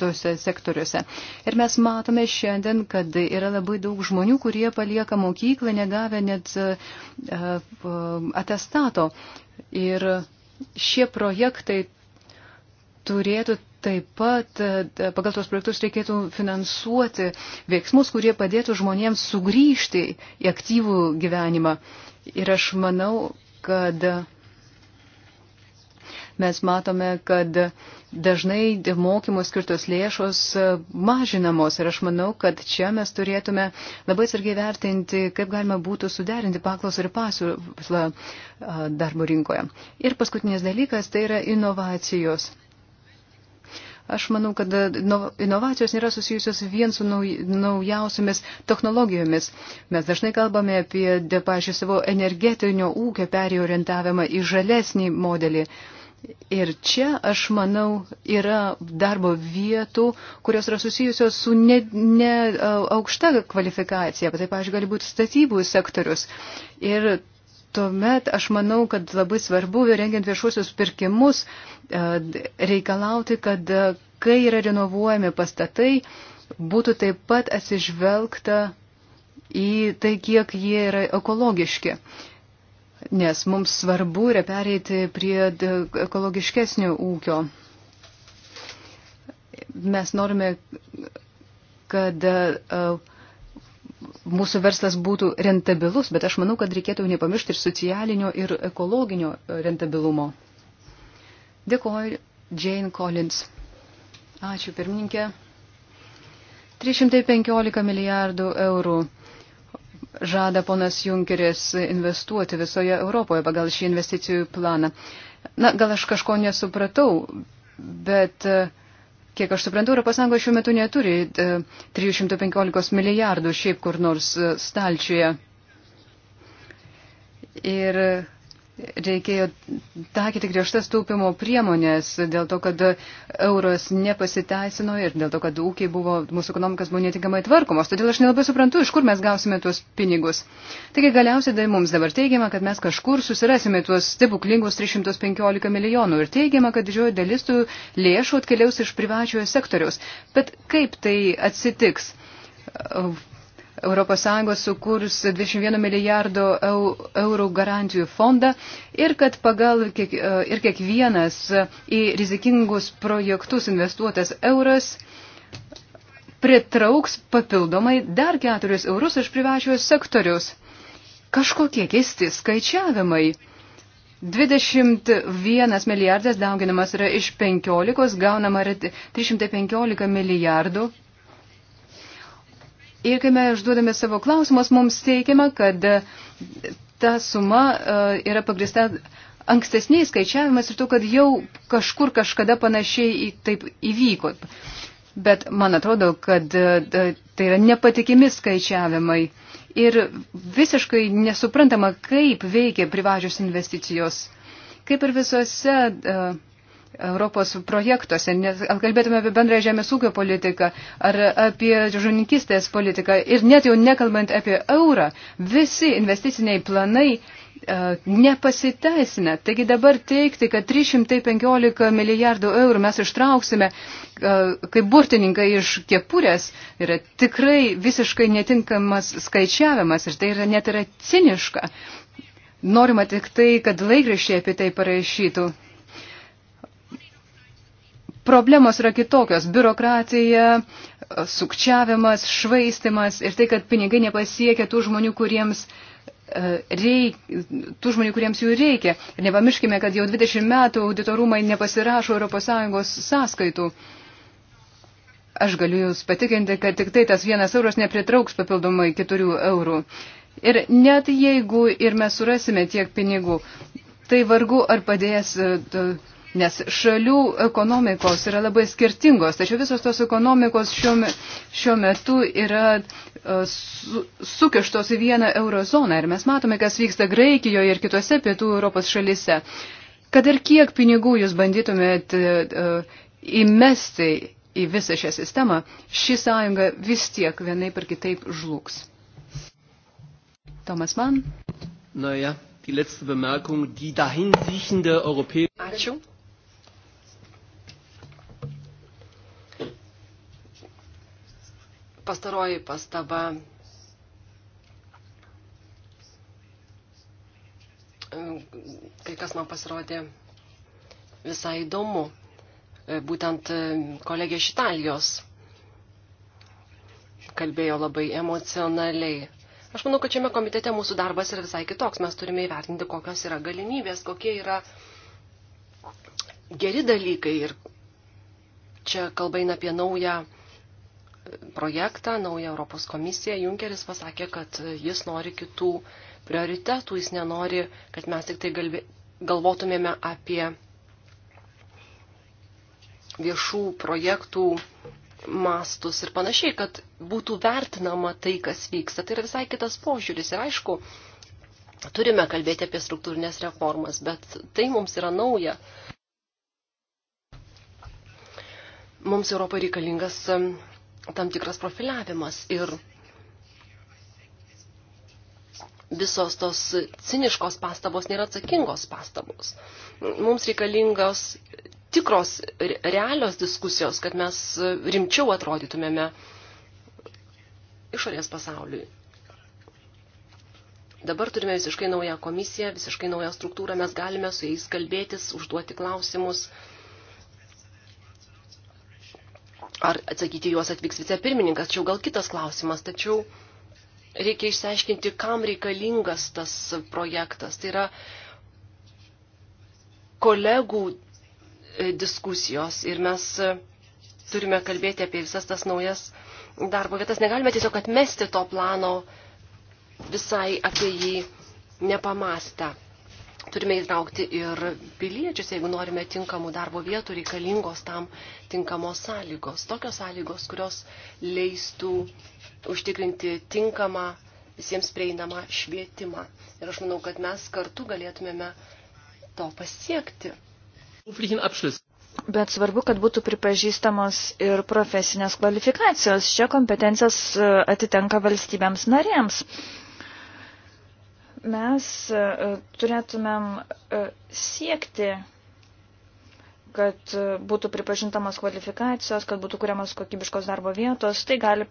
tose sektoriuose. Ir mes matome šiandien, kad yra labai daug žmonių, kurie palieka mokyklą, negavę net atestato. Ir šie projektai turėtų taip pat e, pagal tos projektus reikėtų finansuoti veiksmus, kurie padėtų žmonėms sugrįžti į aktyvų gyvenimą. Ir aš manau, kad mes matome, kad dažnai mokymų skirtos lėšos mažinamos ir aš manau, kad čia mes turėtume labai sargiai vertinti, kaip galima būtų suderinti paklausą ir pasiūlą e, darbo rinkoje. Ir paskutinis dalykas tai yra inovacijos. Aš manau, kad e, inovacijos nėra susijusios vien su naujausiamis technologijomis. Mes dažnai kalbame apie, pažiūrėjau, savo energetinio ūkio periorientavimą į žalesnį modelį. Ir čia, aš manau, yra darbo vietų, kurios yra susijusios su ne, ne aukšta kvalifikacija, bet tai, pažiūrėjau, gali būti statybų sektorius. Ir tuomet aš manau, kad labai svarbu, rengiant viešuosius pirkimus, e, reikalauti, kad e, kai yra renovuojami pastatai, būtų taip pat atsižvelgta į tai, kiek jie yra ekologiški. Nes mums svarbu yra pereiti prie e, ekologiškesnio ūkio. Mes norime, kad uh, mūsų verslas būtų rentabilus, bet aš manau, kad reikėtų nepamiršti ir socialinio, ir ekologinio rentabilumo. Dėkuoju, Jane Collins. Ačiū, pirmininkė. 315 milijardų eurų žada ponas Junkeris investuoti visoje Europoje pagal šį investicijų planą. Na, gal aš kažko nesupratau, bet uh, Kiek aš suprantu, ES šiuo metu neturi 315 e, milijardų šiaip kur nors e, stalčiuje. Ir reikėjo taikyti griežtas taupimo priemonės dėl to, kad euras nepasiteisino ir dėl to, kad ūkiai buvo, mūsų ekonomikas buvo netinkamai tvarkomos. Todėl aš nelabai suprantu, iš kur mes gausime tuos pinigus. Taigi galiausiai tai mums dabar teigiama, kad mes kažkur susirasime tuos stebuklingus 315 milijonų ir teigiama, kad didžioji dalis tų lėšų atkeliaus iš privačiojo sektoriaus. Bet kaip tai atsitiks? ES sukurs 21 milijardo eurų garantijų fondą ir kad pagal kiek, e, ir kiekvienas į rizikingus projektus investuotas euras pritrauks papildomai dar 4 eurus iš privačios sektorius. Kažkokie keisti skaičiavimai. 21 milijardas dauginamas yra iš 15, gaunama yra 315 milijardų. Ir kai mes užduodame savo klausimus, mums teikiama, kad e, ta suma e, yra pagrista ankstesniais skaičiavimais ir to, kad jau kažkur kažkada panašiai taip įvyko. Bet man atrodo, kad e, tai yra nepatikimi skaičiavimai ir visiškai nesuprantama, kaip veikia privačios investicijos. Kaip ir visose uh, Europos projektuose, nes kalbėtume apie bendrąją žemės ūkio politiką ar apie žuvininkystės politiką ir net jau nekalbant apie eurą, visi investiciniai planai uh, e, nepasiteisina. Taigi dabar teikti, kad 315 milijardų eurų mes ištrauksime uh, kaip burtininkai iš kepurės yra tikrai visiškai netinkamas skaičiavimas ir tai yra net yra ciniška. Norima tik tai, kad laikraščiai apie tai parašytų problemos yra kitokios - biurokratija, sukčiavimas, švaistimas ir tai, kad pinigai nepasiekia tų žmonių, kuriems e, reik, tų žmonių, kuriems jų reikia. Ir nepamirškime, kad jau 20 metų auditorumai nepasirašo ES sąskaitų. Aš galiu Jūs patikinti, kad tik tai tas vienas euras nepritrauks papildomai keturių eurų. Ir net jeigu ir mes surasime tiek pinigų, tai vargu ar padės. Uh, nes šalių ekonomikos yra labai skirtingos, tačiau visos tos ekonomikos šiuo, šiuo metu yra e, su, sukištos į vieną eurozoną ir mes matome, kas vyksta Graikijoje ir kitose pietų Europos šalise. Kad ir kiek pinigų jūs bandytumėt e, e, įmesti į visą šią sistemą, ši sąjunga vis tiek vienai per kitaip žlugs. Tomas Mann. Naja, die letzte Bemerkung, die dahinsiechende europäische. Ačiū. pastaroji pastaba. Kai kas man pasirodė visai įdomu, būtent kolegė iš Italijos kalbėjo labai emocionaliai. Aš manau, kad šiame komitete mūsų darbas yra visai kitoks. Mes turime įvertinti, kokios yra galimybės, kokie yra geri dalykai. Ir čia kalba eina apie naują projektą, naują Europos komisiją, Junkeris pasakė, kad jis nori kitų prioritetų, jis nenori, kad mes tik tai galbė, galvotumėme apie viešų projektų mastus ir panašiai, kad būtų vertinama tai, kas vyksta. Tai yra visai kitas požiūris. Ir aišku, turime kalbėti apie struktūrinės reformas, bet tai mums yra nauja. Mums Europoje reikalingas tam tikras profiliavimas ir visos tos ciniškos pastabos nėra atsakingos pastabos. Mums reikalingos tikros, realios diskusijos, kad mes rimčiau atrodytumėme išorės pasauliui. Dabar turime visiškai naują komisiją, visiškai naują struktūrą, mes galime su jais kalbėtis, užduoti klausimus, ar atsakyti juos atvyks vicepirmininkas, čia gal kitas klausimas, tačiau reikia išsiaiškinti, kam reikalingas tas projektas. Tai yra kolegų e, diskusijos ir mes e, turime kalbėti apie visas tas naujas darbo vietas. Negalime tiesiog atmesti to plano visai apie jį nepamastę turime įtraukti ir piliečius, jeigu norime tinkamų darbo vietų, reikalingos tam tinkamos sąlygos. Tokios sąlygos, kurios leistų užtikrinti tinkamą visiems prieinamą švietimą. Ir aš manau, kad mes kartu galėtumėme to pasiekti. Bet svarbu, kad būtų pripažįstamos ir profesinės kvalifikacijos. Čia kompetencijas e, atitenka valstybėms narėms mes e, e, turėtumėm e, siekti, kad būtų pripažintamas kvalifikacijos, kad būtų kuriamas kokybiškos darbo vietos, tai gali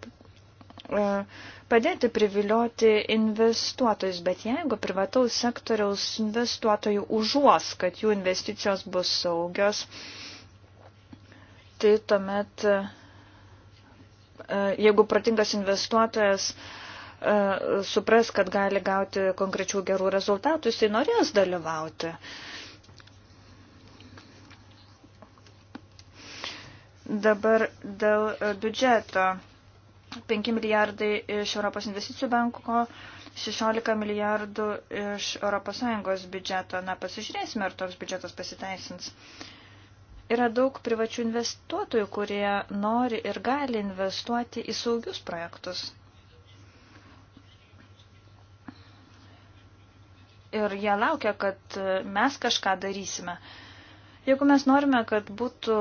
padėti privilioti investuotojus, bet jeigu privataus sektoriaus investuotojų užuos, kad jų investicijos bus saugios, tai tuomet, jeigu pratingas investuotojas uh, E, supras, kad gali gauti konkrečių gerų rezultatų, jisai norės dalyvauti. Dabar dėl e, biudžeto. 5 milijardai iš Europos investicijų banko, 16 milijardų iš ES biudžeto. Na, pasižiūrėsime, ar toks biudžetas pasiteisins. Yra daug privačių investuotojų, kurie nori ir gali investuoti į saugius projektus. ir jie laukia, kad mes kažką darysime. Jeigu mes norime, kad būtų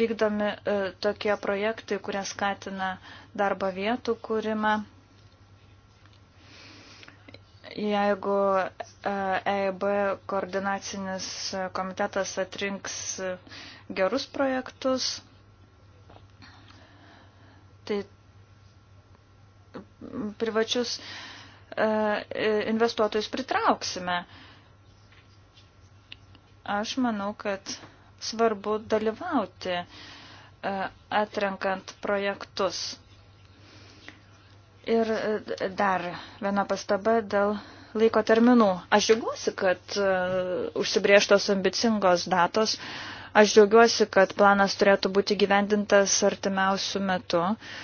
vykdomi e, tokie projektai, kurie skatina darbo vietų kūrimą, jeigu EIB e koordinacinis komitetas atrinks gerus projektus, tai privačius uh, E, e, investuotojus pritrauksime. Aš manau, kad svarbu dalyvauti e, atrenkant projektus. Ir dar viena pastaba dėl laiko terminų. Aš džiaugiuosi, kad užsibrieštos ambicingos datos. Aš džiaugiuosi, kad planas turėtų būti gyvendintas artimiausių metų. Uh,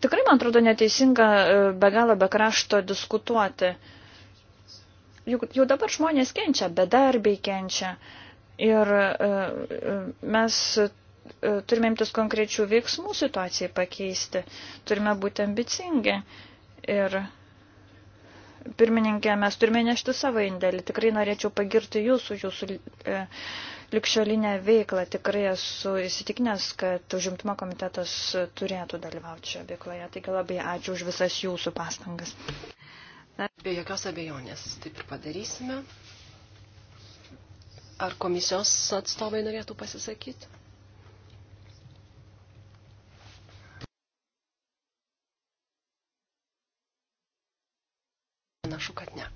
Tikrai, man atrodo, neteisinga e, be galo be krašto diskutuoti. Juk jau dabar žmonės kenčia, bedarbiai kenčia. Ir e, e, mes turime imtis konkrečių veiksmų situacijai pakeisti. Turime būti ambicingi. Ir pirmininkė, mes turime nešti savo indėlį. Tikrai norėčiau pagirti jūsų, jūsų likščiolinę veiklą. Tikrai esu įsitikinęs, kad užimtumo komitetas turėtų dalyvauti šioje veikloje. Taigi labai ačiū už visas jūsų pastangas. Be jokios abejonės, taip ir padarysime. Ar komisijos atstovai norėtų pasisakyti? Panašu, kad ne.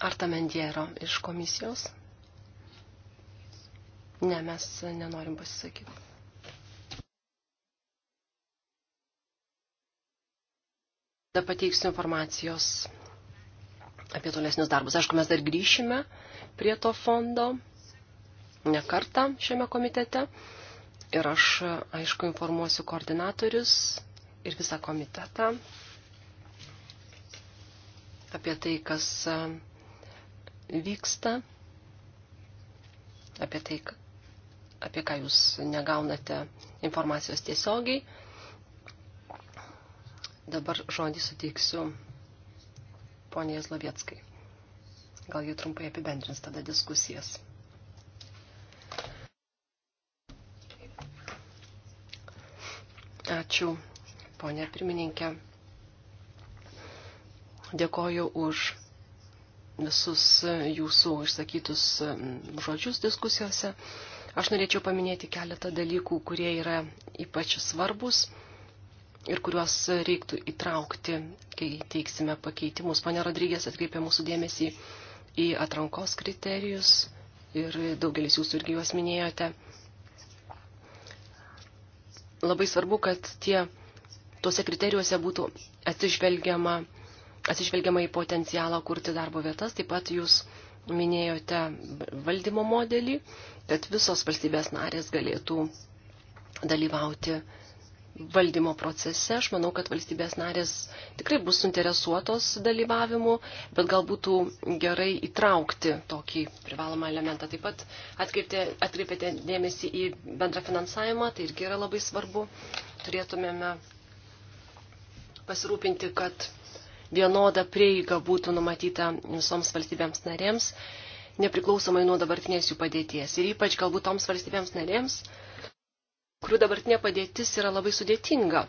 Artamendiero iš komisijos. Ne, mes nenorim pasisakyti. Tada pateiksiu informacijos apie tolesnius darbus. Aišku, mes dar grįšime prie to fondo ne kartą šiame komitete. Ir aš, aišku, informuosiu koordinatorius ir visą komitetą apie tai, kas vyksta, apie tai, apie ką jūs negaunate informacijos tiesiogiai. Dabar žodį suteiksiu poniai Zlovieckai. Gal jį trumpai apibendrins tada diskusijas. Ačiū, ponė pirmininkė. Dėkoju už visus jūsų išsakytus mm, žodžius diskusijose. Aš norėčiau paminėti keletą dalykų, kurie yra ypač svarbus ir kuriuos reiktų įtraukti, kai teiksime pakeitimus. Pane Rodrygės atkreipė mūsų dėmesį į atrankos kriterijus ir daugelis jūsų irgi juos minėjote. Labai svarbu, kad tie, tuose kriterijuose būtų atsižvelgiama atsižvelgiama į potencialą kurti darbo vietas. Taip pat jūs minėjote valdymo modelį, kad visos valstybės narės galėtų dalyvauti valdymo procese. Aš manau, kad valstybės narės tikrai bus suinteresuotos dalyvavimu, bet gal būtų gerai įtraukti tokį privalomą elementą. Taip pat atkreiptė, atkreipėte dėmesį į bendrą finansavimą, tai irgi yra labai svarbu. Turėtumėme pasirūpinti, kad vienoda prieiga būtų numatyta visoms valstybėms narėms, nepriklausomai nuo dabartinės jų padėties. Ir ypač galbūt toms valstybėms narėms, kurių dabartinė padėtis yra labai sudėtinga.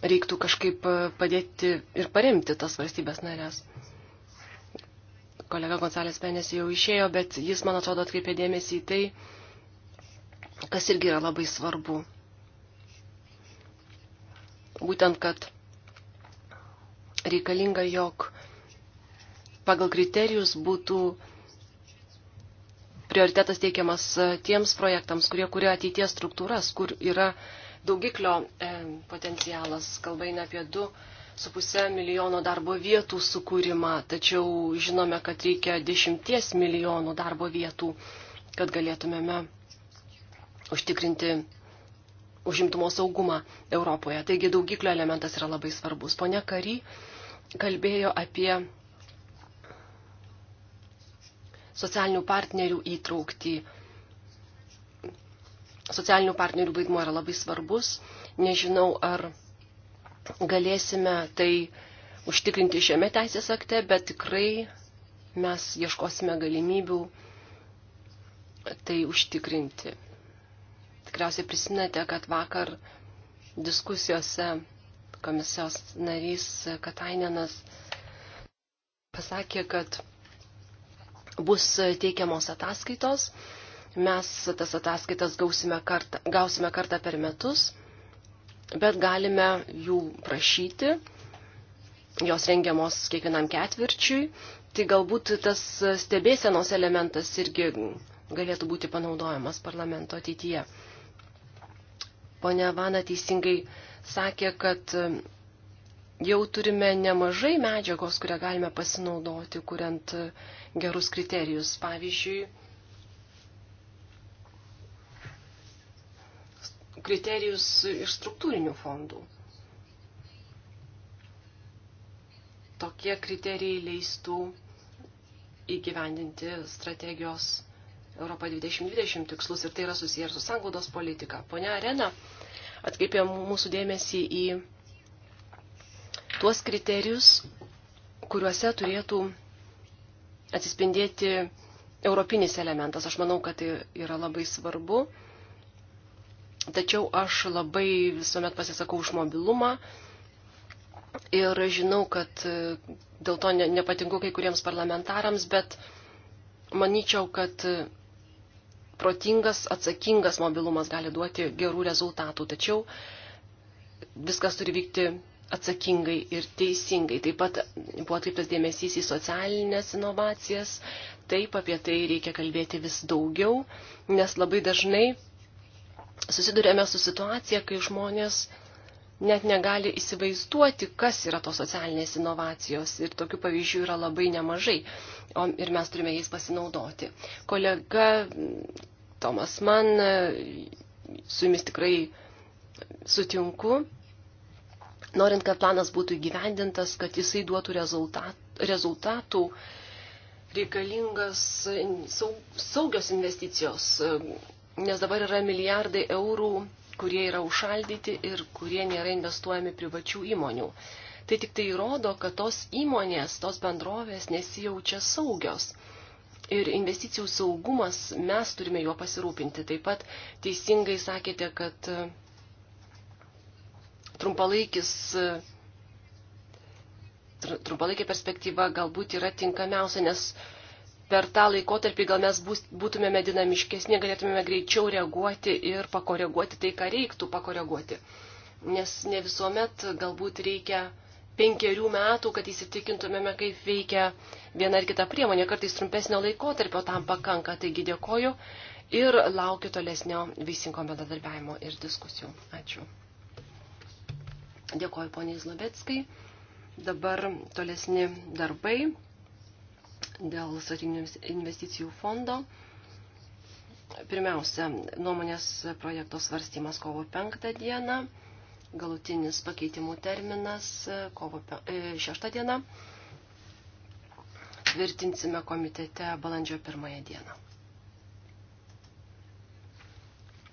Reiktų kažkaip e, padėti ir paremti tas valstybės narės. Kolega Gonzalės Penės jau išėjo, bet jis, man atrodo, atkreipė dėmesį į tai, kas irgi yra labai svarbu. Būtent, kad reikalinga, jog pagal kriterijus būtų prioritetas teikiamas e, tiems projektams, kurie kuria ateities struktūras, kur yra daugiklio e, potencialas. Kalba eina apie 2,5 milijono darbo vietų sukūrimą, tačiau žinome, kad reikia 10 milijonų darbo vietų, kad galėtumėme užtikrinti užimtumo saugumą Europoje. Taigi daugiklio elementas yra labai svarbus. Pone Kary kalbėjo apie socialinių partnerių įtraukti. Socialinių partnerių vaidmuo yra labai svarbus. Nežinau, ar galėsime tai užtikrinti šiame teisės akte, bet tikrai mes ieškosime galimybių tai užtikrinti. Tikriausiai prisimenate, kad vakar diskusijose komisijos narys Katainenas pasakė, kad bus teikiamos ataskaitos. Mes tas ataskaitas gausime kartą, gausime kartą per metus, bet galime jų prašyti. Jos rengiamos kiekvienam ketvirčiui. Tai galbūt tas stebėsenos elementas irgi galėtų būti panaudojamas parlamento ateityje. Pone Vana teisingai sakė, kad jau turime nemažai medžiagos, kurią galime pasinaudoti, kuriant e, gerus kriterijus. Pavyzdžiui, kriterijus iš struktūrinių fondų. Tokie kriterijai leistų įgyvendinti strategijos Europa 2020 tikslus ir tai yra susijęs su sanglaudos politika. Pone Arena, atkreipė mūsų dėmesį į tuos kriterijus, kuriuose turėtų atsispindėti europinis elementas. Aš manau, kad tai yra labai svarbu. Tačiau aš labai visuomet pasisakau už mobilumą ir žinau, kad e, dėl to nepatinku kai kuriems parlamentarams, bet manyčiau, kad e, protingas, atsakingas mobilumas gali duoti gerų rezultatų, tačiau viskas turi vykti atsakingai ir teisingai. Taip pat buvo atkreiptas dėmesys į socialinės inovacijas, taip apie tai reikia kalbėti vis daugiau, nes labai dažnai susidurėme su situacija, kai žmonės net negali įsivaizduoti, kas yra tos socialinės inovacijos. Ir tokių pavyzdžių yra labai nemažai. O, ir mes turime jais pasinaudoti. Kolega Tomas Mann, su jumis tikrai sutinku. Norint, kad planas būtų įgyvendintas, kad jisai duotų rezultatų, reikalingas saugios investicijos, nes dabar yra milijardai eurų kurie yra užšaldyti ir kurie nėra investuojami privačių įmonių. Tai tik tai įrodo, kad tos įmonės, tos bendrovės nesijaučia saugios. Ir investicijų saugumas mes turime juo pasirūpinti. Taip pat teisingai sakėte, kad e, trumpalaikis e, trumpalaikė perspektyva galbūt yra tinkamiausia, nes per tą laikotarpį gal mes būtumėme dinamiškesni, galėtumėme greičiau reaguoti ir pakoreguoti tai, ką reiktų pakoreguoti. Nes ne visuomet galbūt reikia penkerių metų, kad įsitikintumėme, kaip veikia viena ar kita priemonė. Kartais trumpesnio laikotarpio tam pakanka. Taigi dėkoju ir laukiu tolesnio vaisingo bendradarbiavimo ir diskusijų. Ačiū. Dėkoju poniai Zlabetskai. Dabar tolesni darbai dėl strateginių investicijų fondo. Pirmiausia, nuomonės projekto svarstymas kovo 5 dieną, galutinis pakeitimų terminas e, kovo 6 e, dieną, tvirtinsime komitete balandžio 1 dieną.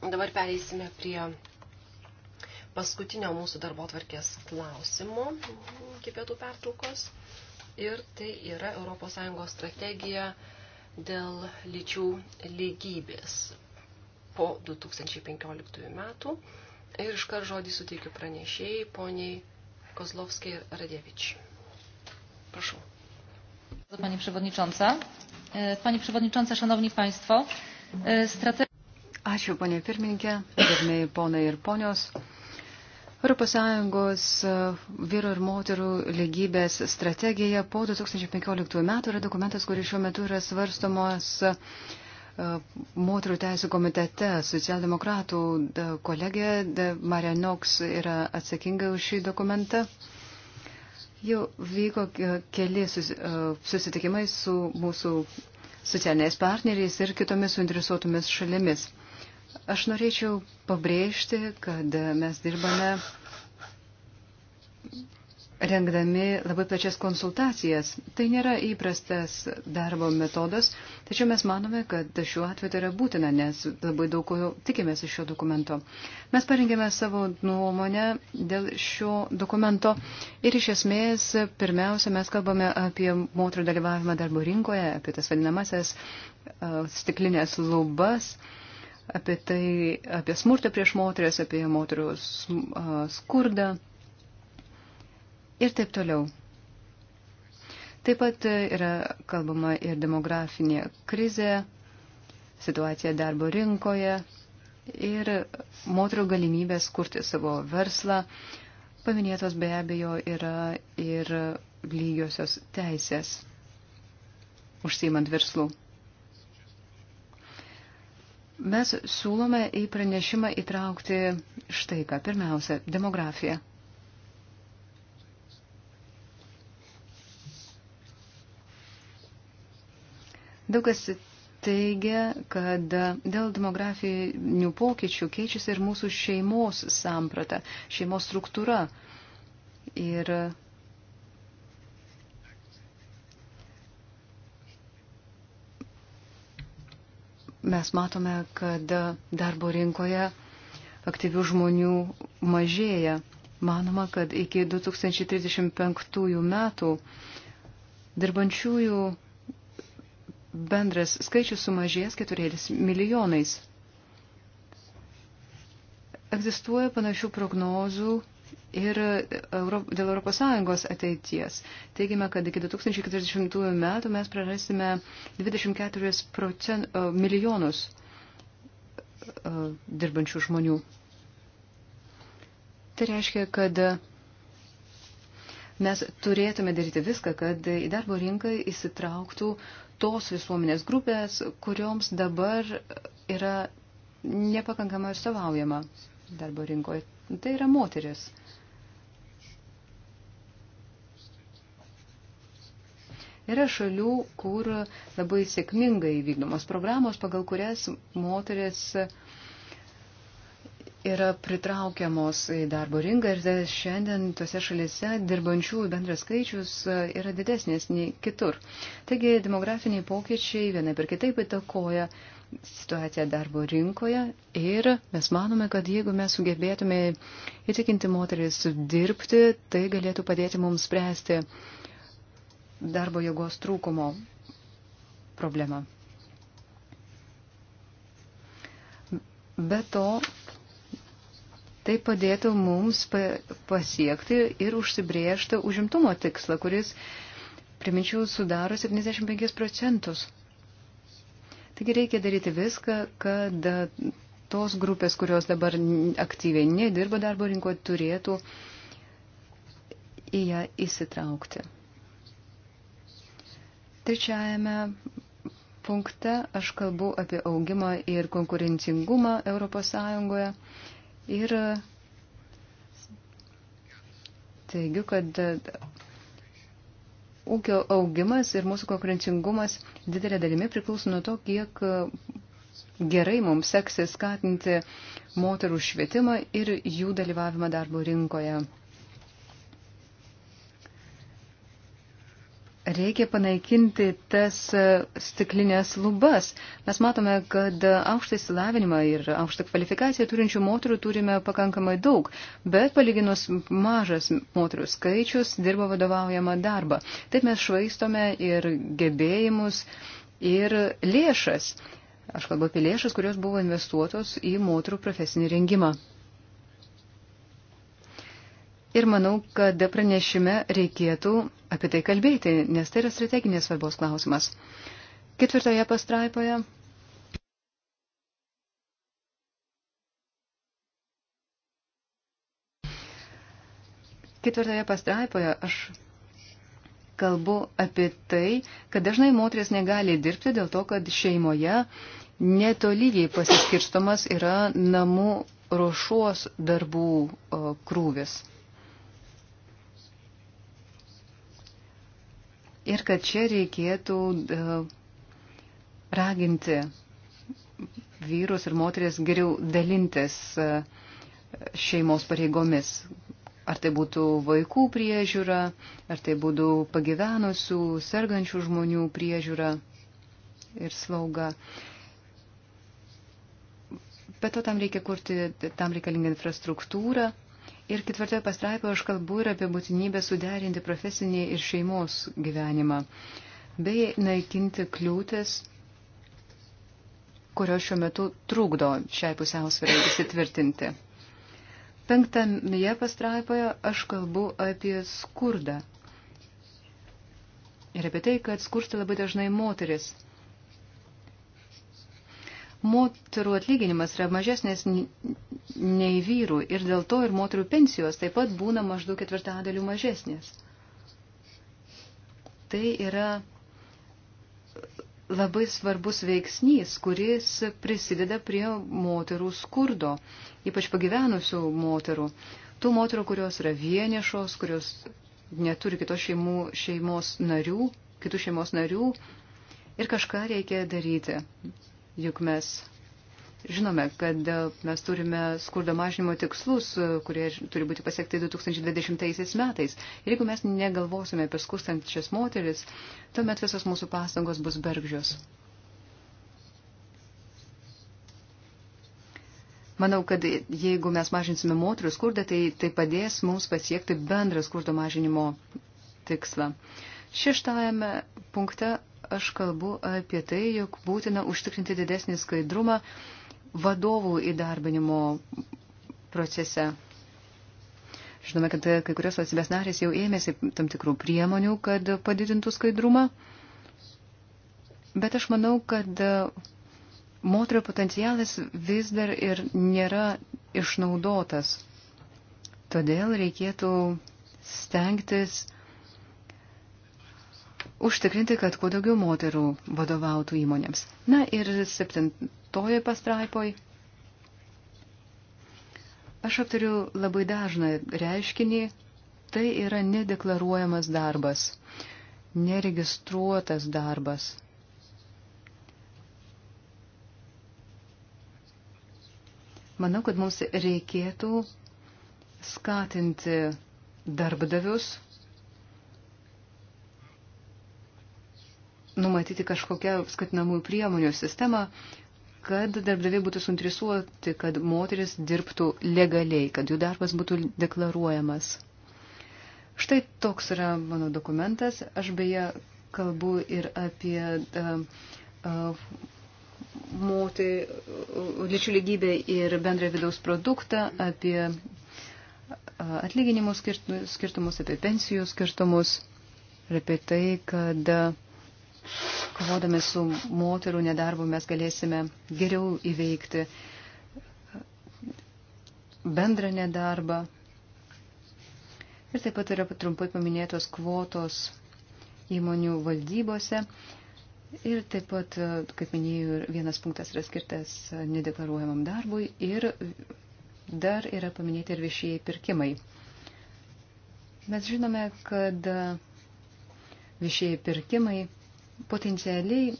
Dabar pereisime prie paskutinio mūsų darbo tvarkės klausimo iki pietų pertraukos ir tai yra ES strategija dėl lyčių lygybės po 2015 metų. Ir iškart žodį suteikiu pranešėjai poniai Kozlovskiai Radievič. Prašau. Pani Przewodnicząca. E, pani Przewodnicząca, Szanowni Państwo. E, strate... Ačiū, ponė pirmininkė, gerbėjai ponai ir ponios. ES e, vyru ir moterų lygybės strategija po 2015 metų yra dokumentas, kuris šiuo metu yra svarstomas e, moterų teisų komitete. Socialdemokratų e, kolegė Marija Noks yra atsakinga už šį dokumentą. Jau vyko keli susitikimai su mūsų socialiniais partneriais ir kitomis suinteresuotomis šalimis. Aš norėčiau pabrėžti, kad mes dirbame rengdami labai plačias konsultacijas. Tai nėra įprastas darbo metodas, tačiau mes manome, kad šiuo atveju tai yra būtina, nes labai daug ko tikimės iš šio dokumento. Mes parengėme savo nuomonę dėl šio dokumento ir iš esmės pirmiausia mes kalbame apie moterų dalyvavimą darbo rinkoje, apie tas vadinamasias stiklinės lubas. Uh, apie tai, apie smurtą prieš moteris, apie moterų skurdą ir taip toliau. Taip pat yra kalbama ir demografinė krizė, situacija darbo rinkoje ir moterų galimybės kurti savo verslą. Paminėtos be abejo yra ir lygiosios teisės užsiimant verslų. Mes siūlome į pranešimą įtraukti štai ką. Pirmiausia, demografija. Daug kas teigia, kad dėl demografinių pokyčių keičiasi ir mūsų šeimos samprata, šeimos struktūra. Ir mes matome, kad darbo rinkoje aktyvių žmonių mažėja. Manoma, kad iki 2035 metų dirbančiųjų bendras skaičius sumažės 4 milijonais. Egzistuoja panašių prognozų ir e, dėl ES ateities. Teigime, kad iki 2040 metų mes prarasime 24 procent, e, milijonus e, dirbančių žmonių. Tai reiškia, kad mes turėtume daryti viską, kad į darbo rinką įsitrauktų tos visuomenės grupės, kurioms dabar yra nepakankamai atstovaujama darbo rinkoje. Tai yra moteris. Yra šalių, kur labai sėkmingai vykdomos programos, pagal kurias moteris uh, yra pritraukiamos į darbo rinką ir šiandien tose šalise dirbančiųjų bendras skaičius e, yra didesnis nei kitur. Taigi demografiniai pokyčiai viena per kitaip įtakoja situaciją darbo rinkoje ir mes manome, kad jeigu mes sugebėtume įtikinti moteris dirbti, tai galėtų padėti mums spręsti darbo jėgos trūkumo problemą. Be to, Tai padėtų mums pasiekti ir užsibriežtą užimtumo tikslą, kuris, priminčiau, sudaro 75 procentus. Taigi reikia daryti viską, kad tos grupės, kurios dabar aktyviai nedirba darbo rinkoje, turėtų į ją įsitraukti. Trečiajame punkte aš kalbu apie augimą ir konkurencingumą Europos Sąjungoje. Ir teigiu, kad ūkio augimas ir mūsų konkurencingumas didelė dalimi priklauso nuo to, kiek gerai mums seksis skatinti moterų švietimą ir jų dalyvavimą darbo rinkoje. Reikia panaikinti tas e, stiklinės lubas. Mes matome, kad aukštą įsilavinimą ir aukštą kvalifikaciją turinčių moterų turime pakankamai daug, bet palyginus mažas moterų skaičius dirba vadovaujama darba. Taip mes švaistome ir gebėjimus, ir lėšas. Aš kalbu apie lėšas, kurios buvo investuotos į moterų profesinį rengimą. Ir manau, kad pranešime reikėtų apie tai kalbėti, nes tai yra strateginės svarbos klausimas. Ketvirtoje pastraipoje. Ketvirtoje pastraipoje aš kalbu apie tai, kad dažnai moteris negali dirbti dėl to, kad šeimoje netolygiai pasiskirstomas yra namų ruošos darbų krūvis. ir kad čia reikėtų e, raginti vyrus ir moteris geriau dalintis e, šeimos pareigomis. Ar tai būtų vaikų priežiūra, ar tai būtų pagyvenusių, sergančių žmonių priežiūra ir slauga. Bet to tam reikia kurti, tam reikalinga infrastruktūra, Ir ketvirtoje pastraipoje aš kalbu ir apie būtinybę suderinti profesinį ir šeimos gyvenimą, bei naikinti kliūtis, kurios šiuo metu trukdo šiai pusiausvėrai įsitvirtinti. Penktame pastraipoje aš kalbu apie skurdą. Ir apie tai, kad skursta labai dažnai moteris moterų atlyginimas yra mažesnės nei vyrų ir dėl to ir moterų pensijos taip pat būna maždaug ketvirtadalių mažesnės. Tai yra labai svarbus veiksnys, kuris prisideda prie moterų skurdo, ypač pagyvenusių moterų. Tų moterų, kurios yra vienišos, kurios neturi kitos šeimų, šeimos narių, kitų šeimos narių ir kažką reikia daryti. Juk mes žinome, kad mes turime skurdo mažinimo tikslus, kurie turi būti pasiekti 2020 metais. Ir jeigu mes negalvosime apie skurstančias moteris, tuomet visos mūsų pastangos bus bergžios. Manau, kad jeigu mes mažinsime moterų skurdą, tai, tai padės mums pasiekti bendrą skurdo mažinimo tikslą. Šeštajame punkte aš kalbu apie tai, jog būtina užtikrinti didesnį skaidrumą vadovų įdarbinimo procese. Žinome, kad kai kurios valstybės narės jau ėmėsi tam tikrų priemonių, kad padidintų skaidrumą. Bet aš manau, kad moterio potencialas vis dar ir nėra išnaudotas. Todėl reikėtų stengtis užtikrinti, kad kuo daugiau moterų vadovautų įmonėms. Na ir septintoje pastraipoje aš aptariu labai dažną reiškinį, tai yra nedeklaruojamas darbas, neregistruotas darbas. Manau, kad mums reikėtų skatinti darbdavius numatyti kažkokią skatinamųjų priemonių sistemą, kad darbdaviai būtų suinteresuoti, kad moteris dirbtų legaliai, kad jų darbas būtų deklaruojamas. Štai toks yra mano dokumentas. Aš beje kalbu ir apie uh, e, uh, e, moter, uh, lyčių lygybę ir bendrą vidaus produktą, apie e, atlyginimų skirtumus, apie pensijų skirtumus ir apie tai, kad uh, kovodami su moterų nedarbu mes galėsime geriau įveikti bendrą nedarbą. Ir taip pat yra trumpai paminėtos kvotos įmonių valdybose. Ir taip pat, kaip minėjau, vienas punktas yra skirtas nedeklaruojamam darbui ir dar yra paminėti ir viešieji pirkimai. Mes žinome, kad viešieji pirkimai potencialiai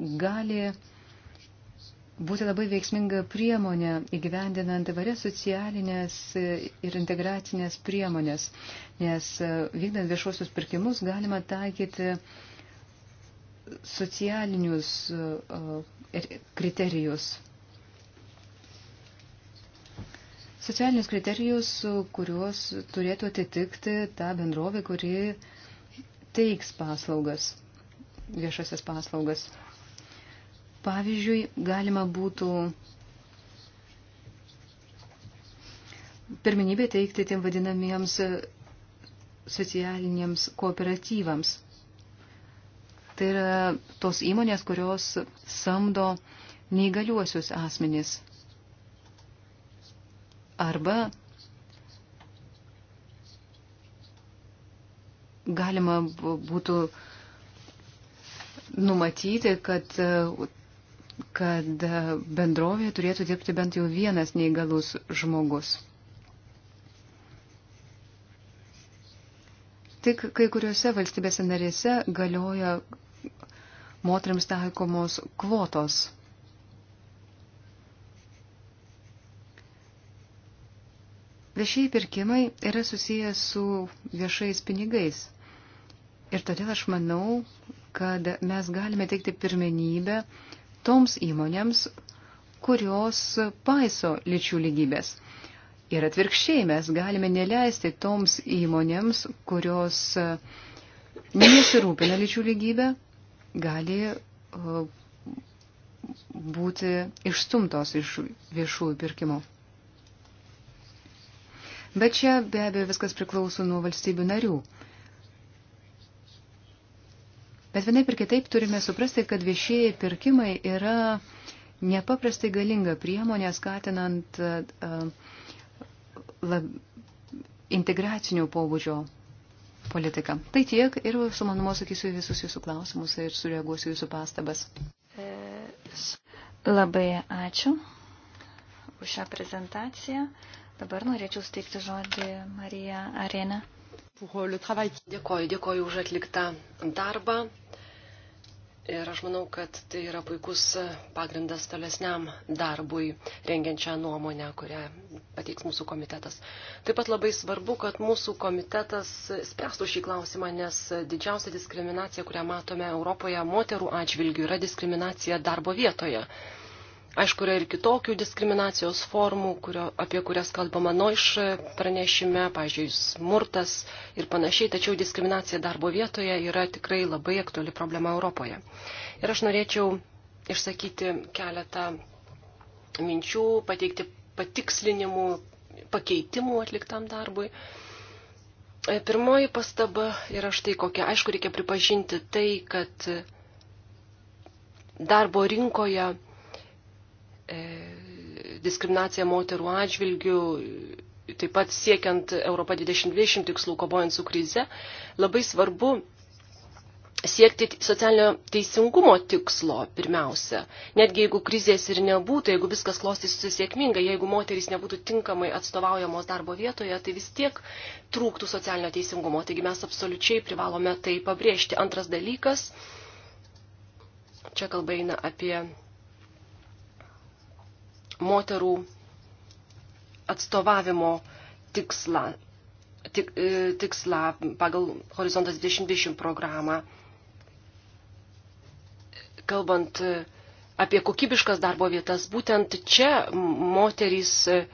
gali būti labai veiksminga priemonė įgyvendinant įvairias socialinės ir integracinės priemonės, nes e, vykdant viešuosius pirkimus galima taikyti socialinius e, e, kriterijus. Socialinius kriterijus, kuriuos turėtų atitikti ta bendrovė, kuri teiks paslaugas viešasias paslaugas. Pavyzdžiui, galima būtų pirminybė teikti tiem vadinamiems socialiniams kooperatyvams. Tai yra tos įmonės, kurios samdo neįgaliuosius asmenys. Arba galima būtų uh, numatyti, kad, kad bendrovėje turėtų dirbti bent jau vienas neįgalus žmogus. Tik kai kuriuose valstybėse narėse galioja moteriams taikomos kvotos. Viešieji pirkimai yra susijęs su viešais pinigais. Ir todėl aš manau, kad mes galime teikti pirmenybę toms įmonėms, kurios paiso lyčių lygybės. Ir atvirkščiai mes galime neleisti toms įmonėms, kurios e, nesirūpina lyčių lygybę, gali e, būti išstumtos iš viešųjų pirkimų. Bet čia be abejo viskas priklauso nuo valstybių narių. Bet vienaip ir kitaip turime suprasti, kad viešieji pirkimai yra nepaprastai galinga priemonė skatinant e, e, lab, integracinių pobūdžio politiką. Tai tiek ir su manumu sakysiu visus jūsų klausimus ir sureaguosiu jūsų pastabas. Labai ačiū už šią prezentaciją. Dabar norėčiau steikti žodį Marija Arena. Dėkoju, dėkoju už atliktą darbą. Ir aš manau, kad tai yra puikus pagrindas tolesniam darbui, rengiančią nuomonę, kurią pateiks mūsų komitetas. Taip pat labai svarbu, kad mūsų komitetas spręstų šį klausimą, nes didžiausia diskriminacija, kurią matome Europoje moterų atžvilgių, yra diskriminacija darbo vietoje. Aišku, yra ir kitokių diskriminacijos formų, kurio, apie kurias kalbama noiš pranešime, pažiūrėjus, smurtas ir panašiai, tačiau diskriminacija darbo vietoje yra tikrai labai aktuali problema Europoje. Ir aš norėčiau išsakyti keletą minčių, pateikti patikslinimų, pakeitimų atliktam darbui. Pirmoji pastaba yra štai kokia. Aišku, reikia pripažinti tai, kad darbo rinkoje E, diskriminacija moterų atžvilgių, taip pat siekiant Europą 2020 tikslų, kovojant su krize, labai svarbu siekti socialinio teisingumo tikslo pirmiausia. Netgi jeigu krizės ir nebūtų, jeigu viskas klostysi sėkmingai, jeigu moterys nebūtų tinkamai atstovaujamos darbo vietoje, tai vis tiek trūktų socialinio teisingumo. Taigi mes absoliučiai privalome tai pabrėžti. Antras dalykas, čia kalba eina apie moterų atstovavimo tikslą, tik, e, tikslą pagal Horizontas 2020 programą. Kalbant e, apie kokybiškas darbo vietas, būtent čia moterys e,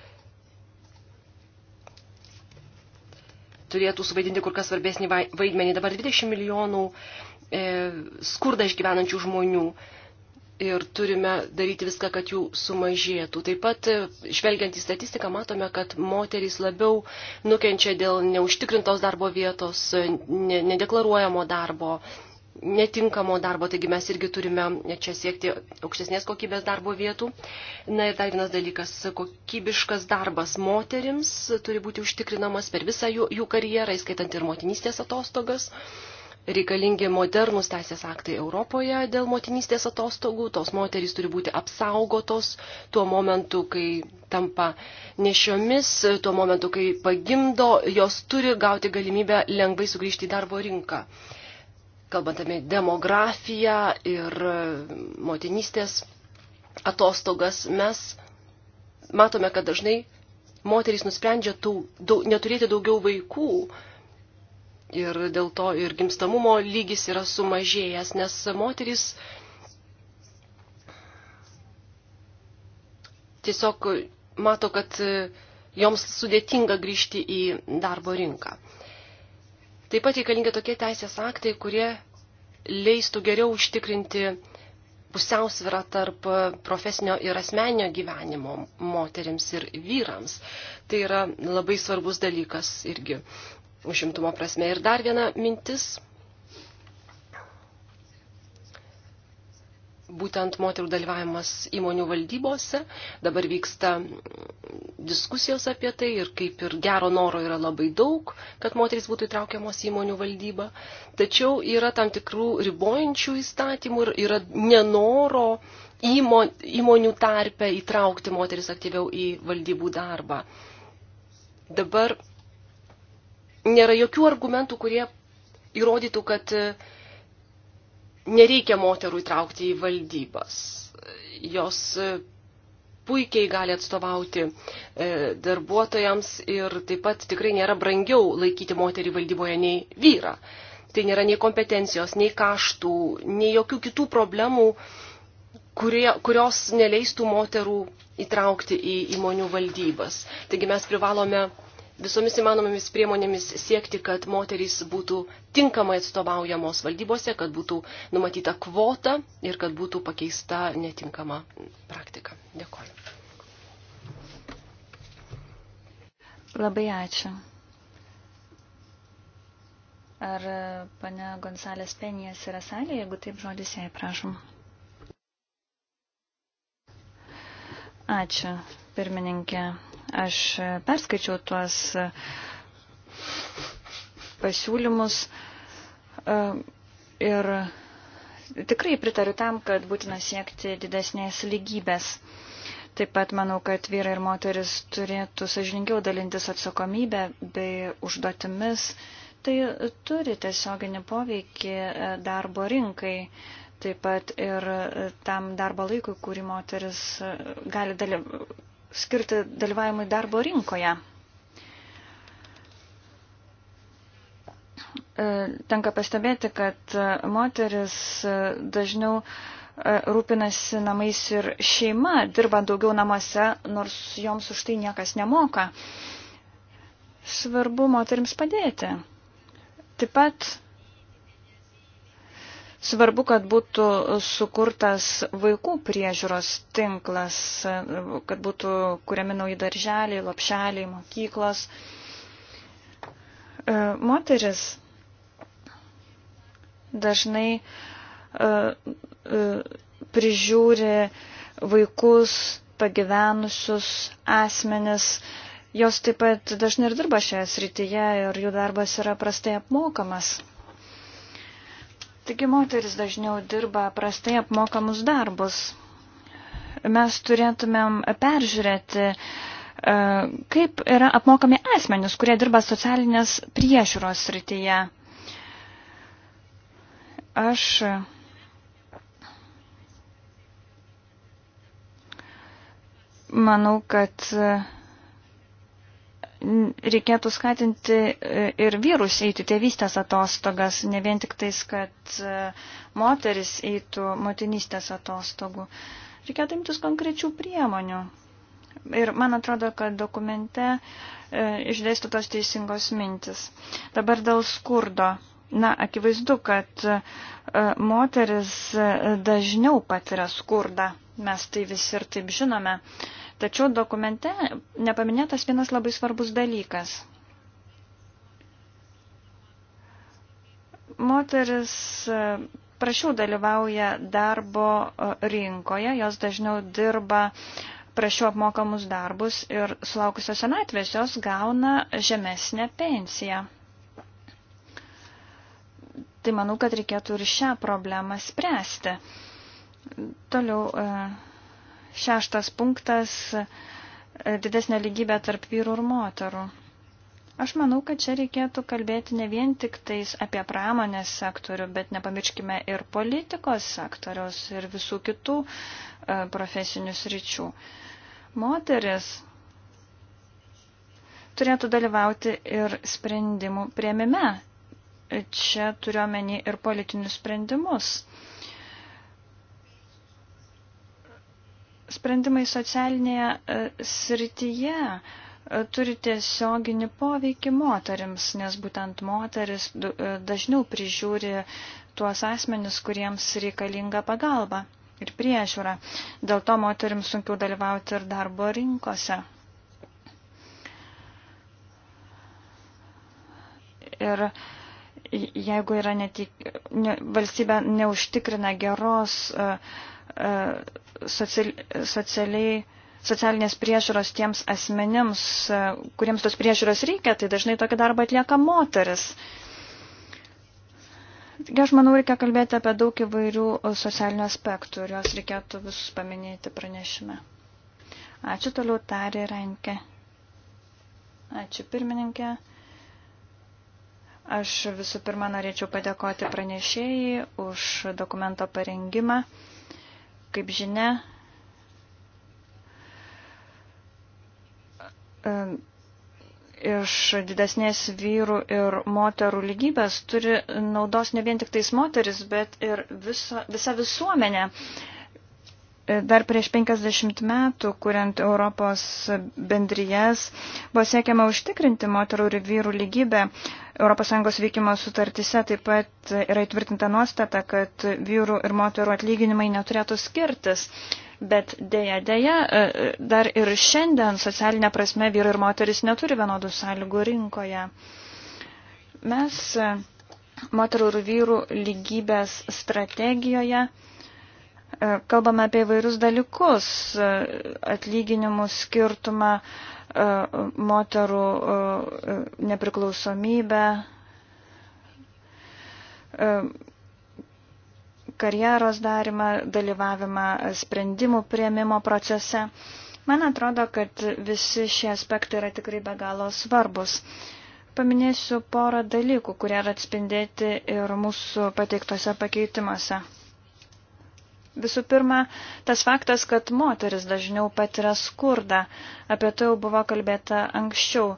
turėtų suvaidinti kur kas svarbesnį vaidmenį. Dabar 20 milijonų skurdą išgyvenančių žmonių ir turime daryti viską, kad jų sumažėtų. Taip pat, žvelgiant į statistiką, matome, kad moterys labiau nukenčia dėl neužtikrintos darbo vietos, nedeklaruojamo darbo, netinkamo darbo, taigi mes irgi turime čia siekti aukštesnės kokybės darbo vietų. Na ir dar vienas dalykas, kokybiškas darbas moterims turi būti užtikrinamas per visą jų, jų karjerą, įskaitant ir motinystės atostogas. Uh, reikalingi modernus teisės aktai Europoje dėl motinystės atostogų. Tos moterys turi būti apsaugotos tuo momentu, kai tampa nešiomis, tuo momentu, kai pagimdo, jos turi gauti galimybę lengvai sugrįžti į darbo rinką. Kalbant apie demografiją ir motinystės atostogas, mes matome, kad dažnai moterys nusprendžia tų, daug, neturėti daugiau vaikų, ir dėl to ir gimstamumo lygis yra sumažėjęs, nes moterys tiesiog mato, kad joms sudėtinga grįžti į darbo rinką. Taip pat reikalingi tokie teisės aktai, kurie leistų geriau užtikrinti pusiausvyrą tarp profesinio ir asmeninio gyvenimo moteriams ir vyrams. Tai yra labai svarbus dalykas irgi užimtumo prasme. Ir dar viena mintis. Būtent moterų dalyvavimas įmonių valdybose. Dabar vyksta diskusijos apie tai ir kaip ir gero noro yra labai daug, kad moteris būtų įtraukiamos įmonių valdybą. Tačiau yra tam tikrų ribojančių įstatymų ir yra nenoro įmonių tarpe įtraukti moteris aktyviau į valdybų darbą. Dabar nėra jokių argumentų, kurie įrodytų, kad e, nereikia moterų įtraukti į valdybas. Jos e, puikiai gali atstovauti e, darbuotojams ir taip pat tikrai nėra brangiau laikyti moterį valdyboje nei vyrą. Tai nėra nei kompetencijos, nei kaštų, nei jokių kitų problemų, kurie, kurios neleistų moterų įtraukti į įmonių valdybas. Taigi mes privalome visomis įmanomomis priemonėmis siekti, kad moterys būtų tinkamai atstovaujamos valdybose, kad būtų numatyta kvota ir kad būtų pakeista netinkama praktika. Dėkoju. Labai ačiū. Ar pane Gonsalės Penijas yra salė, jeigu taip žodis jai prašom? Ačiū, pirmininkė. Aš perskaičiau tuos pasiūlymus e, ir tikrai pritariu tam, kad būtina siekti didesnės lygybės. Taip pat manau, kad vyrai ir moteris turėtų sažininkiau dalintis atsakomybę bei užduotimis. Tai turi tiesioginį poveikį e, darbo rinkai, taip pat ir e, tam darbo laikui, kurį moteris gali dalyvauti skirti dalyvavimui darbo rinkoje. E, tenka pastebėti, kad moteris dažniau e, rūpinasi namais ir šeima, dirbant daugiau namuose, nors joms už tai niekas nemoka. Svarbu moterims padėti. Taip pat Svarbu, kad būtų sukurtas vaikų priežiūros tinklas, kad būtų kuriami nauji darželiai, lopšeliai, mokyklos. E, moteris dažnai e, e, prižiūri vaikus, pagyvenusius asmenis, Jos taip pat dažnai ir dirba šioje srityje ir jų darbas yra prastai apmokamas. Taigi moteris dažniau dirba prastai apmokamus darbus. Mes turėtumėm peržiūrėti, e, kaip yra apmokami asmenys, kurie dirba socialinės priežiūros srityje. Aš manau, kad reikėtų skatinti e, ir vyrus eiti tėvystės atostogas, ne vien tik tais, kad e, moteris eitų motinystės atostogų. Reikėtų imtis konkrečių priemonių. Ir man atrodo, kad dokumente e, išdėstų tos teisingos mintis. Dabar dėl skurdo. Na, akivaizdu, kad moteris dažniau patiria skurdą. Mes tai visi ir taip žinome. Uh, Tačiau dokumente nepaminėtas vienas labai svarbus dalykas. Moteris e, prašiau dalyvauja darbo e, rinkoje, jos dažniau dirba prašiau apmokamus darbus ir sulaukusios senatvės jos gauna žemesnę pensiją. Tai manau, kad reikėtų ir šią problemą spręsti. Toliau. E, Šeštas punktas - didesnė lygybė tarp vyrų ir moterų. Aš manau, kad čia reikėtų kalbėti ne vien tik tais apie pramonės sektorių, bet nepamirškime ir politikos sektoriaus ir visų kitų e, profesinių sričių. Moteris turėtų dalyvauti ir sprendimų prieimime. Čia turiuomenį ir politinius sprendimus. sprendimai socialinėje e, srityje e, turi tiesioginį poveikį moterims, nes būtent moteris e, dažniau prižiūri tuos asmenis, kuriems reikalinga pagalba ir priežiūra. Dėl to moterims sunkiau dalyvauti ir darbo rinkose. Ir jeigu yra netik, ne, valstybė neužtikrina geros uh, E, socialiai, socialinės priežiūros tiems asmenims, e, kuriems tos priežiūros reikia, tai dažnai tokį darbą atlieka moteris. Taigi aš manau, reikia kalbėti apie daug įvairių socialinių aspektų ir juos reikėtų visus paminėti pranešime. Ačiū toliau, tarė Renke. Ačiū pirmininkė. Aš visų pirma norėčiau padėkoti pranešėjai už dokumento parengimą. Kaip žinia, e, iš didesnės vyrų ir moterų lygybės turi naudos ne vien tik tais moteris, bet ir viso, visa visuomenė. Uh, dar prieš 50 metų, kuriant Europos bendrijas, buvo siekiama užtikrinti moterų ir vyrų lygybę. ES veikimo sutartise taip pat yra įtvirtinta nuostata, kad vyrų ir moterų atlyginimai neturėtų skirtis. Bet dėja, dėja, dar ir šiandien socialinė prasme vyrai ir moteris neturi vienodų sąlygų rinkoje. Mes moterų ir vyrų lygybės strategijoje E, kalbame apie vairius dalykus, e, atlyginimų skirtumą, e, moterų nepriklausomybę, karjeros darimą, dalyvavimą sprendimų prieimimo procese. Man atrodo, kad visi šie aspektai yra tikrai be galo svarbus paminėsiu porą dalykų, kurie yra atspindėti ir mūsų pateiktose pakeitimuose. Visų pirma, tas faktas, kad moteris dažniau patiria skurdą, apie tai jau buvo kalbėta anksčiau.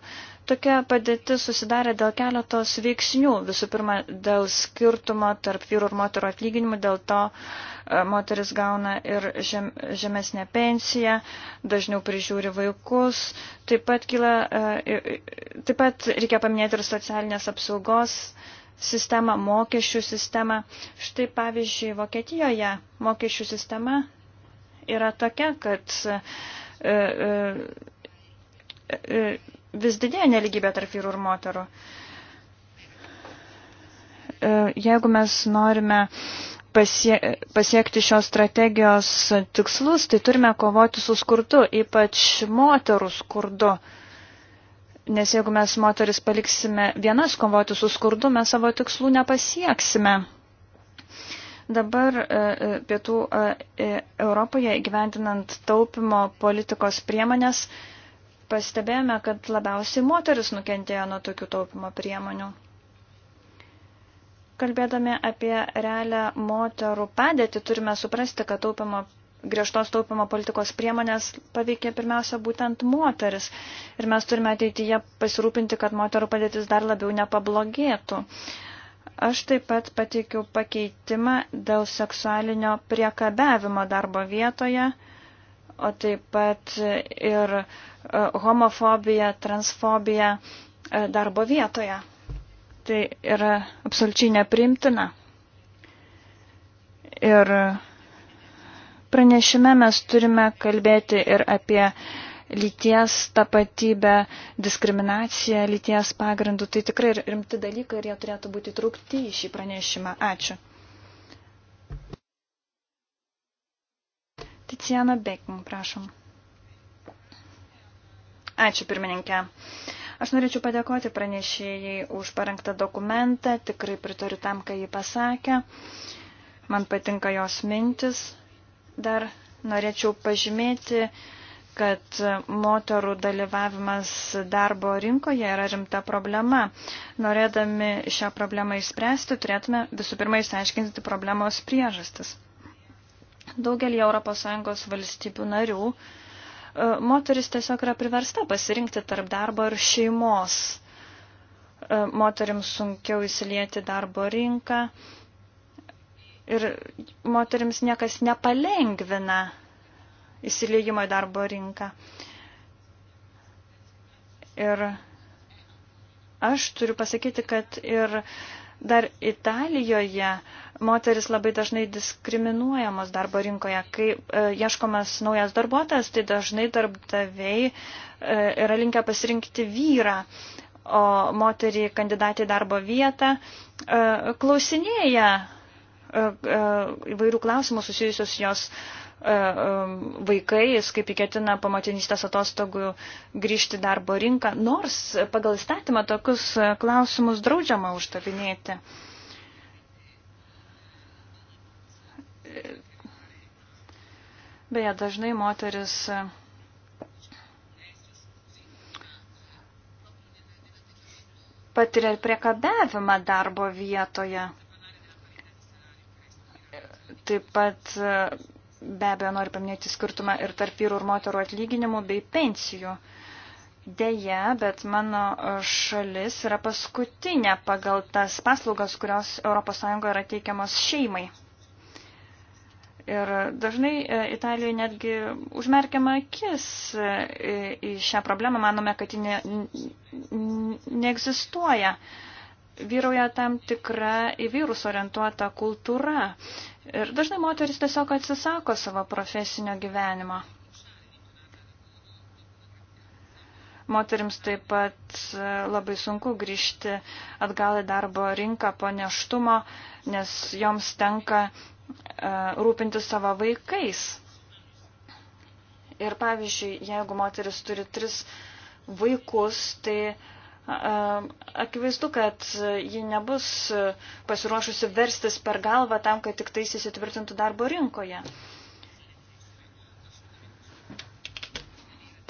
Tokia padėtis susidarė dėl keletos veiksnių. Visų pirma, dėl skirtumo tarp vyrų ir moterų atlyginimų, dėl to e, moteris gauna ir žem, žemesnę pensiją, dažniau prižiūri vaikus. Taip pat, kyla, e, taip pat reikia paminėti ir socialinės apsaugos sistemą, mokesčių sistemą. Štai pavyzdžiui, Vokietijoje mokesčių sistema yra tokia, kad e, e, e, vis didėja neligybė tarp vyrų ir moterų. Jeigu mes norime pasie, pasiekti šios strategijos tikslus, tai turime kovoti su skurdu, ypač moterų skurdu. Nes jeigu mes moteris paliksime vienas kovoti su skurdu, mes savo tikslų nepasieksime. Dabar e, e, pietų e, Europoje įgyvendinant taupimo politikos priemonės, pastebėjome, kad labiausiai moteris nukentėjo nuo tokių taupimo priemonių. Kalbėdami apie realią moterų padėtį, turime suprasti, kad taupimo griežtos taupimo politikos priemonės paveikė pirmiausia būtent moteris. Ir mes turime ateityje pasirūpinti, kad moterų padėtis dar labiau nepablogėtų. Aš taip pat pateikiau pakeitimą dėl seksualinio priekabiavimo darbo vietoje, o taip pat ir e, homofobija, transfobija e, darbo vietoje. Tai yra absoliučiai neprimtina. Ir Pranešime mes turime kalbėti ir apie lyties tapatybę, diskriminaciją, lyties pagrindų. Tai tikrai rimti dalykai ir jie turėtų būti trūkti į šį pranešimą. Ačiū. Ticiana Bekin, prašom. Ačiū pirmininkė. Aš norėčiau padėkoti pranešėjai už parengtą dokumentą, tikrai pritariu tam, ką jį pasakė. Man patinka jos mintis, Dar norėčiau pažymėti, kad moterų dalyvavimas darbo rinkoje yra rimta problema. Norėdami šią problemą išspręsti, turėtume visų pirma išsiaiškinti problemos priežastis. Daugelį ES valstybių narių e, moteris tiesiog yra priversta pasirinkti tarp darbo ir šeimos. E, moterims sunkiau įsilieti darbo rinką, Ir moteriams niekas nepalengvina įsileidimo į darbo rinką. Ir aš turiu pasakyti, kad ir dar Italijoje moteris labai dažnai diskriminuojamos darbo rinkoje. Kai e, ieškomas naujas darbuotojas, tai dažnai darbdaviai e, yra linkę pasirinkti vyrą, o moterį kandidatį darbo vietą e, klausinėja E, e, įvairių klausimų susijusios jos e, vaikais, kaip įketina pamatinystės atostogų grįžti darbo rinką, nors pagal įstatymą tokius klausimus draudžiama užtavinėti. Beje, dažnai moteris patiria priekabiavimą darbo vietoje. Taip pat be abejo noriu paminėti skirtumą ir tarp vyrų ir moterų atlyginimų bei pensijų. Deja, bet mano šalis yra paskutinė pagal tas paslaugas, kurios ES yra teikiamos šeimai. Ir dažnai e, Italijoje netgi užmerkiama akis e, į šią problemą, manome, kad ji ne, neegzistuoja. Ne vyrauja tam tikra į vyrus orientuota kultūra. Ir dažnai moteris tiesiog atsisako savo profesinio gyvenimo. Moterims taip pat e, labai sunku grįžti atgal į darbo rinką po neštumo, nes joms tenka e, rūpinti savo vaikais. Ir pavyzdžiui, jeigu moteris turi tris vaikus, tai uh, akivaizdu, kad ji nebus pasiruošusi verstis per galvą tam, kad tik tais įsitvirtintų darbo rinkoje.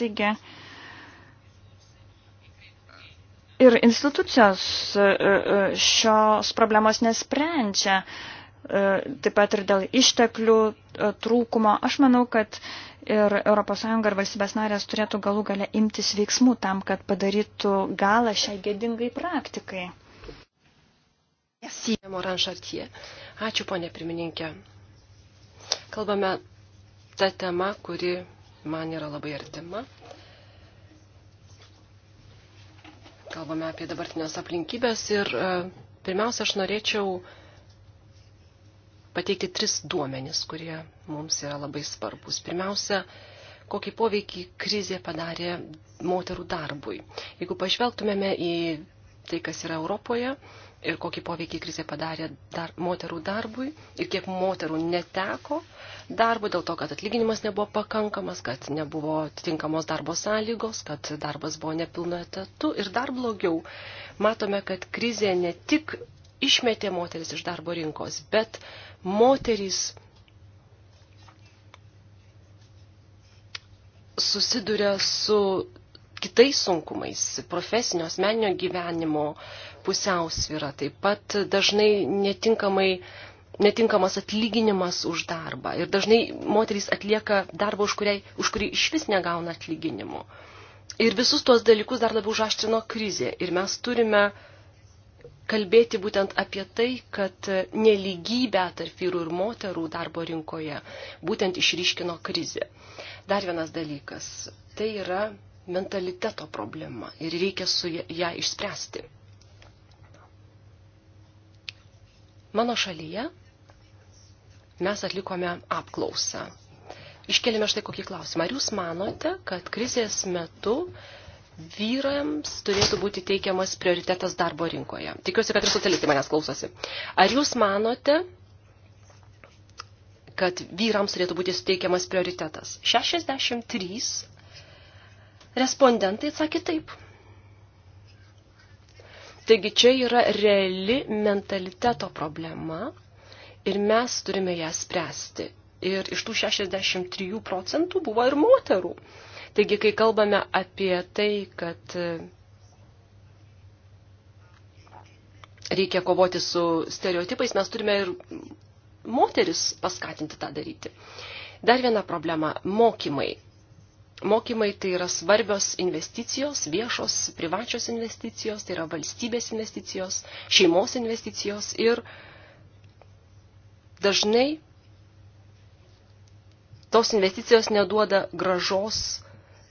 Taigi, ir institucijos e, e, šios problemos nesprendžia. E, taip pat ir dėl išteklių e, trūkumo. Aš manau, kad ir ES ir valstybės narės turėtų galų gale imtis veiksmų tam, kad padarytų galą šiai gėdingai praktikai. Ačiū, ponė pirmininkė. Kalbame tą temą, kuri man yra labai artima. Kalbame apie dabartinės aplinkybės ir e, pirmiausia, aš norėčiau uh, pateikti tris duomenis, kurie mums yra labai svarbus. Pirmiausia, kokį poveikį krizė padarė moterų darbui. Jeigu pažvelgtumėme į tai, kas yra Europoje ir kokį poveikį krizė padarė dar, moterų darbui ir kiek moterų neteko darbo dėl to, kad atlyginimas nebuvo pakankamas, kad nebuvo tinkamos darbo sąlygos, kad darbas buvo nepilno etatu ir dar blogiau. Matome, kad krizė ne tik išmetė moteris iš darbo rinkos, bet moteris susiduria su kitais sunkumais, profesinio, asmeninio gyvenimo pusiausvyra, taip pat dažnai netinkamai, netinkamas atlyginimas už darbą ir dažnai moterys atlieka darbą, už, kuriai, už kurį iš vis negauna atlyginimo. Ir visus tuos dalykus dar labiau užaštrino krizė ir mes turime uh, kalbėti būtent apie tai, kad neligybę tarp vyrų ir moterų darbo rinkoje būtent išryškino krizė. Dar vienas dalykas - tai yra mentaliteto problema ir reikia su ją išspręsti. Mano šalyje mes atlikome apklausą. Iškelime štai kokį klausimą. Ar jūs manote, kad krizės metu uh, vyrams turėtų būti teikiamas prioritetas darbo rinkoje. Tikiuosi, kad ir socialistai manęs klausosi. Ar jūs manote, kad vyrams turėtų būti suteikiamas prioritetas? 63 respondentai atsakė taip. Taigi čia yra reali mentaliteto problema ir mes turime ją spręsti. Ir iš tų 63 procentų buvo ir moterų. Taigi, kai kalbame apie tai, kad e, reikia kovoti su stereotipais, mes turime ir moteris paskatinti tą daryti. Dar viena problema - mokymai. Mokymai tai yra svarbios investicijos, viešos, privačios investicijos, tai yra valstybės investicijos, šeimos investicijos ir dažnai tos investicijos neduoda gražos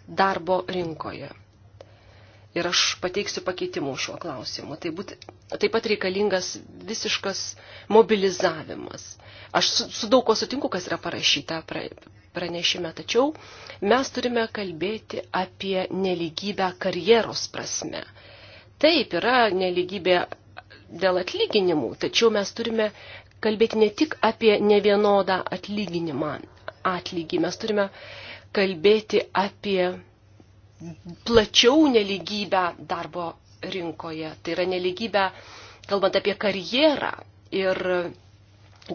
darbo rinkoje. Ir aš pateiksiu pakeitimų šiuo klausimu. Tai būt, taip pat reikalingas visiškas mobilizavimas. Aš su, su daug ko sutinku, kas yra parašyta pra, pranešime, tačiau mes turime kalbėti apie neligybę karjeros prasme. Taip yra neligybė dėl atlyginimų, tačiau mes turime kalbėti ne tik apie nevienodą atlyginimą, atlygį, mes turime uh, kalbėti apie plačiau neligybę darbo rinkoje. Tai yra neligybę, kalbant apie karjerą ir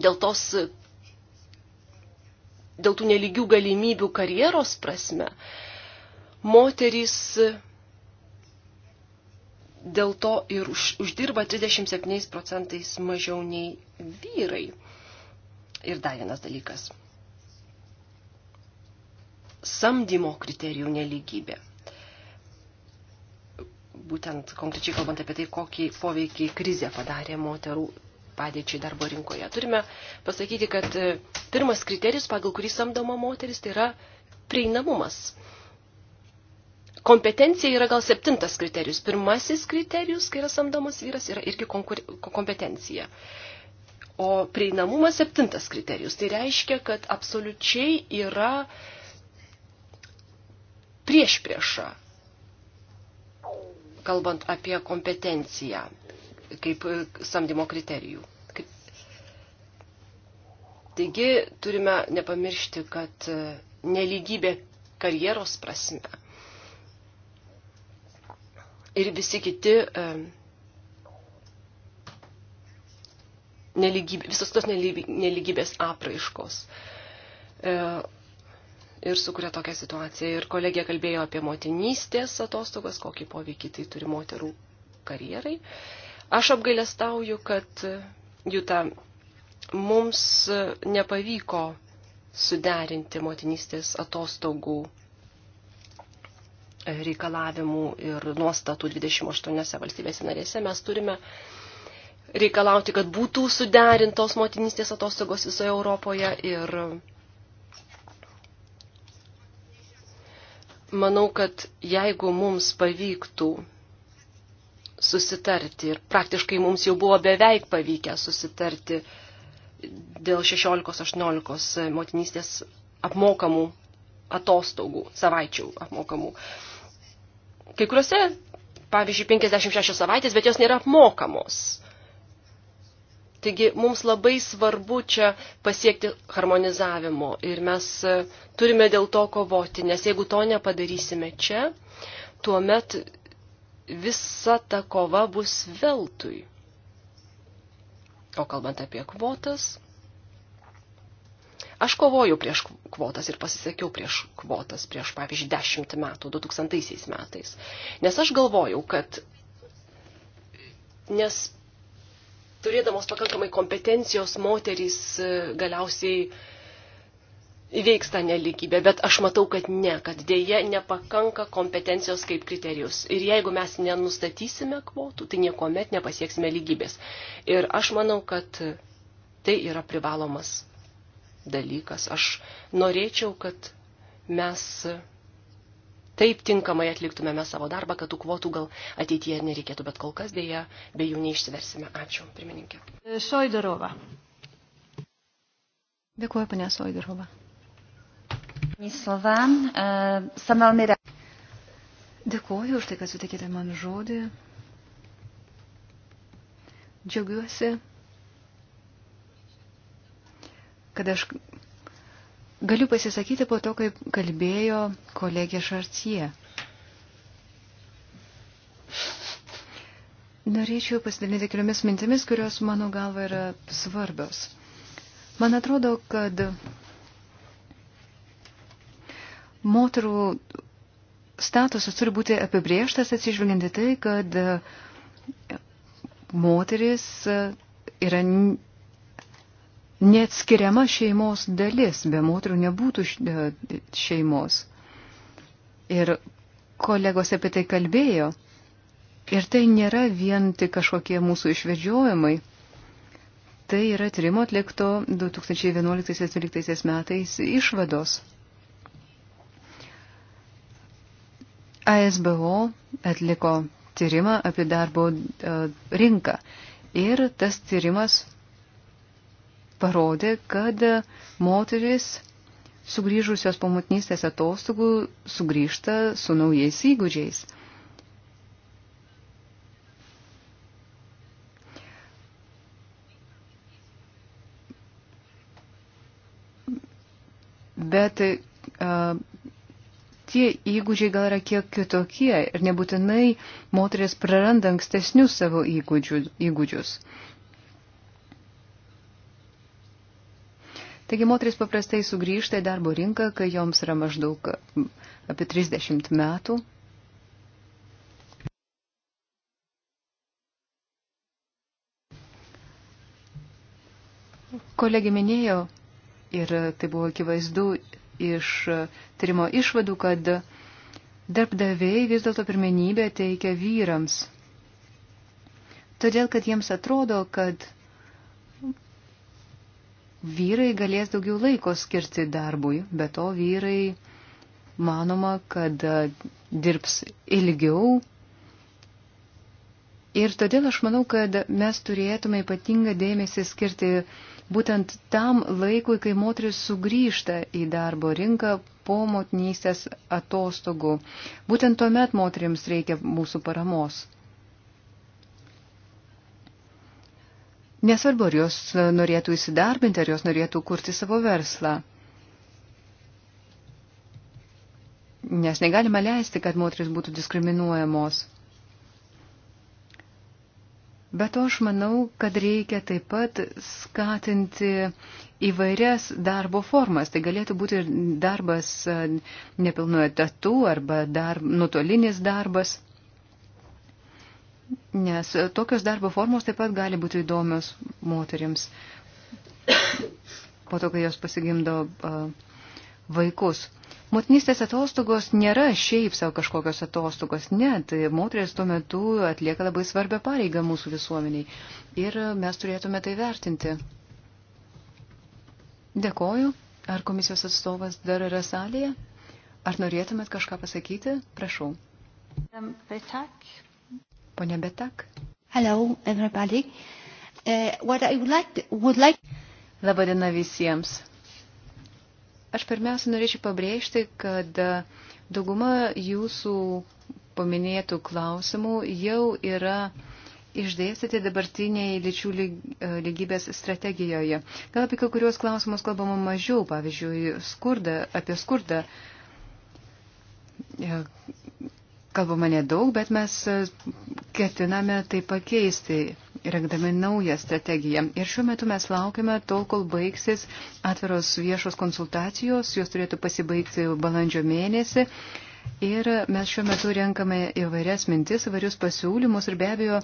dėl tos, dėl tų neligių galimybių karjeros prasme, moterys dėl to ir už, uždirba 37 procentais mažiau nei vyrai. Ir dar vienas dalykas samdymo kriterijų neligybė. Būtent konkrečiai kalbant apie tai, kokį poveikį krizė padarė moterų padėčiai darbo rinkoje. Turime pasakyti, kad e, pirmas kriterijus, pagal kurį samdoma moteris, tai yra prieinamumas. Kompetencija yra gal septintas kriterijus. Pirmasis kriterijus, kai yra samdomas vyras, yra irgi konkur... kompetencija. O prieinamumas septintas kriterijus. Tai reiškia, kad absoliučiai yra uh, prieš priešą, kalbant apie kompetenciją kaip e, samdymo kriterijų. Kaip... Taigi turime nepamiršti, kad e, neligybė karjeros prasme ir visi kiti e, neligybė, visos tos neligybės apraiškos. E, ir sukuria tokią situaciją. Ir kolegė kalbėjo apie motinystės atostogas, kokį poveikį tai turi moterų karjerai. Aš apgailestauju, kad Juta mums nepavyko suderinti motinystės atostogų reikalavimų ir nuostatų 28 valstybėse narėse. Mes turime reikalauti, kad būtų suderintos motinystės atostogos visoje Europoje ir manau, kad jeigu mums pavyktų susitarti, ir praktiškai mums jau buvo beveik pavykę susitarti dėl 16-18 motinystės apmokamų atostogų, savaičių apmokamų. Kai kuriuose, pavyzdžiui, 56 savaitės, bet jos nėra apmokamos. Taigi mums labai svarbu čia pasiekti harmonizavimo ir mes e, turime dėl to kovoti, nes jeigu to nepadarysime čia, tuomet visa ta kova bus veltui. O kalbant apie kvotas, aš kovoju prieš kvotas ir pasisakiau prieš kvotas prieš, pavyzdžiui, dešimt metų, 2000 metais, nes aš galvojau, kad nes turėdamos pakankamai kompetencijos moterys e, galiausiai įveiks tą neligybę, bet aš matau, kad ne, kad dėje nepakanka kompetencijos kaip kriterijus. Ir jeigu mes nenustatysime kvotų, tai niekuomet nepasieksime lygybės. Ir aš manau, kad tai yra privalomas dalykas. Aš norėčiau, kad mes taip tinkamai atliktumėme savo darbą, kad tų kvotų gal ateityje nereikėtų, bet kol kas dėja be jų neišsiversime. Ačiū, pirmininkė. Soidorova. Dėkuoju, panė Soidorova. Slova. Eh, jsem velmi rád. Dėkuoju už tai, kad sutikėte man žodį. Džiaugiuosi, kad aš Galiu pasisakyti po to, kaip kalbėjo kolegė Šarcie. Norėčiau pasidalinti keliomis mintimis, kurios mano galva yra svarbios. Man atrodo, kad moterų statusas turi būti apibrieštas atsižvelgiant į tai, kad moteris yra neatskiriama šeimos dalis, be moterų nebūtų e, šeimos. Ir kolegos apie tai kalbėjo. Ir tai nėra vien tik kažkokie mūsų išvedžiojimai. Tai yra tyrimo atlikto 2011-2012 metais išvados. ASBO atliko tyrimą apie darbo e, rinką ir tas tyrimas parodė, kad moteris sugrįžusios po motinystės atostogų sugrįžta su naujais įgūdžiais. Bet a, tie įgūdžiai gal yra kiek kitokie ir nebūtinai moteris praranda ankstesnius savo įgūdžius. Taigi moteris paprastai sugrįžta į darbo rinką, kai joms yra maždaug apie 30 metų. Kolegė minėjo, ir tai buvo akivaizdu iš tyrimo išvadų, kad darbdaviai vis dėlto pirmenybę teikia vyrams. Todėl, kad jiems atrodo, kad vyrai galės daugiau laiko skirti darbui, bet to vyrai manoma, kad e, dirbs ilgiau. Ir todėl aš manau, kad mes turėtume ypatingą dėmesį skirti būtent tam laikui, kai moteris sugrįžta į darbo rinką po motinystės atostogų. Būtent tuomet moteriams reikia mūsų paramos. Nesvarbu, ar jos norėtų įsidarbinti, ar jos norėtų kurti savo verslą. Nes negalima leisti, kad moteris būtų diskriminuojamos. Bet aš manau, kad reikia taip pat skatinti įvairias darbo formas. Tai galėtų būti ir darbas nepilnu etatu arba dar, nutolinis darbas nes e, tokios darbo formos taip pat gali būti įdomios moteriams po to, kai jos pasigimdo e, vaikus. Motinystės atostogos nėra šiaip savo kažkokios atostogos, ne, tai moteris tuo metu atlieka labai svarbią pareigą mūsų visuomeniai ir mes turėtume tai vertinti. Dėkoju. Ar komisijos atstovas dar yra salėje? Ar norėtumėt kažką pasakyti? Prašau. Um, tai Pone Betak. Hello, everybody. Uh, what I would like, to, would like... Labadiena visiems. Aš pirmiausia norėčiau pabrėžti, kad uh, dauguma jūsų paminėtų klausimų jau yra išdėstyti dabartiniai lyčių uh, lygybės strategijoje. Gal apie kai kurios klausimus kalbama mažiau, pavyzdžiui, skurda, apie skurdą kalbama nedaug, bet mes e, ketiname tai pakeisti, rengdami naują strategiją. Ir šiuo metu mes laukime tol, kol baigsis atviros viešos konsultacijos, jos turėtų pasibaigti balandžio mėnesį. Ir mes šiuo metu renkame įvairias mintis, įvairius pasiūlymus ir be abejo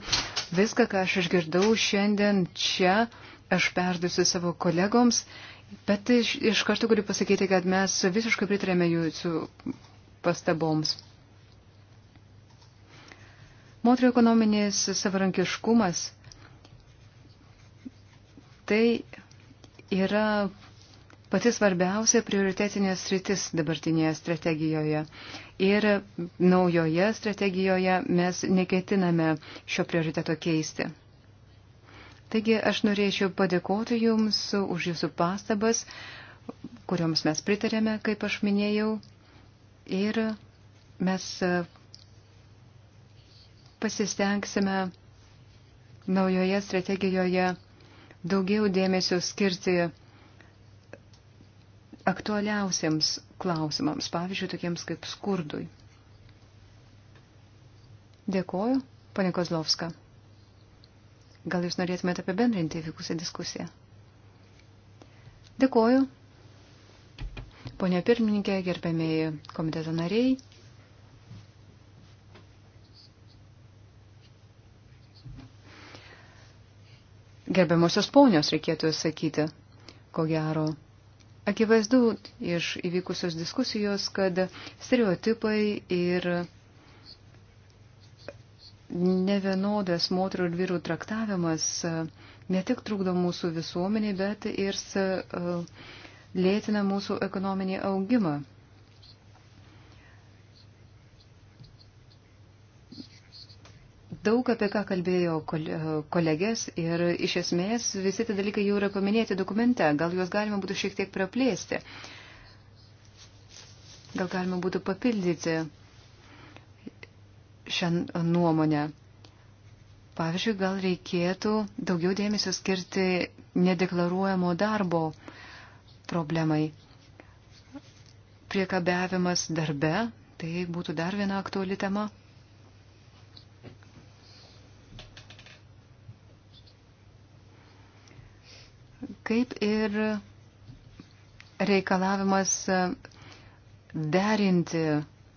viską, ką aš išgirdau šiandien čia, aš perdusiu savo kolegoms. Bet iš, iš karto galiu pasakyti, kad mes visiškai pritarėme jūsų pastaboms. Moterio ekonominis savarankiškumas tai yra pati svarbiausia prioritetinė sritis dabartinėje strategijoje. Ir naujoje strategijoje mes neketiname šio prioriteto keisti. Taigi aš norėčiau padėkoti Jums už Jūsų pastabas, kurioms mes pritarėme, kaip aš minėjau. Ir mes pasistengsime naujoje strategijoje daugiau dėmesio skirti aktualiausiams klausimams, pavyzdžiui, tokiems kaip skurdui. Dėkoju, pane Kozlovska. Gal jūs norėtumėte apibendrinti vykusią diskusiją? Dėkoju, ponė pirmininkė, gerbėmėjai komiteto nariai. gerbiamosios ponios, reikėtų sakyti, ko gero. Akivaizdu iš įvykusios diskusijos, kad stereotipai ir nevienodas moterų ir vyrų traktavimas e, ne tik trukdo mūsų visuomenį, bet ir e, lėtina mūsų ekonominį augimą. daug apie ką kalbėjo kolegės ir iš esmės visi tie dalykai jau yra paminėti dokumente. Gal juos galima būtų šiek tiek praplėsti. Gal galima būtų papildyti šią nuomonę. Pavyzdžiui, gal reikėtų daugiau dėmesio skirti nedeklaruojamo darbo problemai. Priekabiavimas darbe, tai būtų dar viena aktuali tema. kaip ir reikalavimas e, derinti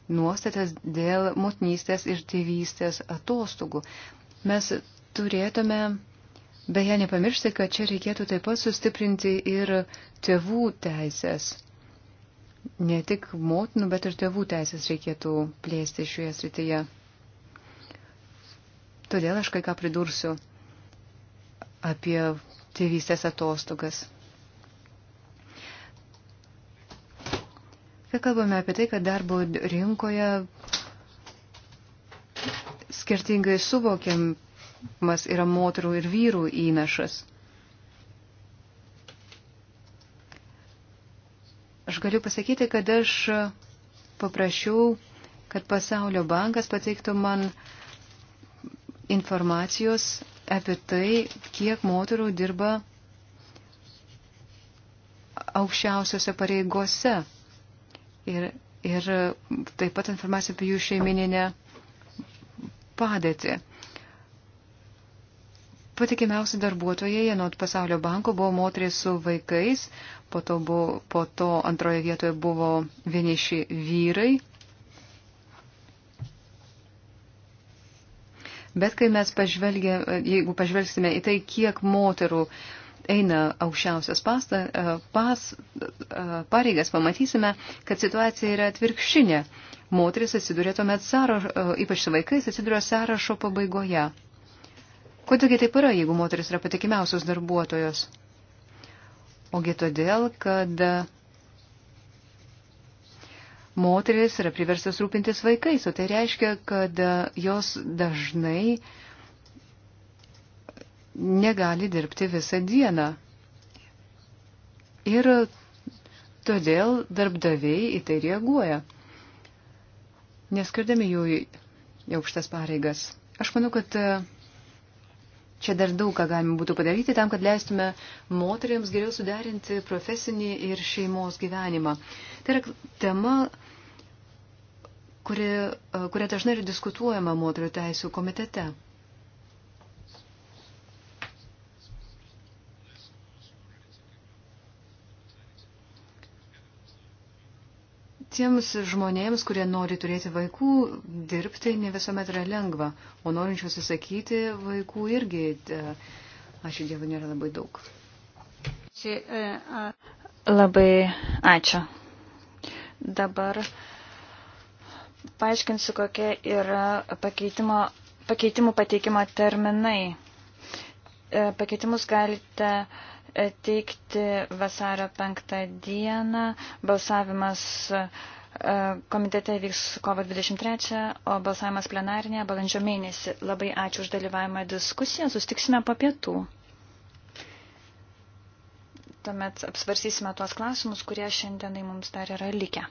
nuostatas dėl motinystės ir tėvystės atostogų. Mes turėtume beje nepamiršti, kad čia reikėtų taip pat sustiprinti ir tėvų teisės. Ne tik motinų, bet ir tėvų teisės reikėtų plėsti šioje srityje. Todėl aš kai ką pridursiu apie tėvystės atostogas. Kai kalbame apie tai, kad darbo rinkoje skirtingai suvokiamas yra moterų ir vyrų įnašas. Aš galiu pasakyti, kad aš paprašiau, kad pasaulio bankas pateiktų man informacijos apie tai, kiek moterų dirba aukščiausiose pareigose. Ir, ir taip pat informacija apie jų šeimininę padėtį. Patikimiausi darbuotojai, anot pasaulio banko, buvo moteris su vaikais, po to, buvo, po to antroje vietoje buvo vieniši vyrai, Bet kai mes pažvelgė, jeigu pažvelgsime į tai, kiek moterų eina aukščiausias pasta, e, pas, e, pareigas, pamatysime, kad situacija yra atvirkštinė. Moteris atsiduria tuomet sąrašo, e, ypač su vaikais, atsiduria sąrašo pabaigoje. Kodėlgi taip yra, jeigu moteris yra patikimiausios darbuotojos? Ogi todėl, kad moteris yra priverstos rūpintis vaikais, o tai reiškia, kad e, jos dažnai negali dirbti visą dieną. Ir todėl darbdaviai į tai reaguoja, neskirdami jų į aukštas pareigas. Aš manau, kad e, čia dar daug ką galima būtų padaryti tam, kad leistume moteriams geriau suderinti profesinį ir šeimos gyvenimą. Tai yra tema, E, kuria kuri dažnai ir diskutuojama moterio teisų komitete. tiems žmonėms, kurie nori turėti vaikų, dirbti ne visuomet yra lengva, o norinčių susakyti vaikų irgi, e, ačiū Dievui, nėra labai daug. E, labai ačiū. Dabar Paaiškinsiu, kokie yra pakeitimų pateikimo terminai. E, pakeitimus galite e, teikti vasario 5 dieną, balsavimas e, komitete vyks kovo 23, o balsavimas plenarinėje balandžio mėnesį. Labai ačiū už dalyvavimą diskusiją, sustiksime po pietų tuomet apsvarsysime tuos klausimus, kurie šiandienai mums dar yra likę.